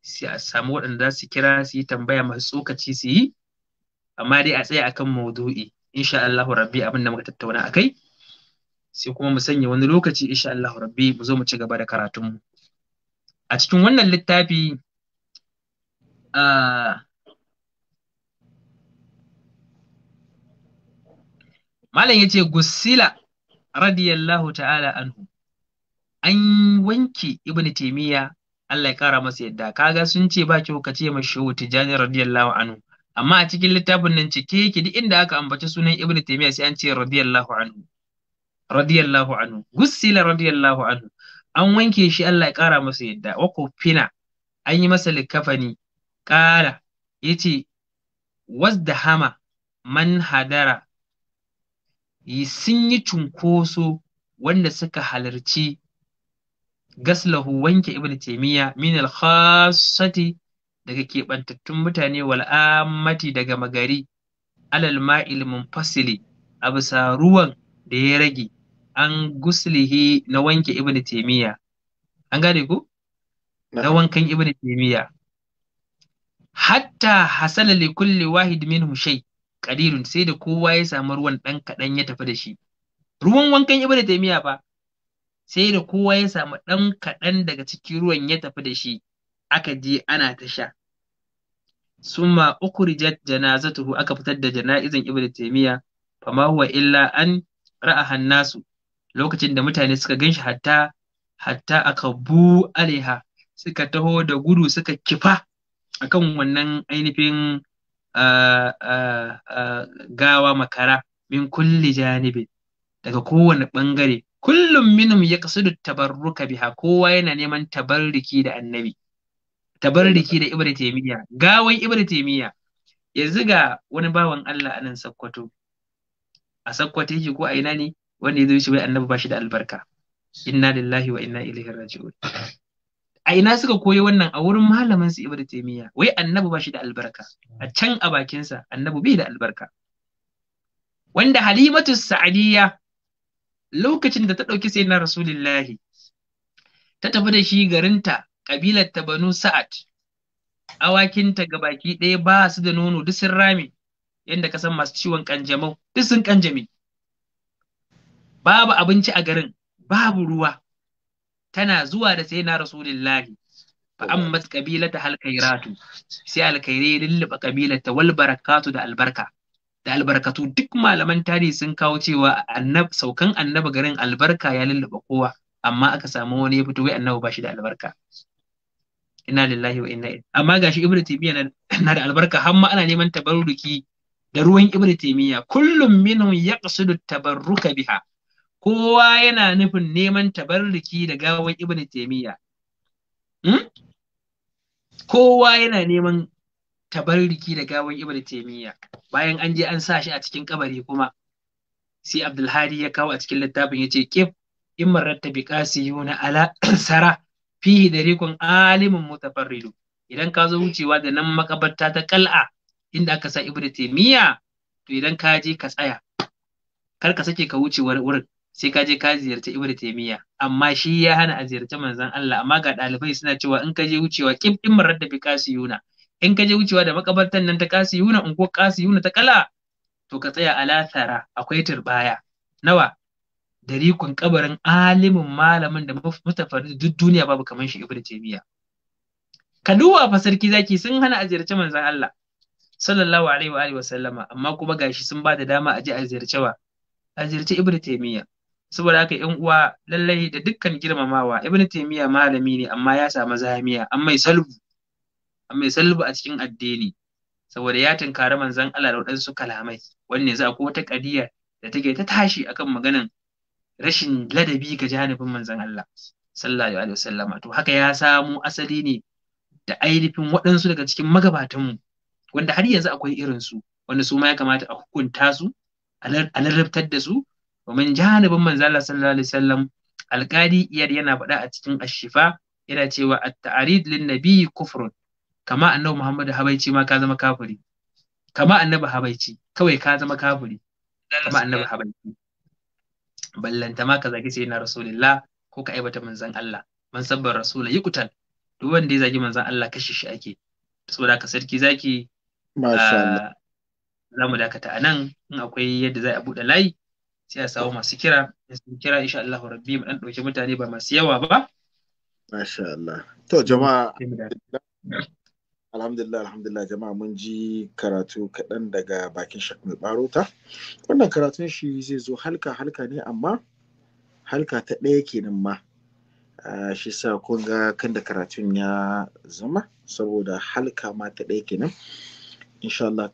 sai a samu waɗanda za su kira su yi tambaya masu tsokaci su yi amma dai a tsaya akan maudu'i insha Allah rabbi abin da muka tattauna akai sai kuma mu sanya wani lokaci insha Allah rabbi mu zo mu ci gaba da karatun mu a cikin wannan littafi malam ce gusila radiyallahu ta'ala anhu an wanke ibn taimiyya Allah ya kara masa yadda kaga sun ce ba ki ka ce mai shehu tijani radiyallahu anhu amma a cikin littafin nan cike yake duk inda aka ambaci sunan ibn taymiya sai an ce radiyallahu anhu radiyallahu anhu gussila radiyallahu anhu an wanke shi Allah ya kara masa yadda wa kufina an yi masa likafani kala yace hama, man hadara Yi sun yi cunkoso wanda suka halarci gaslahu wanke ibnu taymiya min al khassati daga keɓantattun mutane wal daga magari alal ma'il munfasili a bisa ruwan da ya rage an guslihi na wanke ibnu taymiya an gane ku na wankan ibnu taymiya hatta hasala li kulli wahid minhum shay qadirun sai da kowa ya samu ruwan dan kadan ya tafi da shi ruwan wankan ibnu taymiya fa sai da kowa ya samu ɗan kaɗan daga cikin ruwan ya tafi da shi aka je ana ta sha summa ukhrijat janazatuhu aka fitar da jana'izan ibnu taymiya fama huwa illa an ra'aha nasu lokacin da mutane suka ganshi hatta hatta aka bu alaiha suka taho da gudu suka kifa akan wannan ainihin uh, uh, uh, gawa makara min kulli janibi daga kowane ɓangare kullum ya kasudu tabarruka biha kowa yana neman tabarriki da annabi tabarriki da ibnu taymiya gawai ibnu taymiya ya ziga wani bawan Allah anan sakkwato a sakkwato yake ko a ina ne wanda ya zo shi bai annabi ba shi da albarka inna lillahi wa inna ilaihi raji'un a ina suka koyi wannan a wurin malamin su ibnu taymiya wai annabi ba shi da albarka a can a bakin sa annabi bai da albarka wanda halimatu sa'adiyya lokacin da ta ɗauki sai na rasulillahi ta tafi da shi garinta ƙabilar ta banu sa'ad awakinta ga baki ɗaya ba su da nono duk sun rame yadda ka san masu ciwon ƙanjamau duk sun ƙanjame babu abinci a garin babu ruwa tana zuwa da sai na rasulillahi fa ammat qabilata halkairatu sai alkairai lulluba qabilata wal barakatu da albarka da albarkatu duk malaman tarihi sun kawo cewa saukan annaba garin albarka ya lullaba kowa amma aka samu wani ya fito wai annaba ba shi da albarka inna lillahi wa inna ilaihi amma gashi ibnu taymiya na da albarka har ma ana neman tabarruki da ruwan ibnu taymiya kullum minhum yaqsidu tabarruka biha kowa yana nufin neman tabarruki da gawan ibnu taymiya hmm? kowa yana neman tabarriki da gawan ibn taimiyya bayan an je an sa shi a cikin kabari kuma sai abdulhadi ya kawo a cikin littafin ya ce kif in marratta bi qasiyuna ala sara fihi dariqun alimun mutafarridu idan ka zo wucewa da nan makabarta ta kal'a inda aka sa ibn taimiyya to idan ka je ka tsaya kar ka sake ka wuce wurin sai ka je ka ziyarci ibn taymiya amma shi ya hana a ziyarci manzon Allah amma ga dalibai suna cewa in ka je wucewa kif in marratta bi qasiyuna yuna in ka je wucewa da makabartan nan ta kasi yuna, in ko kasi yuna ta kala to ka tsaya ala akwai turbaya nawa darikun kabarin alimin malamin da mutafarin duk duniya babu kamar shi ibnu taymiya ka duwa fa sarki zaki sun hana a ziyarci manzon Allah sallallahu alaihi wa alihi wa sallama amma kuma gashi sun ba da dama a je a ziyarci wa a ibnu taymiya saboda haka yan uwa lallai da dukkan girmamawa ibnu taymiya malami ne amma ya samu zamiya an mai salbu mai salbu a cikin addini saboda ya tunkari manzan Allah da waɗansu kalamai wanne za ko wata ƙadiyar da take ta tashi akan maganan rashin ladabi ga janibin manzon Allah sallallahu alaihi wasallama to haka ya samu asali ne da ainihin waɗansu daga cikin magabatan mu wanda har yanzu akwai irin su wanda su ma ya kamata a hukunta su a larabtar da su domin janibin manzo Allah sallallahu alaihi wasallam alƙali iyar yana faɗa a cikin ashifa yana cewa at-ta'rid lin nabi kufrun kama annabi Muhammadu habaici ma ka zama kafiri kama annabi habaici kawai ka zama kafiri kama annabi habaici ballanta ma ka zagi sai na rasulullah ko ka aibata manzon Allah man sabbar rasula yukutal duk wanda ya zagi manzon Allah kashe shi ake saboda ka sarki zaki masha ah, za mu dakata anan in akwai yadda za a buɗe layi sai a samu masu kira sun kira insha Allah rabbi mu dan ɗauki mutane ba masu yawa ba masha Allah to jama'a alhamdulillah alhamdulillah jama'a mun ji karatu kaɗan daga bakin shak mai barota wannan karatun shi zai zo halka halka ne amma halka ta ɗaya kenan ma shi sa kun ga kan da karatun ya zama saboda halka ma ta ɗaya kenan insha Allah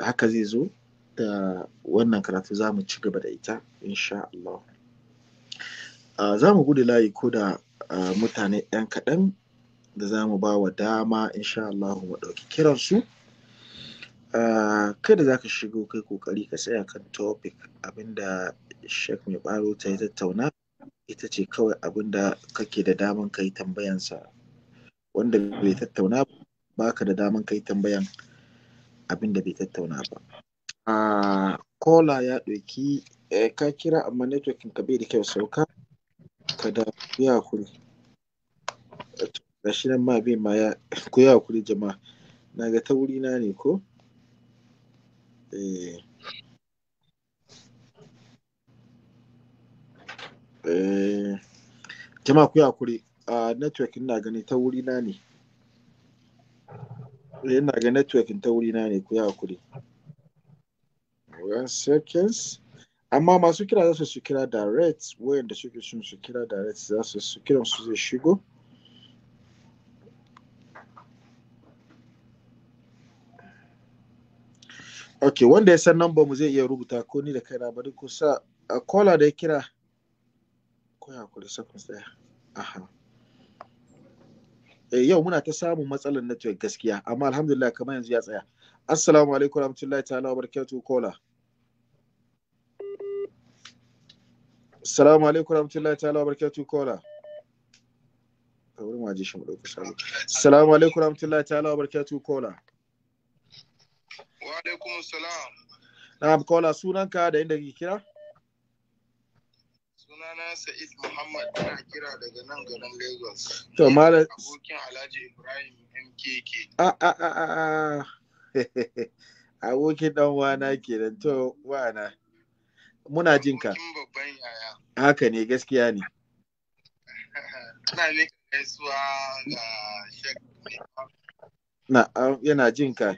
haka zai zo da wannan karatu za mu ci gaba da ita insha Allah za mu gudu layi ko da mutane ɗan kaɗan da za mu ba wa dama insha Allah mu ɗauki kiransu ah, kada za ka shigo kai kokari ka tsaya kan topic abinda shek mai baro ta yi tattauna ita ce kawai abinda kake da daman kai tambayansa wanda bai tattauna baka da daman kai tambayan abinda bai tattauna ba kola ah, ya ɗauki eh, ka kira amma networking ka bai da kyau sauka ka da ya kuri gashi nan ma bin ma ya koya kuri jama'a na ga ta wuri na ne ko eh. Eh. jama'a ku ya hakuri a network ina gani ta wuri na ne eh, ina ga network ta wuri na ne ku ya hakuri one seconds amma masu kira za su kira direct wayanda suke sun su kira direct za su kiran su zai shigo ok wanda ya san number mu zai iya rubuta ko ni da kaina bari ku sa a kola da ya kira ko ya kula seconds daya aha eh yau muna ta samun matsalar network gaskiya amma alhamdulillah kamar yanzu ya tsaya assalamu alaikum warahmatullahi ta'ala wa barakatuh kola assalamu alaikum warahmatullahi ta'ala wa barakatuh kola kawai ma ji shi mu dauki sabo assalamu alaikum warahmatullahi ta'ala wa barakatuh kola alaikum salam. Na'am kola sunanka da inda ke kira? Sunana Sa'id Muhammad ina kira daga nan garin Lagos. To mala abokin Alhaji Ibrahim MKK. A a a a Abokin dan wana kenan to wana. Muna jin Abokin babban yaya. Haka ne gaskiya ne. Ina ne gaisuwa ga Sheikh yana jin ka.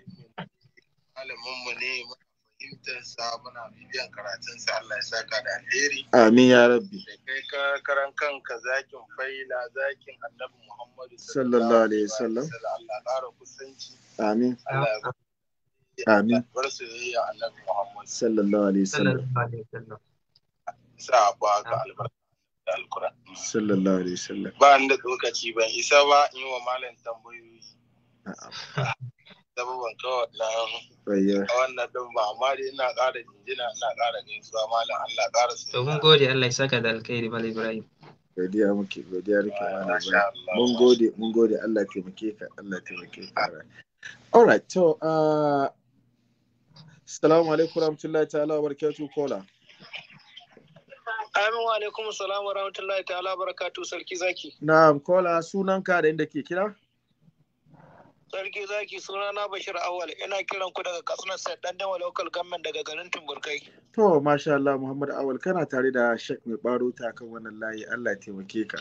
malaminmu ne fahimtarsa muna bibiyan karatunsa Allah ya saka da alheri. Amin ya rabbi. Da kai ka karan kanka zakin faila zakin annabi Muhammadu sallallahu alaihi wasallam. Allah ƙara kusanci. Amin. Amin. Bar soyayya annabi Muhammadu sallallahu alaihi wasallam. Sa ba ka albarka. Alkuran. Sallallahu alaihi wasallam. Ba ni da lokaci ban isa ba in yi wa malam tambayoyi. zama ban kawo wannan wannan din ba amma dai ina ƙara jinjina ina ƙara gaisuwa malam Allah ƙara su to mun gode Allah ya saka da alkhairi Bala Ibrahim godiya muke godiya rike mana mun gode mun gode Allah ya taimake ka Allah ya taimake ka all right uh assalamu alaikum warahmatullahi ta'ala wa barakatuh kola Amin wa alaikum salam wa rahmatullahi ta'ala barakatu sarki zaki. Na'am kola sunanka da inda ke kira? Sarki zaki suna na Bashir Awal ina kiran ku daga Katsina sai dan local government daga garin Tumburkai. To masha Allah Muhammad Awal kana tare da shek Mai Baro ta kan wannan layi Allah ya taimake ka.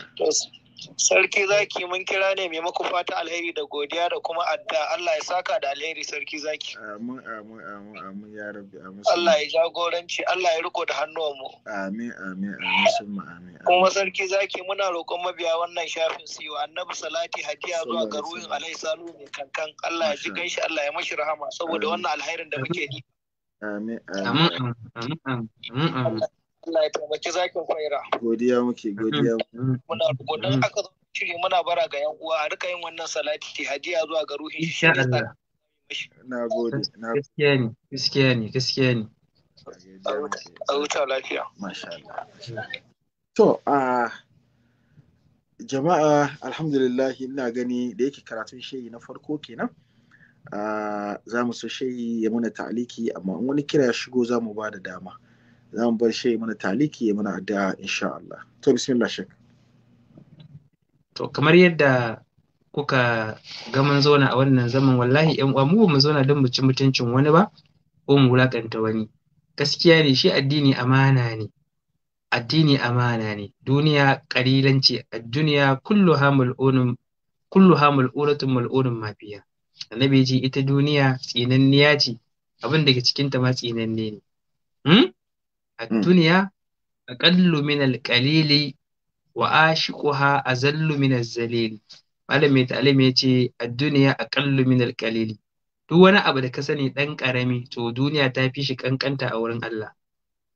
Sarki zaki mun kira ne makufa fata alheri da godiya da kuma adda Allah ya saka da alheri sarki zaki. Amin amin amin amin ya rabbi amin. Allah ya jagoranci Allah ya riko da hannuwanmu. Amin amin amin summa amin. Kuma sarki zaki muna roƙon mabiya wannan shafin su wa annabi salati hadiya zuwa ga alai, alaihi salu ne kankan Allah ya ji ganshi Allah ya mashi rahama saboda wannan alherin da muke yi. Amin amin amin amin. Allah ya taimaki zakin kwaira. Godiya muke godiya. muke. Muna godiya aka zo shiri muna bara ga yan uwa a rika yin wannan salati hadiya zuwa ga ruhin shi. Insha Allah. Na gode. Gaskiya ne gaskiya ne gaskiya ne. A huta lafiya. Masha Allah. To a jama'a alhamdulillah ina gani da yake karatun shehi na farko kenan. za mu so shehi ya muna ta'aliki amma wani kira shigo za mu ba da dama. za mu bar shi mana taliki ya mana addu'a insha Allah to bismillah shek to kamar yadda kuka ga mun zauna a wannan zaman wallahi yan uwa mu mu zauna don mu ci mutuncin wani ba ko mu wulakanta wani gaskiya ne shi addini amana ne addini amana ne duniya kalilanci a duniya kullu mal'unun kulluha mal'uratun mal'unun mafiya annabi ji ita duniya tsinanniya ce abin da ke cikin ta ma tsinanne ne hmm? الدنيا أقل من القليل وآشقها أزل من الزليل malamin ta'alim ya ce a duniya a kallu min alƙalili duk wani abu da ka sani ɗan ƙarami to duniya ta fi shi ƙanƙanta a wurin Allah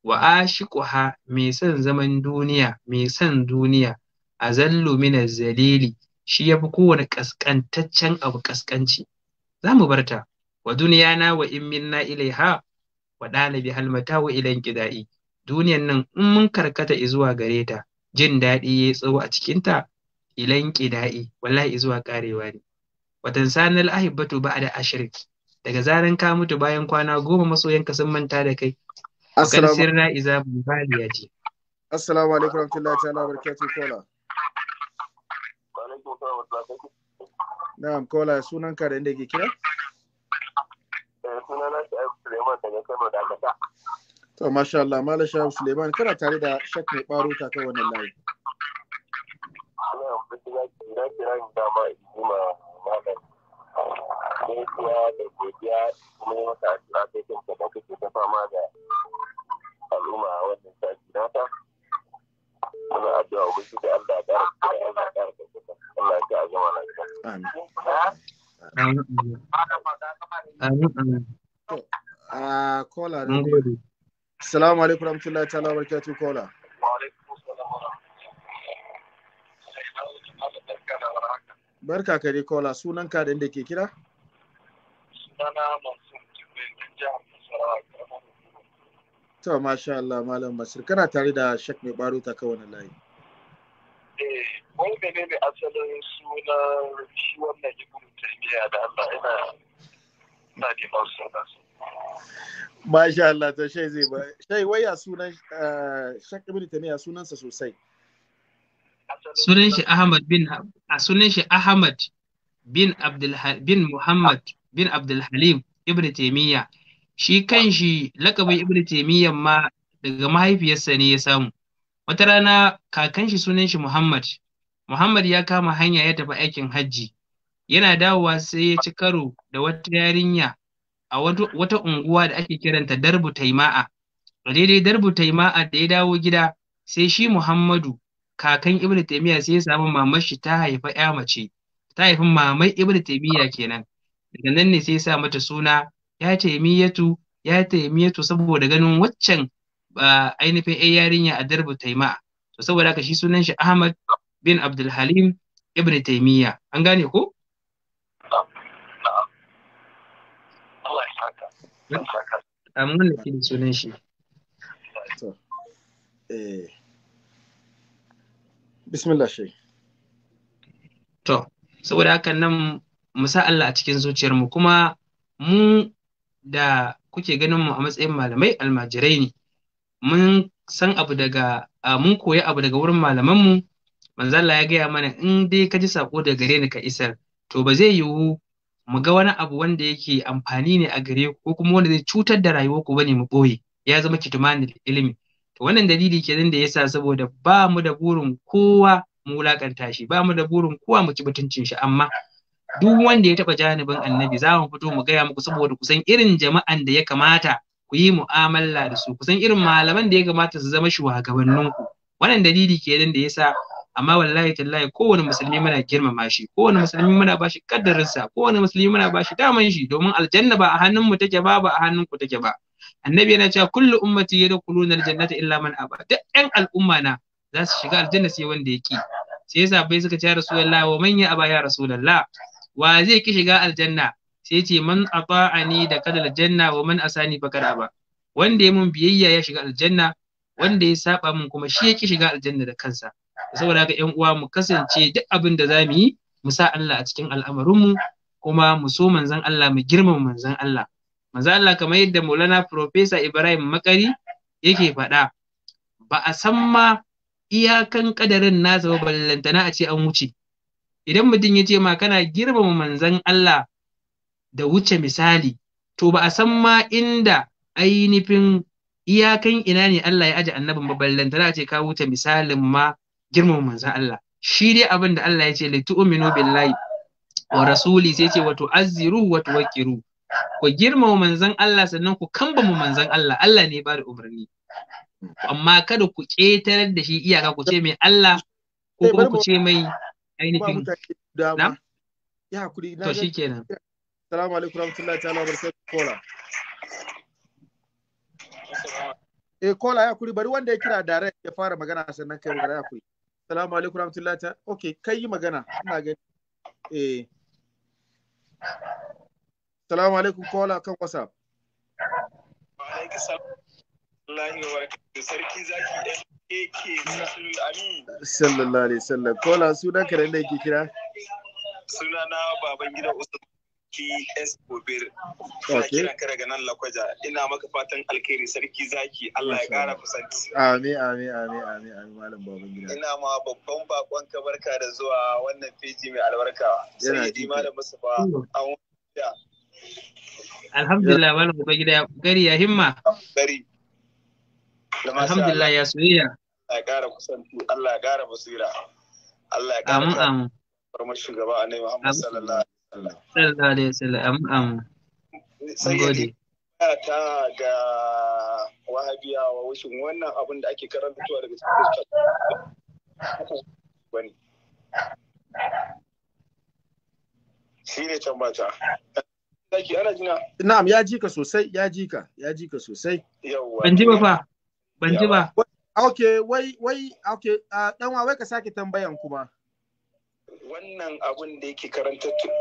wa mai son zaman duniya mai son duniya a zallu min zalili shi ya fi kowane ƙasƙantaccen abu ƙasƙanci za mu barta wa na wa in minna ilaiha wa ɗalibi halmatawu ilan kida'i duniyan nan in mun karkata izuwa gare ta jin daɗi ya tsawo a cikinta ilan kida'i wallahi izuwa karewa ne watan sanal ahibatu ba da ashirik daga zaran ka mutu bayan kwana goma masoyanka sun manta da kai kan sirna iza ya ji assalamu alaikum warahmatullahi ta'ala barakatuh kola na'am kola sunanka da inda ke kira suna na Sha'ibu Suleiman daga Kano da Kasa. To masha Allah Malam Sha'ibu Suleiman kana tare da shak mai baro ta kai wannan layi. Ina amfani da kira ni dama in yi ma ah, gaisuwa da godiya kuma yi masa asira kake ta fama da al'umma a wannan sati nata. Muna addu'a ubangiji Allah ya Allah ya Allah ya zama lafiya. Amin. a kola da Assalamu alaikum rahmatullahi ta'ala kola. Barka ka dai kola sunan ka da inda ke kira? Sunana Mansur Jibril din jihar Nasarawa To masha Allah malam Basir kana tare da shek mai baro ta kawai layi. Eh ne ne asalin sunan shi wannan Ibn taimiyya da Allah ina Masha Allah ta shai zai ba. Shai wai ya sunan eh, ta ne ya sunansa sosai. Sunan shi Ahmad bin a sunan shi Ahmad bin Abdul bin Muhammad bin Abdul Halim Ibn Taymiya. Shi kan shi lakabin Ibn Taymiya ma daga mahaifiyarsa ne ya samu. Wata rana kakan shi sunan shi Muhammad. Muhammad ya kama hanya ya tafi aikin hajji. yana dawowa sai ya ci karo da wata yarinya a wata unguwa da ake kiranta darbu taima'a a daidai darbu taima'a da ya dawo gida sai shi muhammadu kakan ibnu taimiyya sai ya samu mamar shi ta haifa ya mace ta haifi mamai ibnu taimiyya kenan daga nan ne sai ya sa mata suna ya taimiyatu ya taimiyatu saboda ganin waccan ainihin ai yarinya a darbu taima'a to saboda haka shi sunan shi ahmad bin abdulhalim ibnu taimiyya. an gane ko Amma wannan shi sunan shi. Eh, bismillah To, saboda haka nan mu sa Allah a cikin zuciyarmu kuma mu da kuke ganin mu a matsayin malamai almajirai ne. Mun san abu daga mun koyi abu daga wurin malamanmu manzalla ya gaya mana in dai ka ji sako daga gare ni ka isar to ba zai yiwu mu ga wani abu wanda yake amfani ne a gare ku ko kuma wanda zai cutar da rayuwar ku bane mu boye ya zama kitmanil ilimi to wannan dalili kenan da yasa saboda ba mu da burin kowa mu wulakanta shi ba mu da burin kowa mu ci mutuncin shi amma duk wanda ya taba janibin annabi za mu fito mu gaya muku saboda kusan irin jama'an da ya kamata ku yi mu'amala da su kusan irin malaman da ya kamata su zama shugabanninku wannan dalili kenan da yasa amma wallahi tallahi kowane musulmi muna girmama shi kowane musulmi muna bashi kaddarinsa kowane musulmi muna bashi daman shi domin aljanna ba a hannun mu take ba ba a hannun ku take ba annabi yana cewa kullu ummati yadkhuluna aljannata illa man aba duk ɗan al'umma na za su shiga aljanna sai wanda yake sai yasa bai suka ce rasulullahi wa man ya aba ya rasulullah wa zai ki shiga aljanna sai ce man ata'ani da kada aljanna wa man asani fakar aba wanda ya mun biyayya ya shiga aljanna wanda ya saba mun kuma shi ya ki shiga aljanna da kansa saboda haka 'yan uwa mu kasance duk abin da zamu yi mu sa Allah a cikin al'amarinmu kuma mu so manzon Allah mu girmama manzon Allah manzon Allah kamar yadda Maulana Professor Ibrahim Makari yake faɗa ba a san ma iyakan kadarin nasa ba ballantana a ce an wuce idan mutum ya ce ma kana girmama manzon Allah da wuce misali to ba a san ma inda ainihin iyakan ina ne Allah ya aje annabin ba ballantana a ce ka wuce misalin ma girmama manzon Allah shi dai abin da Allah ya ce li tu'minu billahi wa rasuli sai ce wato azziru wa tuwakiru ku girmama manzon Allah sannan ku kambama manzon Allah Allah ne ba da umarni amma kada ku ƙetarar da shi iyaka ku ce mai Allah ko kuma ku ce mai ainihin na? ya hakuri na to shikenan assalamu alaikum warahmatullahi ta'ala barakatuh kola eh kola ya kuri bari wanda ya kira direct ya fara magana sannan kai magana ya kuri Salamu alaikum rahmatullahi ta. Ok, kai yi magana. Ina gani. Eh. Salamu alaikum kola kan WhatsApp. Wa alaikum wa barakatuhu. Sallallahu alaihi wasallam. Kola sunan ka da yake kira? suna na Babangida Usman PS Gobir. Ina kiran ka daga Lakwaja. Ina maka fatan alkhairi sarki zaki. Allah ya kara kusanci. Amin amin amin amin amin malam baban gida. Ina ma babban bakon ka barka da zuwa wannan feji mai albarka. Sayyidi malam Mustafa an wanda. Alhamdulillah malam babban gida ya kokari ya himma. Kokari. Alhamdulillah ya soyayya. Allah ya kara kusanci. Allah ya kara basira. Allah ya kara. Amin amin. Farmar shugaba Annabi Muhammad sallallahu alaihi sallallahu alaihi am sai ta ga wahabiyawa wannan abin da ake karantawa daga cikin shi ne ana jina. Na'am ya ji ka sosai, ya ji ka, ya ji ka sosai. Yawwa. Ban ji ba fa. Ban ji ba. Okay, wai wai okay, uh, dan wai ka sake tambayan kuma. wannan abun da yake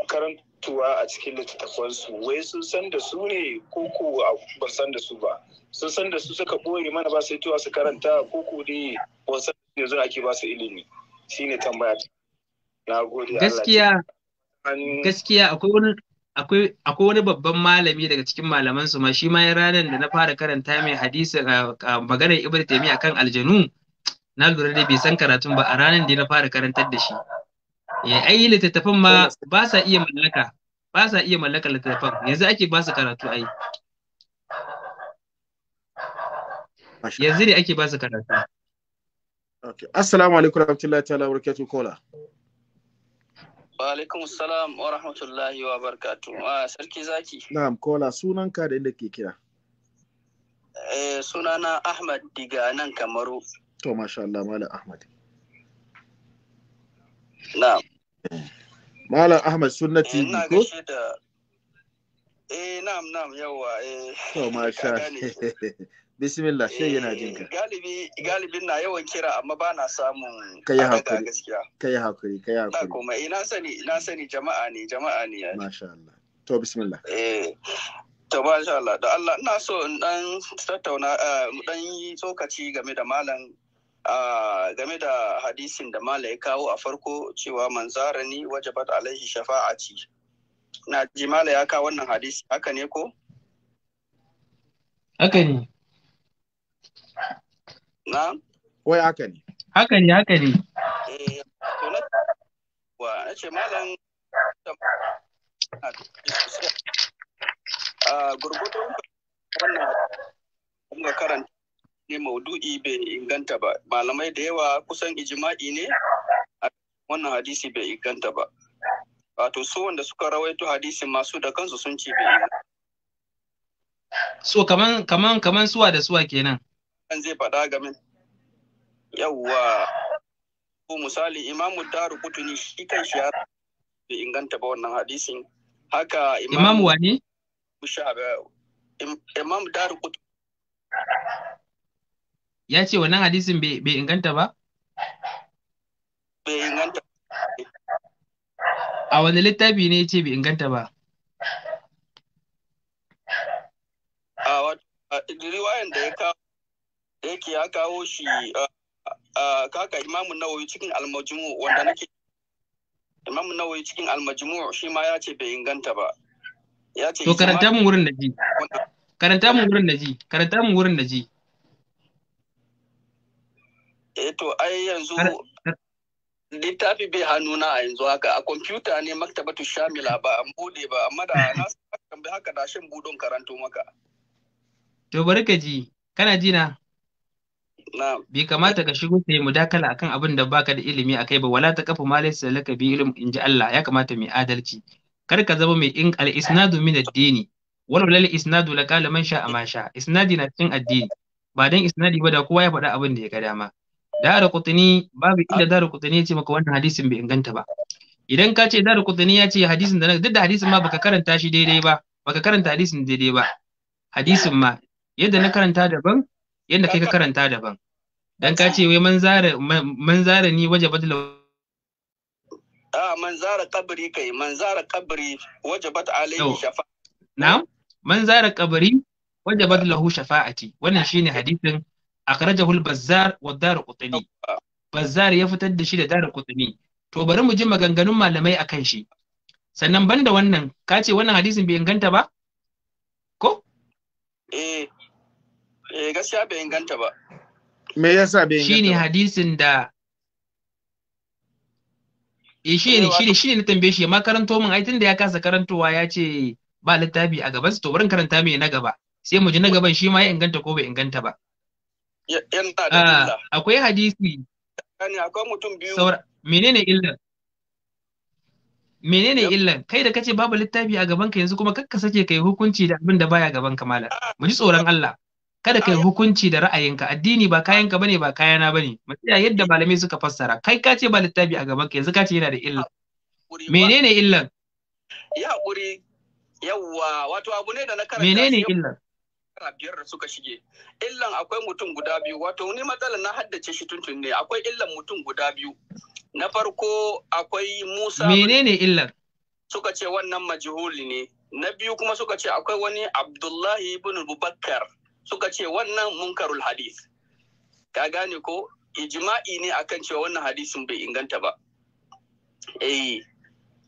karantuwa a cikin littattafansu wai sun san da su ne ko ko ban san da su ba sun san da su suka ɓoye mana ba sai tuwa su karanta ko ko dai ban san da yanzu ake ba su ilimi shine tambaya na gode gaskiya gaskiya akwai wani akwai akwai wani babban malami daga cikin malaman su ma shi ma ya ranar da na fara karanta mai hadisi a maganar ibnu taymiya kan aljanu na lura da bai san karatun ba a ranar da na fara karantar da shi ya eh, ai littattafan ma ba sa iya mallaka ba sa iya mallaka littattafan yanzu ake ba su karatu ai yanzu ne ake ba su karatu okay assalamu alaikum warahmatullahi ta'ala barakatuh kola wa alaikum assalam wa rahmatullahi wa barakatuh A ah, sarki zaki na'am kola sunanka da inda ke kira eh sunana ahmad diga nan kamaru to masha Allah malam ahmad na'am malam ahmad sunna eh, tv ko eh na'am na'am yawa eh to masha bismillah sai yana jin ka eh, galibi galibin na yawan kira amma ba na samun kai hakuri gaskiya kai hakuri kai hakuri eh, na kuma ina sani na sani jama'a ne jama'a ne masha Allah to bismillah eh to masha Allah da Allah ina so in dan tattauna dan yi tsokaci game da malam game da hadisin da mala ya kawo a farko cewa manzara waje wajabat alaihi shafa'ati na ji mala ya kawo wannan hadisi haka ne ko haka ne na wai haka ne haka ne haka ne eh, wa na ce malam gurgudun wannan ga karanta ne maudu'i bai inganta ba malamai da yawa kusan ijima'i ne wannan hadisi bai inganta ba wato su wanda suka rawaito hadisi masu da kansu sun ce bai so kaman kaman kaman suwa da suwa kenan kan zai faɗa game yawwa ko misali imamu daru kutuni shi kan shi bai inganta ba wannan hadisin haka imamu wani imamu daru kutuni ya ce wannan hadisin bai inganta ba? Bai inganta. A wani littafi ne ya ce bai inganta ba? A riwayan da ya kawo yake ya kawo shi kaka imamun nawoyi cikin almajimu wanda nake imamun nawoyi cikin almajimu shi ma ya ce bai inganta ba. Ya ce. To karanta mu wurin da ji. Karanta mu wurin da ji. Karanta mu wurin da ji. Eh, to ai yanzu littafi bai hannuna a yanzu haka a kwamfuta ne maktabatu shamila ba an bude ba amma da na san haka da shin budon karanto maka to bari ka ji kana ji na bai kamata ka shigo ka mu dakala akan abin da baka da ilimi akai ba wala ta kafa malai laka bi ilimi in ji Allah ya kamata mai adalci kar ka zama mai in al isnadu min ad wal lal isnadu la qala man sha'a ma isnadi na cikin addini ba dan isnadi ba da kowa ya faɗa abin da ya ga dama Dara Qutni babu inda ah. dara Qutni ya ce maka wannan hadisin bai inganta ba. Idan ka ce dara Qutni ya ce hadisin da na duk da hadisin ma baka karanta shi daidai ba, baka karanta hadisin daidai ba. Hadisin ma yadda na karanta daban, yadda kai ka karanta daban. Dan ka ce wai manzara manzara ni waje badal A ah, manzara kabari kai, manzara kabari bat alaihi shafa. Na'am, manzara kabari wajabat lahu shafa'ati. Wannan shine hadisin أخرجه البزار والدار wa بزار يفتد دشي ya fitar da shi da darqutni to bari mu ji maganganun malamai akan shi sannan banda wannan ka ce wannan hadisin bai inganta ba ko eh eh gaskiya bai inganta ba me yasa bai inganta shine hadisin da eh shine shine shine na tambaye shi ma karanto min ai tunda ya kasa karantowa ya ce ba littafi a gaban su, to bari karanta mai na gaba sai mu ji na gaban shi ma ya inganta ko bai inganta ba yana da ah, illa akwai hadisi akwai mutum biyu saura menene illan menene illan kai da kace babu littafi a gaban ka yanzu kuma kakka sake kai hukunci da abin da baya gaban ka malam mu ji tsoron Allah kada kai ah, hukunci da ra'ayinka addini ba kayanka bane ba kayana bane mu tsaya yadda malamai suka fassara kai ka ce ba littafi a gaban ka yanzu ka ce yana da illa menene illan ya hakuri yawwa wato abu ne da na karanta menene illan shekara biyar da suka shige illan akwai mutum guda biyu wato ni matsala na haddace shi tuntun ne akwai illan mutum guda biyu na farko akwai musa menene illan suka ce wannan majihuli ne na biyu kuma suka ce akwai wani abdullahi ibn bubakar suka ce wannan munkarul hadis ka gane ko ijma'i ne akan cewa wannan hadisin bai inganta ba eh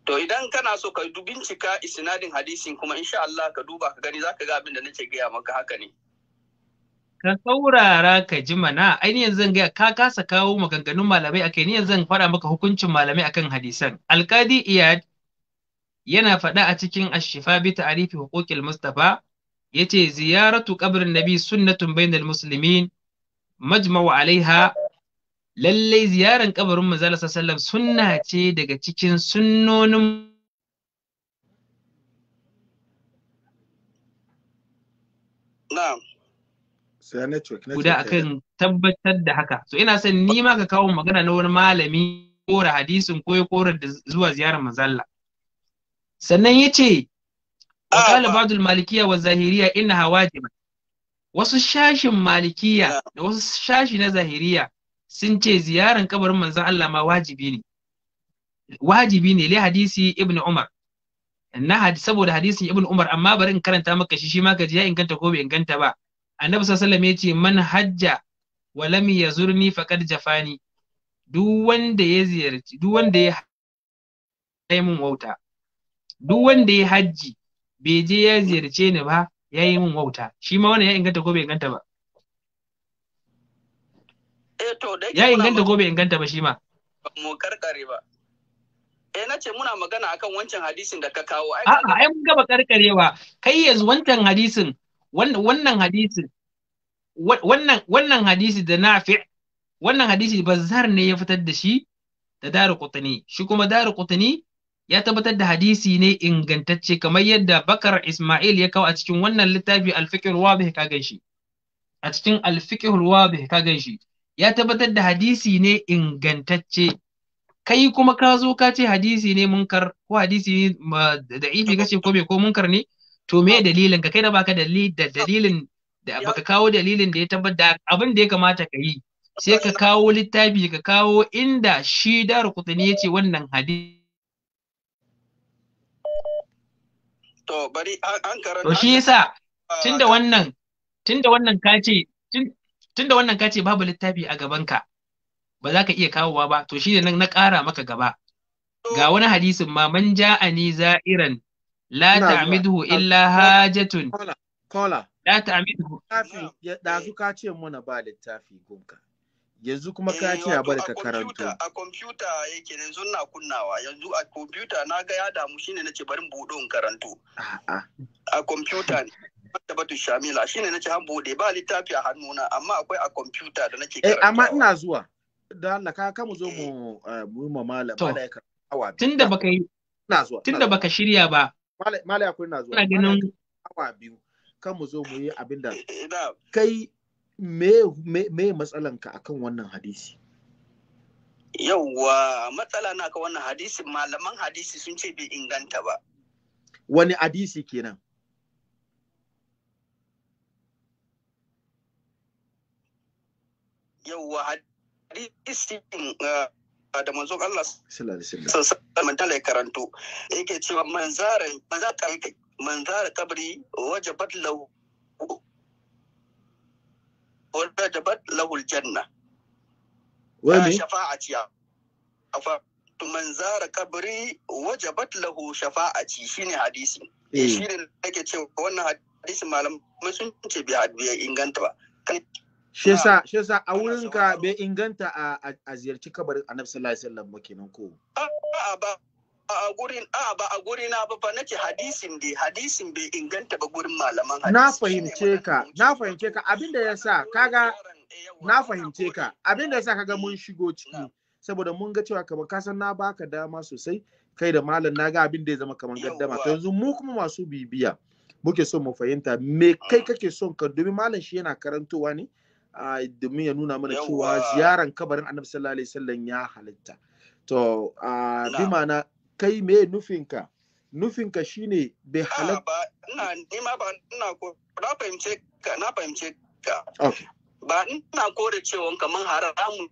To idan kana so ka bincika isnadin hadisin kuma insha Allah ka duba ka gani zaka ga abin da nake gaya maka haka ne. Ka saurara ka ji mana ainihin zan gaya ka kasa kawo maganganun malamai akai ni zan faɗa maka hukuncin malamai akan hadisan. Alkadi Iyad yana faɗa a cikin Ashifa bi ta'rifi huquqil Mustafa yace ziyaratu qabrin nabi sunnatun bainal Musulmi, majma'u alaiha lallai ziyaran kabarin manzala sallam sunna ce daga cikin sunnonin guda a kan tabbatar da haka so ina son ni ma ka kawo magana na wani malami kora hadisin ko ya kora da zuwa ziyarar manzalla sannan ya ce وقال بعض zahiriya ina hawa واجبة wasu shashin malikiya da wasu shashi na zahiriya sun ce ziyaran kabarin manzon Allah ma wajibi ne wajibi ne li hadisi ibn Umar na had saboda hadisin ibn Umar amma bari in karanta maka shi shi ma ka ji ya inganta ko bai inganta ba annabi sallallahu alaihi wasallam ya ce man hajja wa lam yazurni faqad jafani duk wanda ya ziyarci duk wanda ya yi min wauta duk wanda ya hajji bai je ya ziyarce ni ba ya yi min wauta shi ma wannan ya inganta ko bai inganta ba Eh, ya inganta ko bai inganta ba shi ma mu karkare ba eh na ce muna magana akan wancan hadisin da ka kawo a'a ai mun gaba karkarewa kai yanzu wancan hadisin wannan hadisin wannan wannan hadisi da nafi wannan hadisi bazzar ne ya fitar da shi da daru qutni shi kuma daru qutni ya tabbatar da hadisi ne ingantacce kamar yadda bakar ismail ya kawo a cikin wannan littafi alfiqhul wadih ka ganshi. a cikin alfiqhul wadih ka ganshi. ya tabbatar da hadisi ne ingantacce kai kuma ka zo ka ce hadisi ne munkar ko hadisi ne da ifi kace ko me ko munkar ne to me dalilin ka kai da baka dalili da dalilin da baka kawo dalilin da ya tabbata abin da ya kamata ka yi sai ka kawo littafi ka kawo inda shi da rukutuni yace wannan hadisi to bari an karanta to shi yasa tunda wannan tunda wannan ka ce tunda wannan ka ce babu littafi a gabanka ba za ka iya kawowa ba to shi nan na ƙara maka gaba ga wani hadisin ma man ja'ani za'iran la ta'miduhu illa hajatun kola la da su ka ce muna ba littafi gunka yanzu kuma ka ce ba eh, bari ka karanto a kwamfuta yake yanzu na kunnawa yanzu a kwamfuta na ga ya damu shine nace bari buɗo in karanto a kwamfuta ne martabatu shamila shine nace an bude ba littafi a hannuna amma akwai a computer da nake karatu. eh amma ina zuwa da Allah ka ka mu zo eh. mu eh, mu ma malam malaika awa tunda baka yi ina zuwa tunda baka shirya ba malai akwai ina zuwa ina ganin awa biyu kan mu zo mu yi abinda eh, kai me me matsalanka akan wannan hadisi yauwa matsala na ka wannan hadisi? malaman hadisi sun ce bai inganta ba wani hadisi kenan yawwa hadisin uh, da manzon Allah sallallahu alaihi karanto yake cewa manzara manzara manzara kabri wajabat lahu wajabat lahu aljanna wani shafa'ati afa to manzara kabri wajabat lahu shafa'ati shine hadisi eh. shine yake cewa wannan hadisi malaman sun ce bi inganta ba Shesa, shesa, a wurin ka bai inganta a a ziyarci kabarin Annabi sallallahu alaihi wasallam ba kenan ko a'a ba a gurin a ba a guri na ba fa nake hadisin dai hadisin bai inganta ba gurin malaman hadisi na fahimce ka na fahimce ka abinda yasa kaga na fahimce ka abinda yasa kaga mun shigo ciki saboda mun ga cewa kamar kasan na baka dama sosai kai da malam na ga abin da ya zama kamar gaddama to yanzu mu kuma masu bibiya muke so mu fahimta me kai ah. kake son ka domin malam shi yana karantowa ne domin ya nuna mana cewa ziyaran kabarin annabi sallallahu alaihi wasallam ya halitta to bi mana kai me nufinka nufinka shine bai halatta ina ni ma ba ina ko na fahimce ka na fahimce ka ba ina kore cewa kaman haramun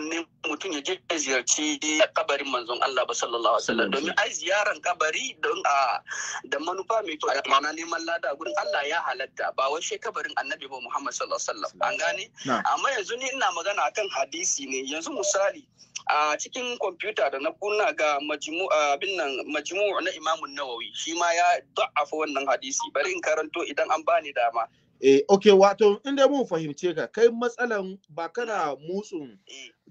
ne mutum ya je ya ziyarci kabarin manzon Allah ba sallallahu alaihi wasallam domin ai ziyaran kabari don a da manufa mai to ma'ana neman lada gurin Allah ya halatta ba wai shi kabarin annabi ba Muhammad sallallahu alaihi wasallam an gane amma yanzu ni ina magana akan hadisi ne yanzu misali a cikin kwamfuta da na kuna ga abin na imamun nawawi shi ma ya da'afa wannan hadisi bari in karanto idan an bani dama Eh, ok, wato inda mun fahimce ka, kai matsalan ba kana mutsun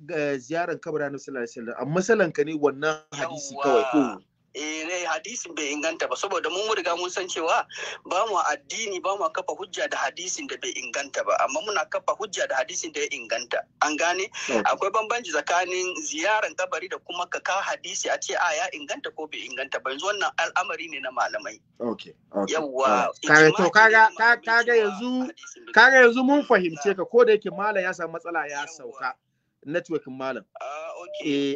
ga eh. eh, ziyarar kabarin sallallahu alaihi wasallam, amma matsalan ka ne wannan hadisi kawai ko. Eh, ne hadisin bai inganta ba saboda mun riga mun san cewa ba mu addini ba mu kafa hujja da hadisin da bai inganta ba amma muna kafa hujja da hadisin da ya inganta an gane hmm. akwai bambanci tsakanin ziyaran kabari da kuma ka ka hadisi a ce a ya inganta ko bai inganta ba yanzu wannan al'amari ne na malamai yawwa kare to kaga yanzu kaga yanzu mun fahimce ka ko da yake malam ya samu matsala ya sauka network malam ah,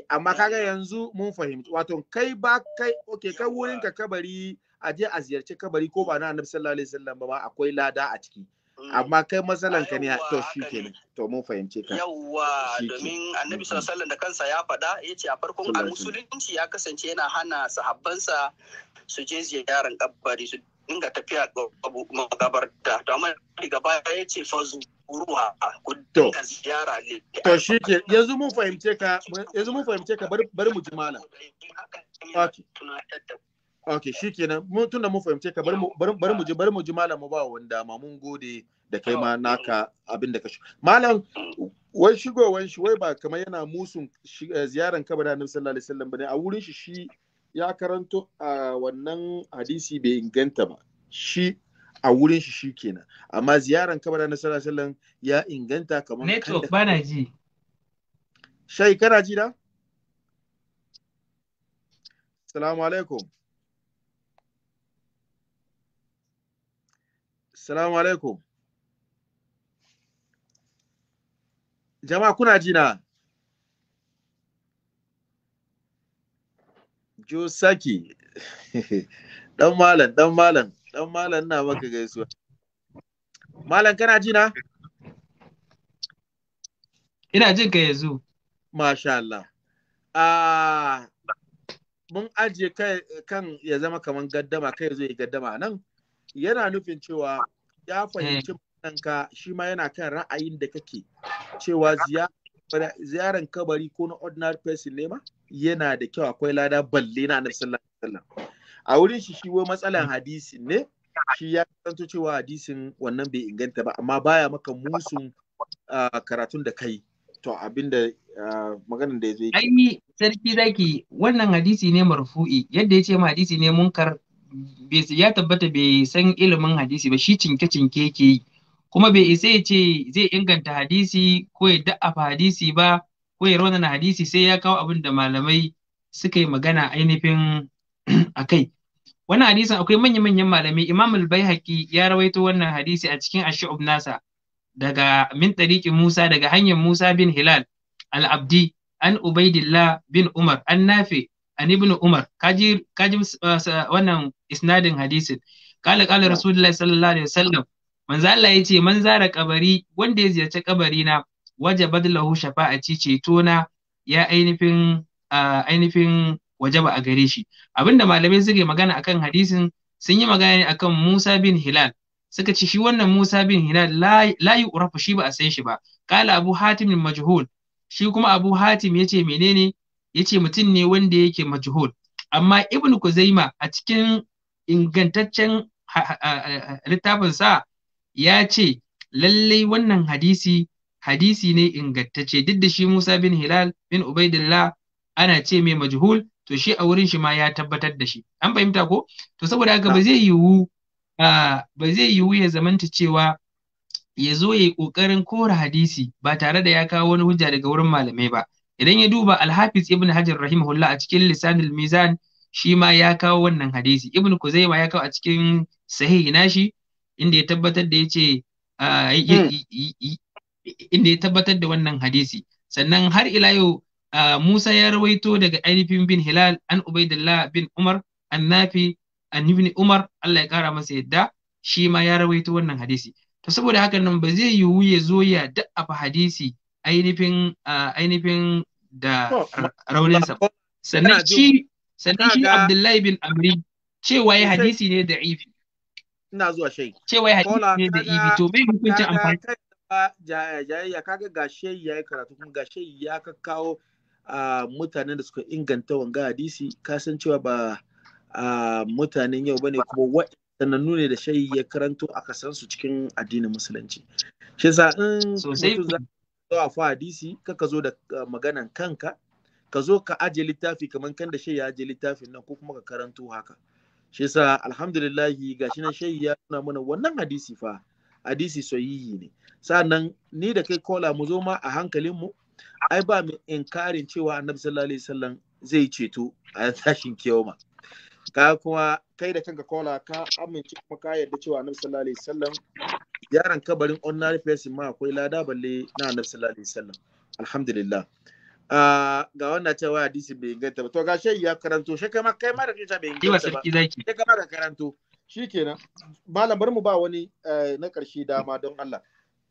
amma kaga yanzu mun fahimci wato kai ba kai okay kai wurin ka kabari a je a ziyarci kabari ko ba na annabi sallallahu alaihi wasallam ba akwai lada a ciki mm. amma kai matsalan ka ne to shi to mun fahimce ka yawwa domin annabi sallallahu alaihi da kansa ya faɗa yace a farkon al musulunci ya kasance yana hana sahabbansa su je ziyaran kabari su dinga tafiya makabarta to amma daga baya yace fazu ruwa to ziyara ne to shi ke yanzu mun fahimce ka yanzu mun fahimce ka bari mu ji malam Ok okay shi kenan mun tunda mun fahimce ka bari mu ji bari mu ji malam mu ba wanda ma mun gode da kai ma naka abin da ka shi malam wai shigowan shi wai ba kamar yana musun eh, ziyaran bada annabi sallallahu alaihi wasallam bane a wurin shi shi ya karanto a wannan hadisi bai inganta ba shi a wurin shi shi kenan amma ziyaran kabarin na sallallahu alaihi ya inganta kamar network bana ji shai kana ji da assalamu alaikum assalamu alaikum jama'a kuna ji na josaki dan malam dan malam dan malam na maka gaisuwa malam kana ji na ina jin ka yanzu masha Allah ah, mun ajiye kan ya zama kaman gaddama kai zai gaddama nan yana nufin cewa ya fahimci eh. ka. shi ma yana kan ra'ayin da kake cewa ziyaran kabari ko na ordinary person ne ma yana da kyau akwai lada balle na annabi sallallahu alaihi wasallam a wurin shi shi matsalan mm. hadisin ne shi ya karanto cewa hadisin wannan bai inganta ba amma baya maka musun karatun da kai to abinda maganin da ya zai ai sarki zaki wannan hadisi ne marfu'i yadda ya ce ma hadisi ne munkar ya tabbata bai san ilimin hadisi ba shi cinke cinke yake yi kuma bai isa ya ce zai inganta hadisi ko ya da'afa hadisi ba ko ya raunana hadisi sai ya kawo abin da malamai suka yi magana ainihin a kai wannan hadisin akwai manya-manyan malamai imam al-baihaqi ya rawaito wannan hadisi a cikin ash-shu'ub nasa daga min tariqi Musa daga hanyar Musa bin Hilal al-Abdi an Ubaidillah bin Umar an Nafi an ibn Umar kaji kaji uh, wannan isnadin hadisin kala kala Rasulullahi sallallahu alaihi wasallam manzo Allah yace man zara kabari wanda ya ziyarci kabari na wajabat lahu shafa'ati ceto na ya ainifin uh, ainifin Waje ba a gare shi abinda malamai suke magana akan hadisin sun yi magana ne akan Musa bin Hilal suka ce shi wannan Musa bin Hilal la urafa shi ba a san shi ba Kala Abu Hatim majhul shi kuma Abu Hatim yace menene yace mutum ne wanda yake majhul amma Ibn Kuzaima a cikin ingantaccen littafin sa ya ce lallai wannan hadisi hadisi ne ingantacce duk da shi Musa bin Hilal bin Ubaidillah ana ce mai majhul to shi a wurin shi ma ya tabbatar da shi an fahimta ko to saboda haka ba zai yiwu ba zai yiwu ya zamanta cewa ya zo ya yi ƙoƙarin kora hadisi ba tare da ya kawo wani hujja daga wurin malamai ba idan ya duba alhafiz ibn hajar rahimahullah a cikin lisanul mizan shi ma ya kawo wannan hadisi ibn kuzaima ya kawo a cikin sahihi nashi inda ya tabbatar da yace hmm. inda ya tabbatar da wannan hadisi sannan har ila yau Musa ya rawaito daga ainihin bin Hilal an Ubaidillah bin Umar an Nafi Umar Allah ya kara masa yadda shi ma ya rawaito wannan hadisi to saboda hakan nan ba zai yiwu ya zo ya da'afa hadisi ainihin da rauninsa ba sannan shi sannan shi Abdullahi bin Amri cewa ya hadisi ne da ifi ina zuwa shai cewa ya hadisi ne da ifi to bai hukuncin amfani ya kaga gashe ya yi karatu kuma gashe ya kakkawo a mutanen da suka inganta wanga hadisi cewa ba a mutanen yau bane kuma sanannu ne da shayi ya karanto aka san su cikin addinin musulunci shi yasa in mutum zo a fa hadisi ka zo da maganan kanka ka zo ka aje littafi kamar kan da shayi ya aje littafin nan ko kuma ka karanto haka shi yasa alhamdulillahi gashi nan shayi ya nuna mana wannan hadisi fa hadisi soyayyi ne sa'annan ni da kai kola mu zo ma a hankalin mu ai ba mu inkarin cewa annabi sallallahu alaihi wasallam zai ceto a tashin kiyama ka kuma kai da kanka kola ka amince kuma ka yarda cewa annabi sallallahu alaihi wasallam yaran kabarin ordinary person ma akwai lada balle na annabi sallallahu alaihi wasallam alhamdulillah ah, ga wannan cewa hadisi bai inganta ba to ga shi ya karanto shi kai ma kai ma da kinta bai inganta ba shi kai ma da karanto shikenan malam bar mu ba wani eh, na karshe dama don Allah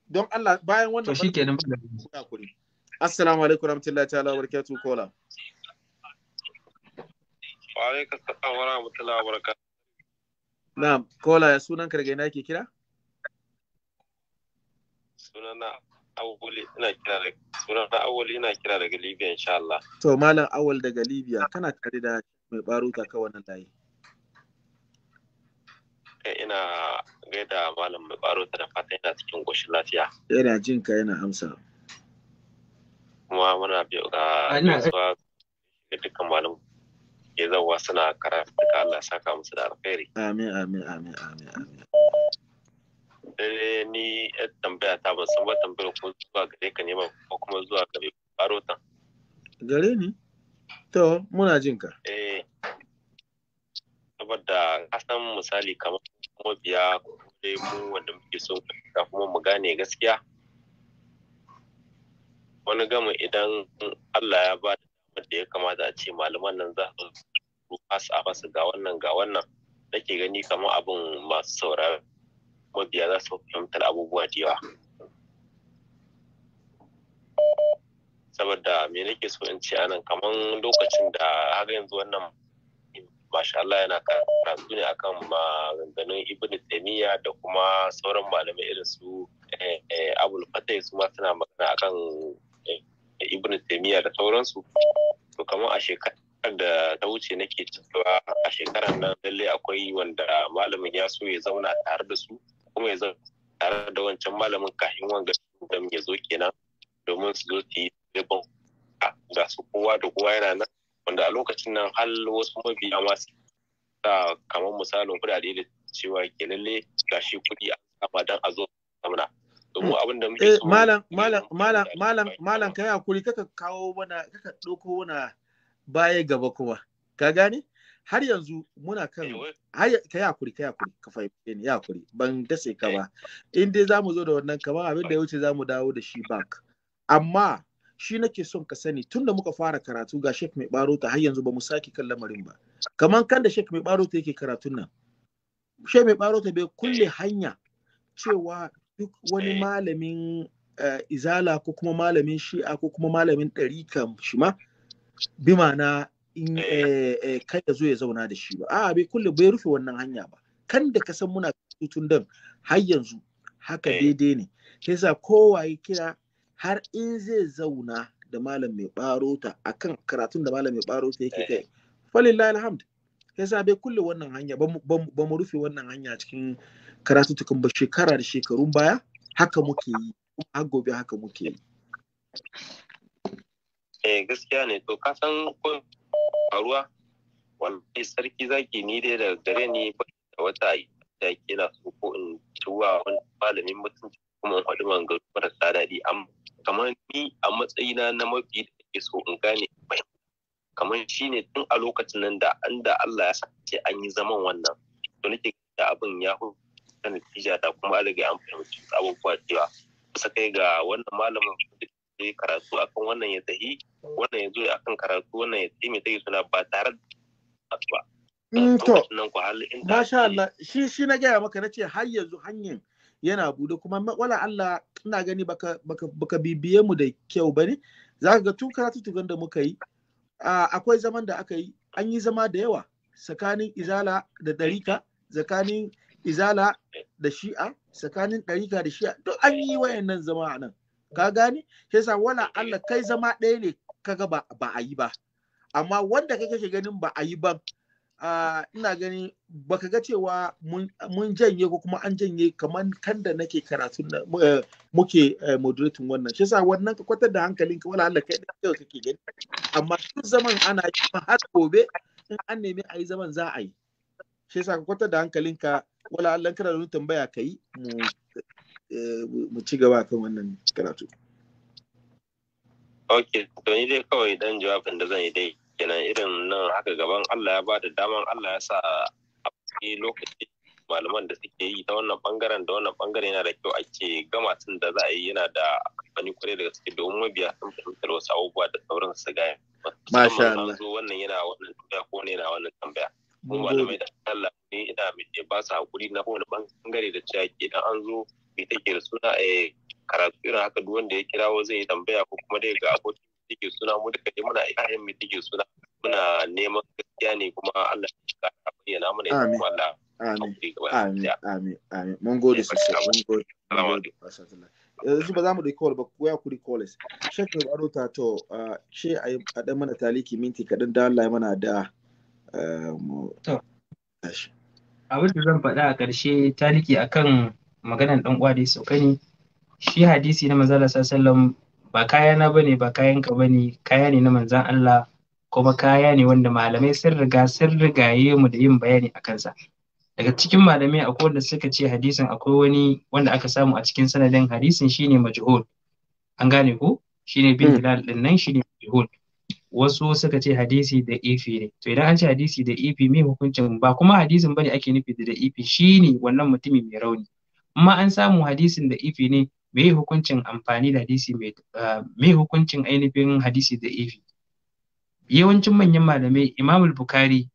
don Allah bayan wannan to shikenan ba da hakuri Assalamu alaikum warahmatullahi ta'ala wabarakatuh kola. Wa alaikum assalam warahmatullahi wabarakatuh. Na'am, kola ya sunan ka daga ina ke kira? Sunana Awwali ina kira daga na Awwali ina kira daga Libya insha Allah. To malam Awwal daga Libya kana tare da mai baruta ka wannan layi. Eh, ina gaida malam mai baruta da fatan ina cikin goshin lafiya. Yana jinka yana amsa. kuma muna ah, gaisuwa ga dukkan malam ya zauwa suna karatu da Allah saka musu da alkhairi. Amin amin amin amin amin. Dare ni ya eh, tambaya ta ban san ba tambayar ko zuwa gare ka neman ko kuma zuwa gare barotan. Gare ni? To muna jin ka. Eh. Saboda kasan misali kamar biya, ko dai mu wanda muke so kuma mu gane gaskiya. wani gama idan Allah ya ba da ya kamata a ce malaman nan za su su a basu ga wannan ga wannan nake gani kamar abin masu sauran mabiya za su fahimtar abubuwa da yawa saboda me nake so in ce anan kamar lokacin da har yanzu wannan masha Allah yana karatu ne akan maganganun Ibn Taymiyyah da kuma sauran malamai irin su eh, eh, Abul Fatai su ma suna magana akan da ibn taimiyya da sauransu to kamar a shekarar da ta wuce nake cewa a shekarar nan lallai akwai wanda malamin ya so ya zauna tare da su kuma ya zauna tare da wancan malamin kafin wanga da ya zo kenan domin su zo su yi A ga su kowa da kowa yana nan wanda a lokacin nan har wasu mabiya ma su sa kamar misalin kudade da cewa ke lalle gashi kuɗi a sama dan a zo zauna Mm. abin da muke eh, malam malam malam malam malam kai hakuri kaka kawo mana kaka dauko mana baya gaba kuma ka gane har yanzu muna kan eh, ka yi hakuri ka yi hakuri ka fahimce ni hakuri ban dase ka eh. ba in dai zamu zo da wannan kamar abin da ya wuce zamu dawo da shi back amma shi nake son ka sani tunda muka fara karatu ga Sheikh Mai Barota har yanzu ba mu saki kan lamarin ba kamar kan da Sheikh Mai Barota yake karatun nan shek Mai Barota bai kulle hanya cewa duk wani eh. malamin eh, izala ko kuma malamin shi'a ko kuma malamin ɗarika shi ma bi mana in eh. kai ya zo ya zauna da shi ba a'a bai kulle bai rufe wannan hanya ba kan da ka san muna tutun dan har yanzu haka daidai ne sai sa kowaye kira har in zai zauna da malam mai barota akan karatun da malam mai barota yake kai falillahi alhamd sai sa bai kulle wannan hanya ba mu rufe wannan hanya cikin karatutukan ba shekara da shekarun baya haka muke yi har gobe haka muke yi eh gaskiya ne to ka san ko faruwa wallahi sarki zaki ni dai da dare ni da wata da ke na so ko in tuwa wani malamin mutunci kuma in faɗi man marasa daɗi am kamar ni a matsayina na mafi da ke so in gane kamar shi ne tun a lokacin nan da an da Allah ya sace an yi zaman wannan to nake da abin ya hu ta natija ta kuma an riga an fahimci abubuwa cewa kusa kai ga wannan malamin ya karatu akan wannan ya tahi wannan ya zo akan karatu wannan ya tahi mai tahi suna ba tare da ba. Mm, to, masha Allah, shi shi na gaya maka na ce har yanzu hanyar yana bude kuma wala Allah ina gani baka, bibiye mu da kyau ba ne, za ka ga tun karatu da muka yi, akwai zaman da aka yi, an yi zama da yawa tsakanin izala da ɗarika, tsakanin izala da shi'a tsakanin ɗarika da shi'a duk an yi wayannan zama a nan ka gani shi yasa wala Allah kai zama ɗaya ne kaga ba ba a yi ba amma wanda kake kake ganin ba a yi ba ina gani baka ga cewa mun janye ko kuma an janye kamar kan da nake karatun eh, muke eh, moderating wannan shi yasa wannan ka kwatar da ka wala Allah kai da kake gani amma duk zaman ana yi har gobe in an nemi a yi zaman za a yi shi yasa ka kwantar da hankalinka wala Allah kana da wani tambaya kai eh, mu mu ci gaba kan wannan karatu ok to ni dai kawai dan jawabin da zan yi dai kenan irin nan haka gaban Allah ya ba da daman Allah ya sa a lokaci malaman da suke yi ta wannan bangaren da wannan bangaren yana da kyau ake gama tun da za a yi yana da amfani kwarai da gaske domin mabiya sun fahimtar wasu abubuwa da sauran su gane. Masha Allah. Wannan yana wannan tambaya ko ne yana wannan tambaya. kuma malamai da Allah ne ina mai ba su hakuri na kowane bangare da cewa idan an zo mai take da suna a eh, karatu irin haka duk wanda ya kira kirawo zai yi tambaya ko kuma dai ga abokin mai take suna mu duka muna iyayen mai take suna muna neman gaskiya ne kuma Allah ya ka bayyana mana ita kuma Allah Amin, amin, amin. Mun gode sosai, mun gode. yanzu ba za mu ɗauki call ba ko ya kuri callers shekaru aro ta to ce ah, a ɗan mana taliki minti kaɗan da Allah mana da abin da zan faɗa a ƙarshe taliki akan maganar ɗan uwa da ya sauka ne shi hadisi na manzala sallam ba kaya na ne, ba kayan ka bane kaya ne na manzan Allah kuma kaya ne wanda malamai sun riga sun rigaye mu da yin bayani a kansa daga cikin malamai akwai wanda suka ce hadisin akwai wani wanda aka samu a cikin sanadin hadisin shine majhul an gane ko shine bin hilal hmm. din nan shine majhul wasu suka ce hadisi da ifi ne to idan an ce hadisi da ifi me hukuncin ba kuma hadisin bane ake nufi da da ifi shine wannan mutumi mai rauni amma an samu hadisin da ifi ne me hukuncin amfani da hadisi mai ah, me hukuncin ainihin hadisi da ifi yawancin manyan malamai Imam Bukhari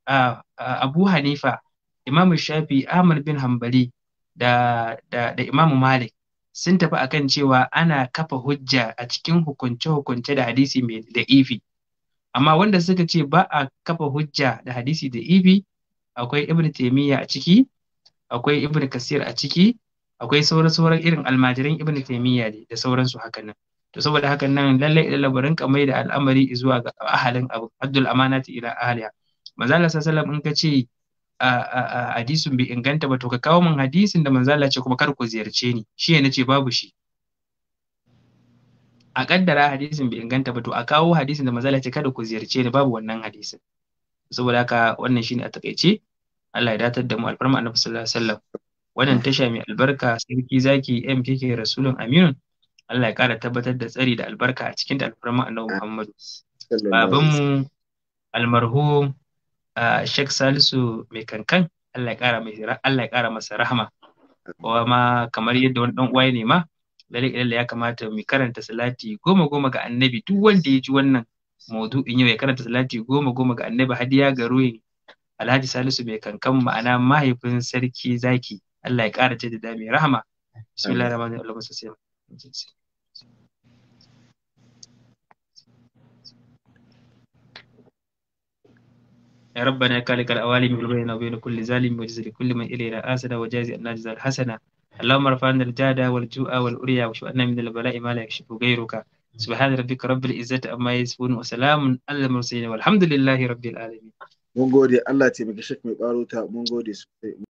Abu Hanifa Imam Shafi Ahmad bin Hanbali da da, da Imam Malik sun tafi akan cewa ana kafa hujja a cikin hukunce-hukunce da hadisi mai da ifi amma wanda suka ce ba a kafa hujja da hadisi da ifi akwai ibn taimiyya a ciki akwai ibn kasir a ciki akwai sauran sauran irin almajirin ibn taimiyya ne da sauransu hakan nan to saboda hakan nan lallai idan labarin kamai da al'amari zuwa ga ahalin abu abdul amanati ila ahliha manzo Allah in ka ce hadisin bai inganta ba to ka kawo min hadisin da manzala ce kuma kar ku ziyarce ni shi ne ce babu shi a kaddara hadisin bai inganta ba to a kawo hadisin da mazala ce kada ku ziyarce ni babu wannan hadisin saboda haka wannan shine a takaice Allah ya datar da mu alfarma annabi sallallahu alaihi wasallam wannan tasha mai albarka sarki zaki MKK rasulun aminun Allah ya kara tabbatar da tsari da albarka a cikin alfarma annabi Muhammadu babanmu almarhum Sheikh Salisu mai kankan Allah ya kara mai Allah ya kara masa rahama ma kamar yadda wani dan uwa ne ma lalle lalle ya kamata mu karanta salati goma goma ga annabi duk wanda ya ji wannan maudu'in yau ya karanta salati goma goma ga annabi hadiya ga ruhin alhaji salisu mai kankan ma'ana mahaifin sarki zaki allah ya ƙara jaddada mai rahama bismillahir rahmanir rahim sallallahu alaihi يا ربنا يا خالق العوالم بالبين وبين كل ظالم وجزي لكل من الينا اسنا وجازي الناجز الحسنة اللهم ارفعنا الجاد والجوع والعري واشفعنا من البلاء ما لا يكشف غيرك سبحان ربك رب العزة عما يصفون وسلام على المرسلين والحمد لله رب العالمين mun gode Allah taimaki shek mai ɓaro ta mun gode sosai